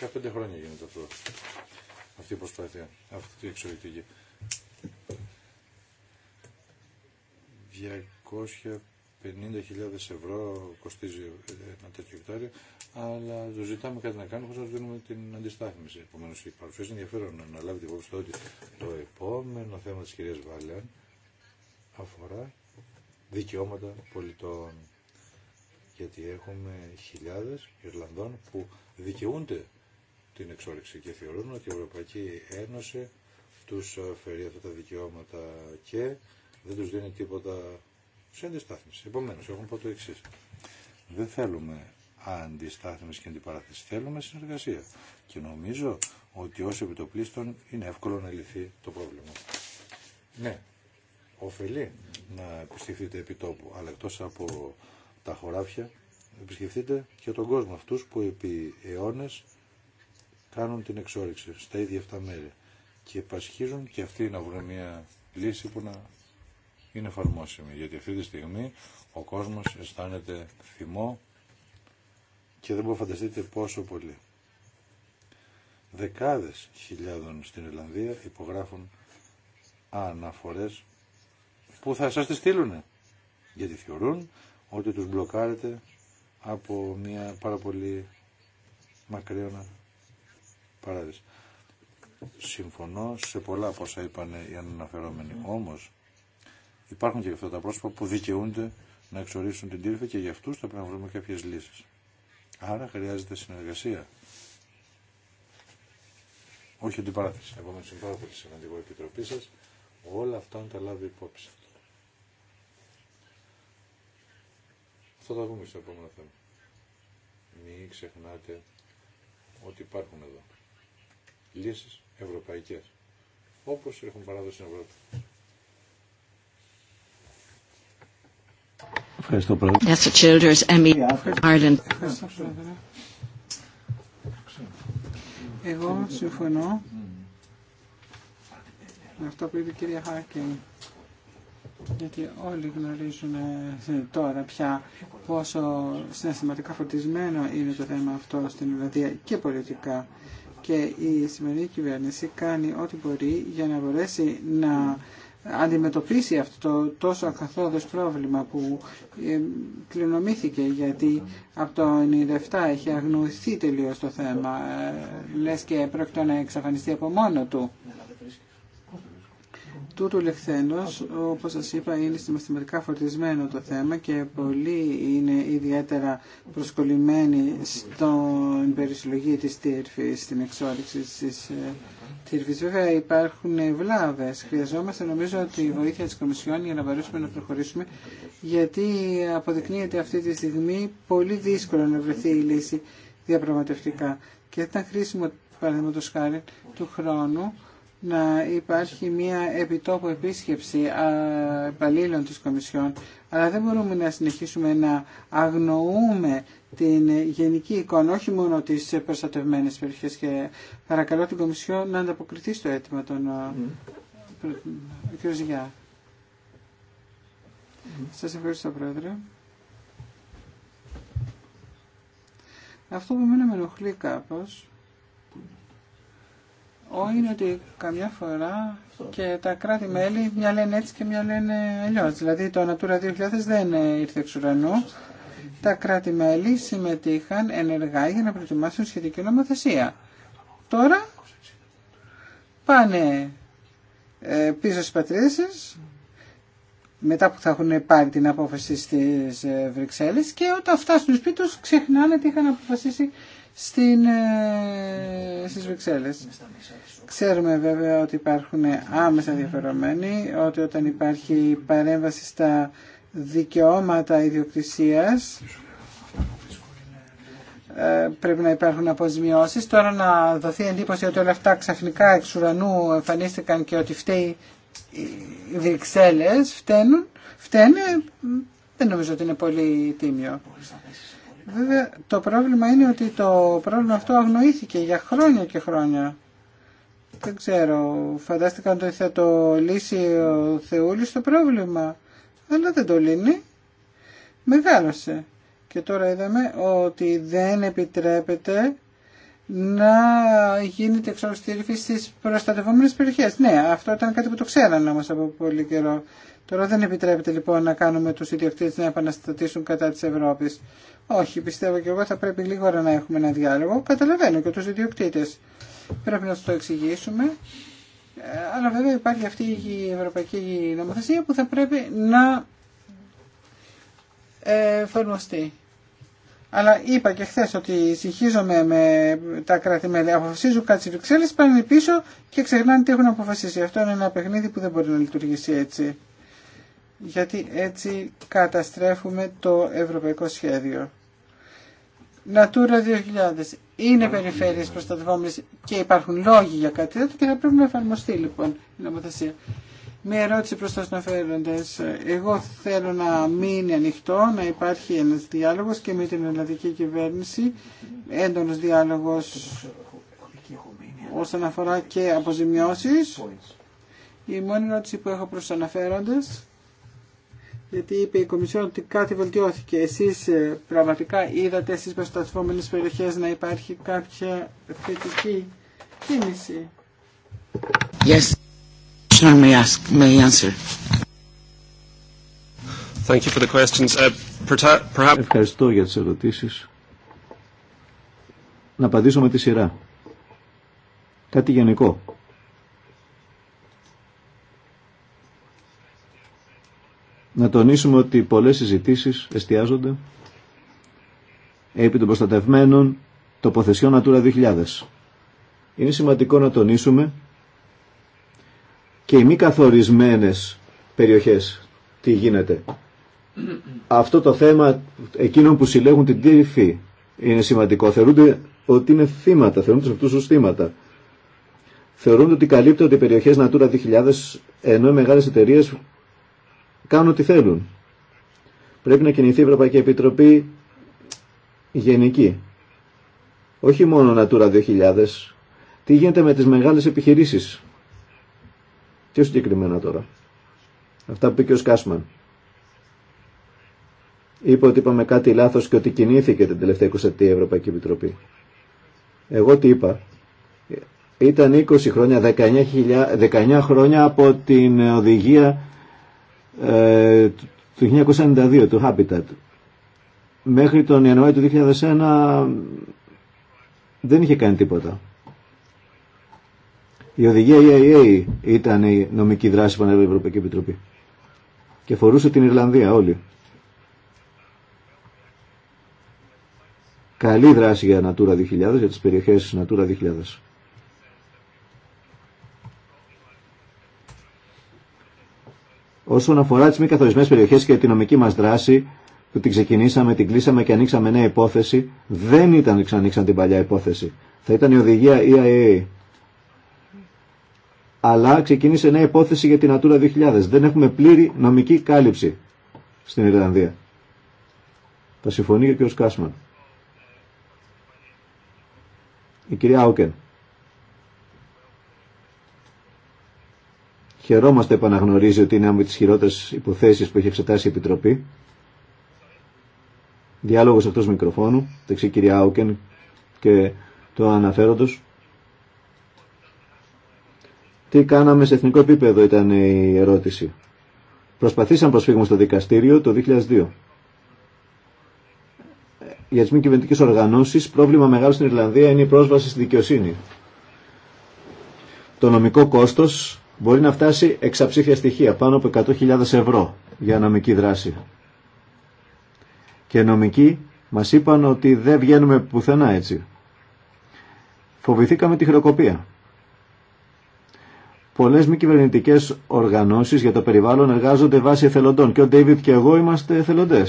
15 χρόνια γίνεται αυτό, αυτή η προσπάθεια, αυτή η εξορρυκτική. 250.000 ευρώ κοστίζει ένα τέτοιο εκτάριο, αλλά το ζητάμε κάτι να κάνουμε χωρίς να δίνουμε την αντιστάθμιση. Επομένως η παρουσίαση είναι ενδιαφέρον να αναλάβει την υπόψη ότι το επόμενο θέμα της κυρίας Βαλέαν αφορά δικαιώματα πολιτών. Γιατί έχουμε χιλιάδες Ιρλανδών που δικαιούνται την εξόρυξη και θεωρούν ότι η Ευρωπαϊκή Ένωση τους αφαιρεί αυτά τα δικαιώματα και δεν τους δίνει τίποτα σε αντιστάθμιση. Επομένως, έχω πω το εξή. Δεν θέλουμε αντιστάθμιση και αντιπαράθεση. Θέλουμε συνεργασία. Και νομίζω ότι ω επιτοπλίστων είναι εύκολο να λυθεί το πρόβλημα. Ναι, ωφελεί να επισκεφτείτε επιτόπου, αλλά εκτό από τα χωράφια, επισκεφτείτε και τον κόσμο αυτού που επί αιώνες κάνουν την εξόριξη στα ίδια αυτά μέρη και πασχίζουν και αυτοί να βρουν μια λύση που να είναι εφαρμόσιμη. Γιατί αυτή τη στιγμή ο κόσμος αισθάνεται θυμό και δεν μπορείτε να φανταστείτε πόσο πολύ. Δεκάδες χιλιάδων στην Ιρλανδία υπογράφουν αναφορές που θα σας τις στείλουν. Γιατί θεωρούν ότι τους μπλοκάρετε από μια πάρα πολύ μακριώνα παράδειση. Συμφωνώ σε πολλά πόσα όσα είπαν οι αναφερόμενοι. Όμως, Υπάρχουν και αυτά τα πρόσωπα που δικαιούνται να εξορίσουν την τύρφη και για αυτού θα πρέπει να βρούμε κάποιε λύσει. Άρα χρειάζεται συνεργασία. Όχι αντιπαράθεση. Επομένω, είναι πάρα πολύ σημαντικό η Επιτροπή σα Όλα αυτά να τα λάβει υπόψη. Αυτό Θα δούμε στο επόμενο θέμα. Μην ξεχνάτε ότι υπάρχουν εδώ λύσεις ευρωπαϊκές, όπως έχουν παράδοση στην Ευρώπη.
Ευχαριστώ πολύ. E, ε,
Εγώ συμφωνώ με αυτό που είπε η κυρία Χάκιν. Γιατί όλοι γνωρίζουν ε, τώρα πια πόσο συναισθηματικά φορτισμένο είναι το θέμα αυτό στην Ολλανδία και πολιτικά. Και η σημερινή κυβέρνηση κάνει ό,τι μπορεί για να μπορέσει να αντιμετωπίσει αυτό το τόσο ακαθόδες πρόβλημα που ε, κληρονομήθηκε γιατί από το 97 έχει αγνοηθεί τελείως το θέμα ε, λες και πρόκειται να εξαφανιστεί από μόνο του. Τούτου λεχθένως όπως σας είπα, είναι συστηματικά φορτισμένο το θέμα και πολλοί είναι ιδιαίτερα προσκολλημένοι στην περισυλλογή της τύρφης, στην εξόριξη της ε, Τη Βέβαια υπάρχουν βλάβες. Χρειαζόμαστε νομίζω τη βοήθεια της Κομισιόν για να μπορέσουμε να προχωρήσουμε γιατί αποδεικνύεται αυτή τη στιγμή πολύ δύσκολο να βρεθεί η λύση διαπραγματευτικά. Και θα ήταν χρήσιμο παραδείγματο χάρη του χρόνου να υπάρχει μια επιτόπου επίσκεψη υπαλλήλων της Κομισιόν αλλά δεν μπορούμε να συνεχίσουμε να αγνοούμε την γενική εικόνα, όχι μόνο τι προστατευμένε περιοχέ. και παρακαλώ την Κομισιό να ανταποκριθεί στο αίτημα των ε, mm. κ. Ζηγιά. Mm. Σας ευχαριστώ Πρόεδρε. Αυτό που με ενοχλεί κάπως είναι ότι καμιά φορά και τα κράτη-μέλη μια λένε έτσι και μια λένε αλλιώ. Δηλαδή το Natura 2000 δεν ήρθε εξ ουρανού. Τα κράτη-μέλη συμμετείχαν ενεργά για να προετοιμάσουν σχετική νομοθεσία. Τώρα πάνε ε, πίσω στις πατρίδες μετά που θα έχουν πάρει την απόφαση στις ε, Βρυξέλλες και όταν φτάσουν στο σπίτι ξεχνάνε τι είχαν αποφασίσει στην, ε, στις Βρυξέλλες. Ξέρουμε βέβαια ότι υπάρχουν άμεσα διαφερομένοι, ότι όταν υπάρχει παρέμβαση στα δικαιώματα ιδιοκτησίας ε, πρέπει να υπάρχουν αποζημιώσεις. Τώρα να δοθεί εντύπωση ότι όλα αυτά ξαφνικά εξ ουρανού εμφανίστηκαν και ότι φταίει οι Βρυξέλλες, φταίνουν, φταίνε, δεν νομίζω ότι είναι πολύ τίμιο. Βέβαια το πρόβλημα είναι ότι το πρόβλημα αυτό αγνοήθηκε για χρόνια και χρόνια. Δεν ξέρω, φαντάστηκαν ότι θα το λύσει ο Θεούλης το πρόβλημα αλλά δεν το λύνει. Μεγάλωσε. Και τώρα είδαμε ότι δεν επιτρέπεται να γίνεται εξορροστήρυφη στις προστατευόμενες περιοχές. Ναι, αυτό ήταν κάτι που το ξέρανε όμως από πολύ καιρό. Τώρα δεν επιτρέπεται λοιπόν να κάνουμε τους ιδιοκτήτες να επαναστατήσουν κατά της Ευρώπης. Όχι, πιστεύω και εγώ θα πρέπει λίγο να έχουμε ένα διάλογο. Καταλαβαίνω και τους ιδιοκτήτες. Πρέπει να το εξηγήσουμε ε, αλλά βέβαια υπάρχει αυτή η ευρωπαϊκή νομοθεσία που θα πρέπει να ε, εφαρμοστεί. Αλλά είπα και χθε ότι συγχύζομαι με τα κράτη-μέλη. Αποφασίζουν κάτι στι Βρυξέλλε, πάνε πίσω και ξεχνάνε τι έχουν αποφασίσει. Αυτό είναι ένα παιχνίδι που δεν μπορεί να λειτουργήσει έτσι. Γιατί έτσι καταστρέφουμε το ευρωπαϊκό σχέδιο. Natura 2000 είναι περιφέρειες προστατευόμενες και υπάρχουν λόγοι για κάτι τέτοιο και θα πρέπει να εφαρμοστεί λοιπόν η νομοθεσία. Μία ερώτηση προς τους αναφέροντες. Εγώ θέλω να μείνει ανοιχτό, να υπάρχει ένας διάλογος και με την ελληνική κυβέρνηση, έντονος διάλογος όσον αφορά και αποζημιώσεις. Η μόνη ερώτηση που έχω προς τους αναφέροντες γιατί είπε η Κομισιόν ότι κάτι βελτιώθηκε. Εσείς ε, πραγματικά είδατε στι προστατευόμενε περιοχέ να υπάρχει κάποια θετική κίνηση.
Yes.
Thank you for the questions. Uh,
perhaps... Ευχαριστώ για τις ερωτήσεις. Να απαντήσω με τη σειρά. Κάτι γενικό. να τονίσουμε ότι πολλές συζητήσει εστιάζονται επί των προστατευμένων τοποθεσιών Natura 2000. Είναι σημαντικό να τονίσουμε και οι μη καθορισμένες περιοχές τι γίνεται. Αυτό το θέμα εκείνων που συλλέγουν την τύφη e είναι σημαντικό. Θεωρούνται ότι είναι θύματα, θεωρούνται σε αυτούς τους θύματα. Θεωρούνται ότι καλύπτονται οι περιοχές Natura 2000 ενώ οι μεγάλες εταιρείες κάνουν ό,τι θέλουν. Πρέπει να κινηθεί η Ευρωπαϊκή Επιτροπή γενική. Όχι μόνο Natura 2000. Τι γίνεται με τις μεγάλες επιχειρήσεις. ως συγκεκριμένα τώρα. Αυτά που είπε και ο Σκάσμαν. Είπε ότι είπαμε κάτι λάθος και ότι κινήθηκε την τελευταία 20 η Ευρωπαϊκή Επιτροπή. Εγώ τι είπα. Ήταν 20 χρόνια, 19 χρόνια από την οδηγία ε, του 1992, του Habitat. Μέχρι τον Ιανουάριο του 2001 δεν είχε κάνει τίποτα. Η οδηγία EIA ήταν η νομική δράση που η Ευρωπαϊκή Επιτροπή. Και φορούσε την Ιρλανδία όλοι. Καλή δράση για Natura 2000, για τις περιοχές Natura 2000. Όσον αφορά τι μη καθορισμένε περιοχέ και τη νομική μα δράση, που την ξεκινήσαμε, την κλείσαμε και ανοίξαμε νέα υπόθεση, δεν ήταν ξανοίξαν την παλιά υπόθεση. Θα ήταν η οδηγία EIA. Αλλά ξεκίνησε νέα υπόθεση για την Natura 2000. Δεν έχουμε πλήρη νομική κάλυψη στην Ιρλανδία. Θα συμφωνεί και ο κ. Κάσμαν. Η κυρία Άουκεν. Χαιρόμαστε που αναγνωρίζει ότι είναι από τις χειρότερες υποθέσεις που έχει εξετάσει η Επιτροπή. Διάλογος εκτός μικροφώνου, δεξί κυρία Άουκεν και το αναφέροντος. Τι κάναμε σε εθνικό επίπεδο ήταν η ερώτηση. Προσπαθήσαμε να προσφύγουμε στο δικαστήριο το 2002. Για τις μη κυβερνητικέ οργανώσεις πρόβλημα μεγάλο στην Ιρλανδία είναι η πρόσβαση στη δικαιοσύνη. Το νομικό κόστος μπορεί να φτάσει εξαψήφια στοιχεία, πάνω από 100.000 ευρώ για νομική δράση. Και νομικοί μας είπαν ότι δεν βγαίνουμε πουθενά έτσι. Φοβηθήκαμε τη χρεοκοπία. Πολλέ μη κυβερνητικέ οργανώσει για το περιβάλλον εργάζονται βάσει εθελοντών και ο Ντέιβιτ και εγώ είμαστε εθελοντέ.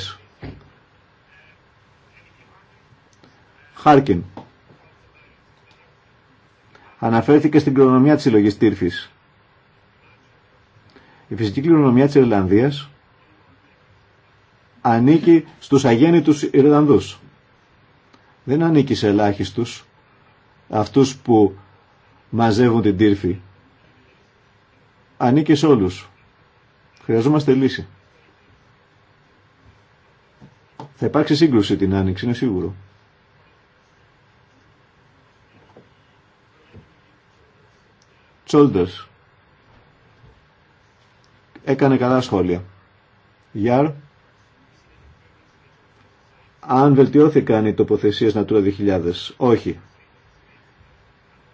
Χάρκιν. Αναφέρθηκε στην κληρονομιά τη συλλογή τύρφης η φυσική κληρονομιά της Ιρλανδίας ανήκει στους αγέννητους Ιρλανδούς. Δεν ανήκει σε ελάχιστους αυτούς που μαζεύουν την τύρφη. Ανήκει σε όλους. Χρειαζόμαστε λύση. Θα υπάρξει σύγκρουση την άνοιξη, είναι σίγουρο. Τσόλτερς έκανε καλά σχόλια. Γιάρ, αν βελτιώθηκαν οι τοποθεσίες Natura 2000, όχι.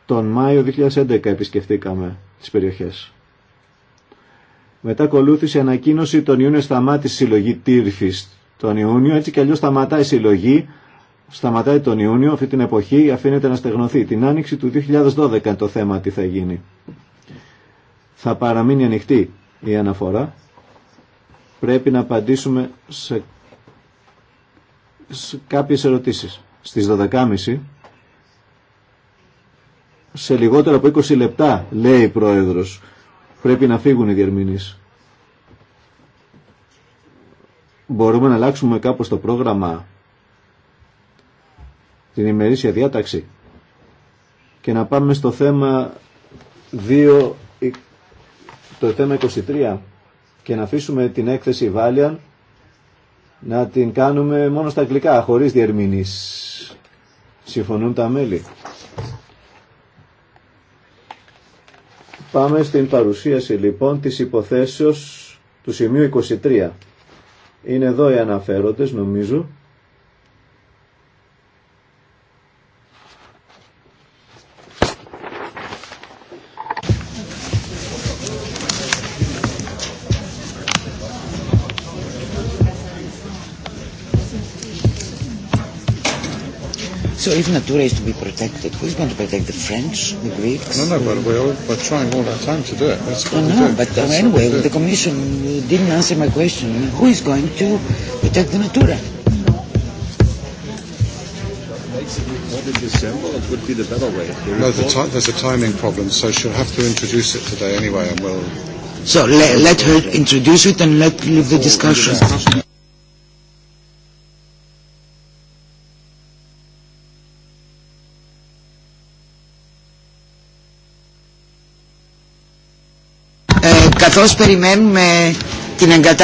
Τον Μάιο 2011 επισκεφτήκαμε τις περιοχές. Μετά ακολούθησε η ανακοίνωση τον Ιούνιο σταμάτησε η συλλογή τύρφης τον Ιούνιο, έτσι κι αλλιώς σταματάει η συλλογή, σταματάει τον Ιούνιο, αυτή την εποχή αφήνεται να στεγνωθεί. Την άνοιξη του 2012 το θέμα τι θα γίνει. Θα παραμείνει ανοιχτή η αναφορά, πρέπει να απαντήσουμε σε, σε κάποιες ερωτήσεις. Στις 12.30, σε λιγότερο από 20 λεπτά, λέει η Πρόεδρος, πρέπει να φύγουν οι διερμηνείς. Μπορούμε να αλλάξουμε κάπως το πρόγραμμα, την ημερήσια διάταξη και να πάμε στο θέμα 2 το θέμα 23 και να αφήσουμε την έκθεση Βάλιαν να την κάνουμε μόνο στα αγγλικά, χωρίς διερμηνής. Συμφωνούν τα μέλη. Πάμε στην παρουσίαση λοιπόν της υποθέσεως του σημείου 23. Είναι εδώ οι αναφέροντες νομίζω.
if nature is to be protected, who is going to protect the French, the Greeks? No, no, but we're, we're trying all our time to do it. no, but anyway, the Commission didn't answer my question. Who is going to protect the Natura?
would be the better way. No, there's
a timing problem, so she'll have to introduce it today anyway, and we'll. So let her introduce it and let leave the
discussion.
καθώς περιμένουμε την εγκατάσταση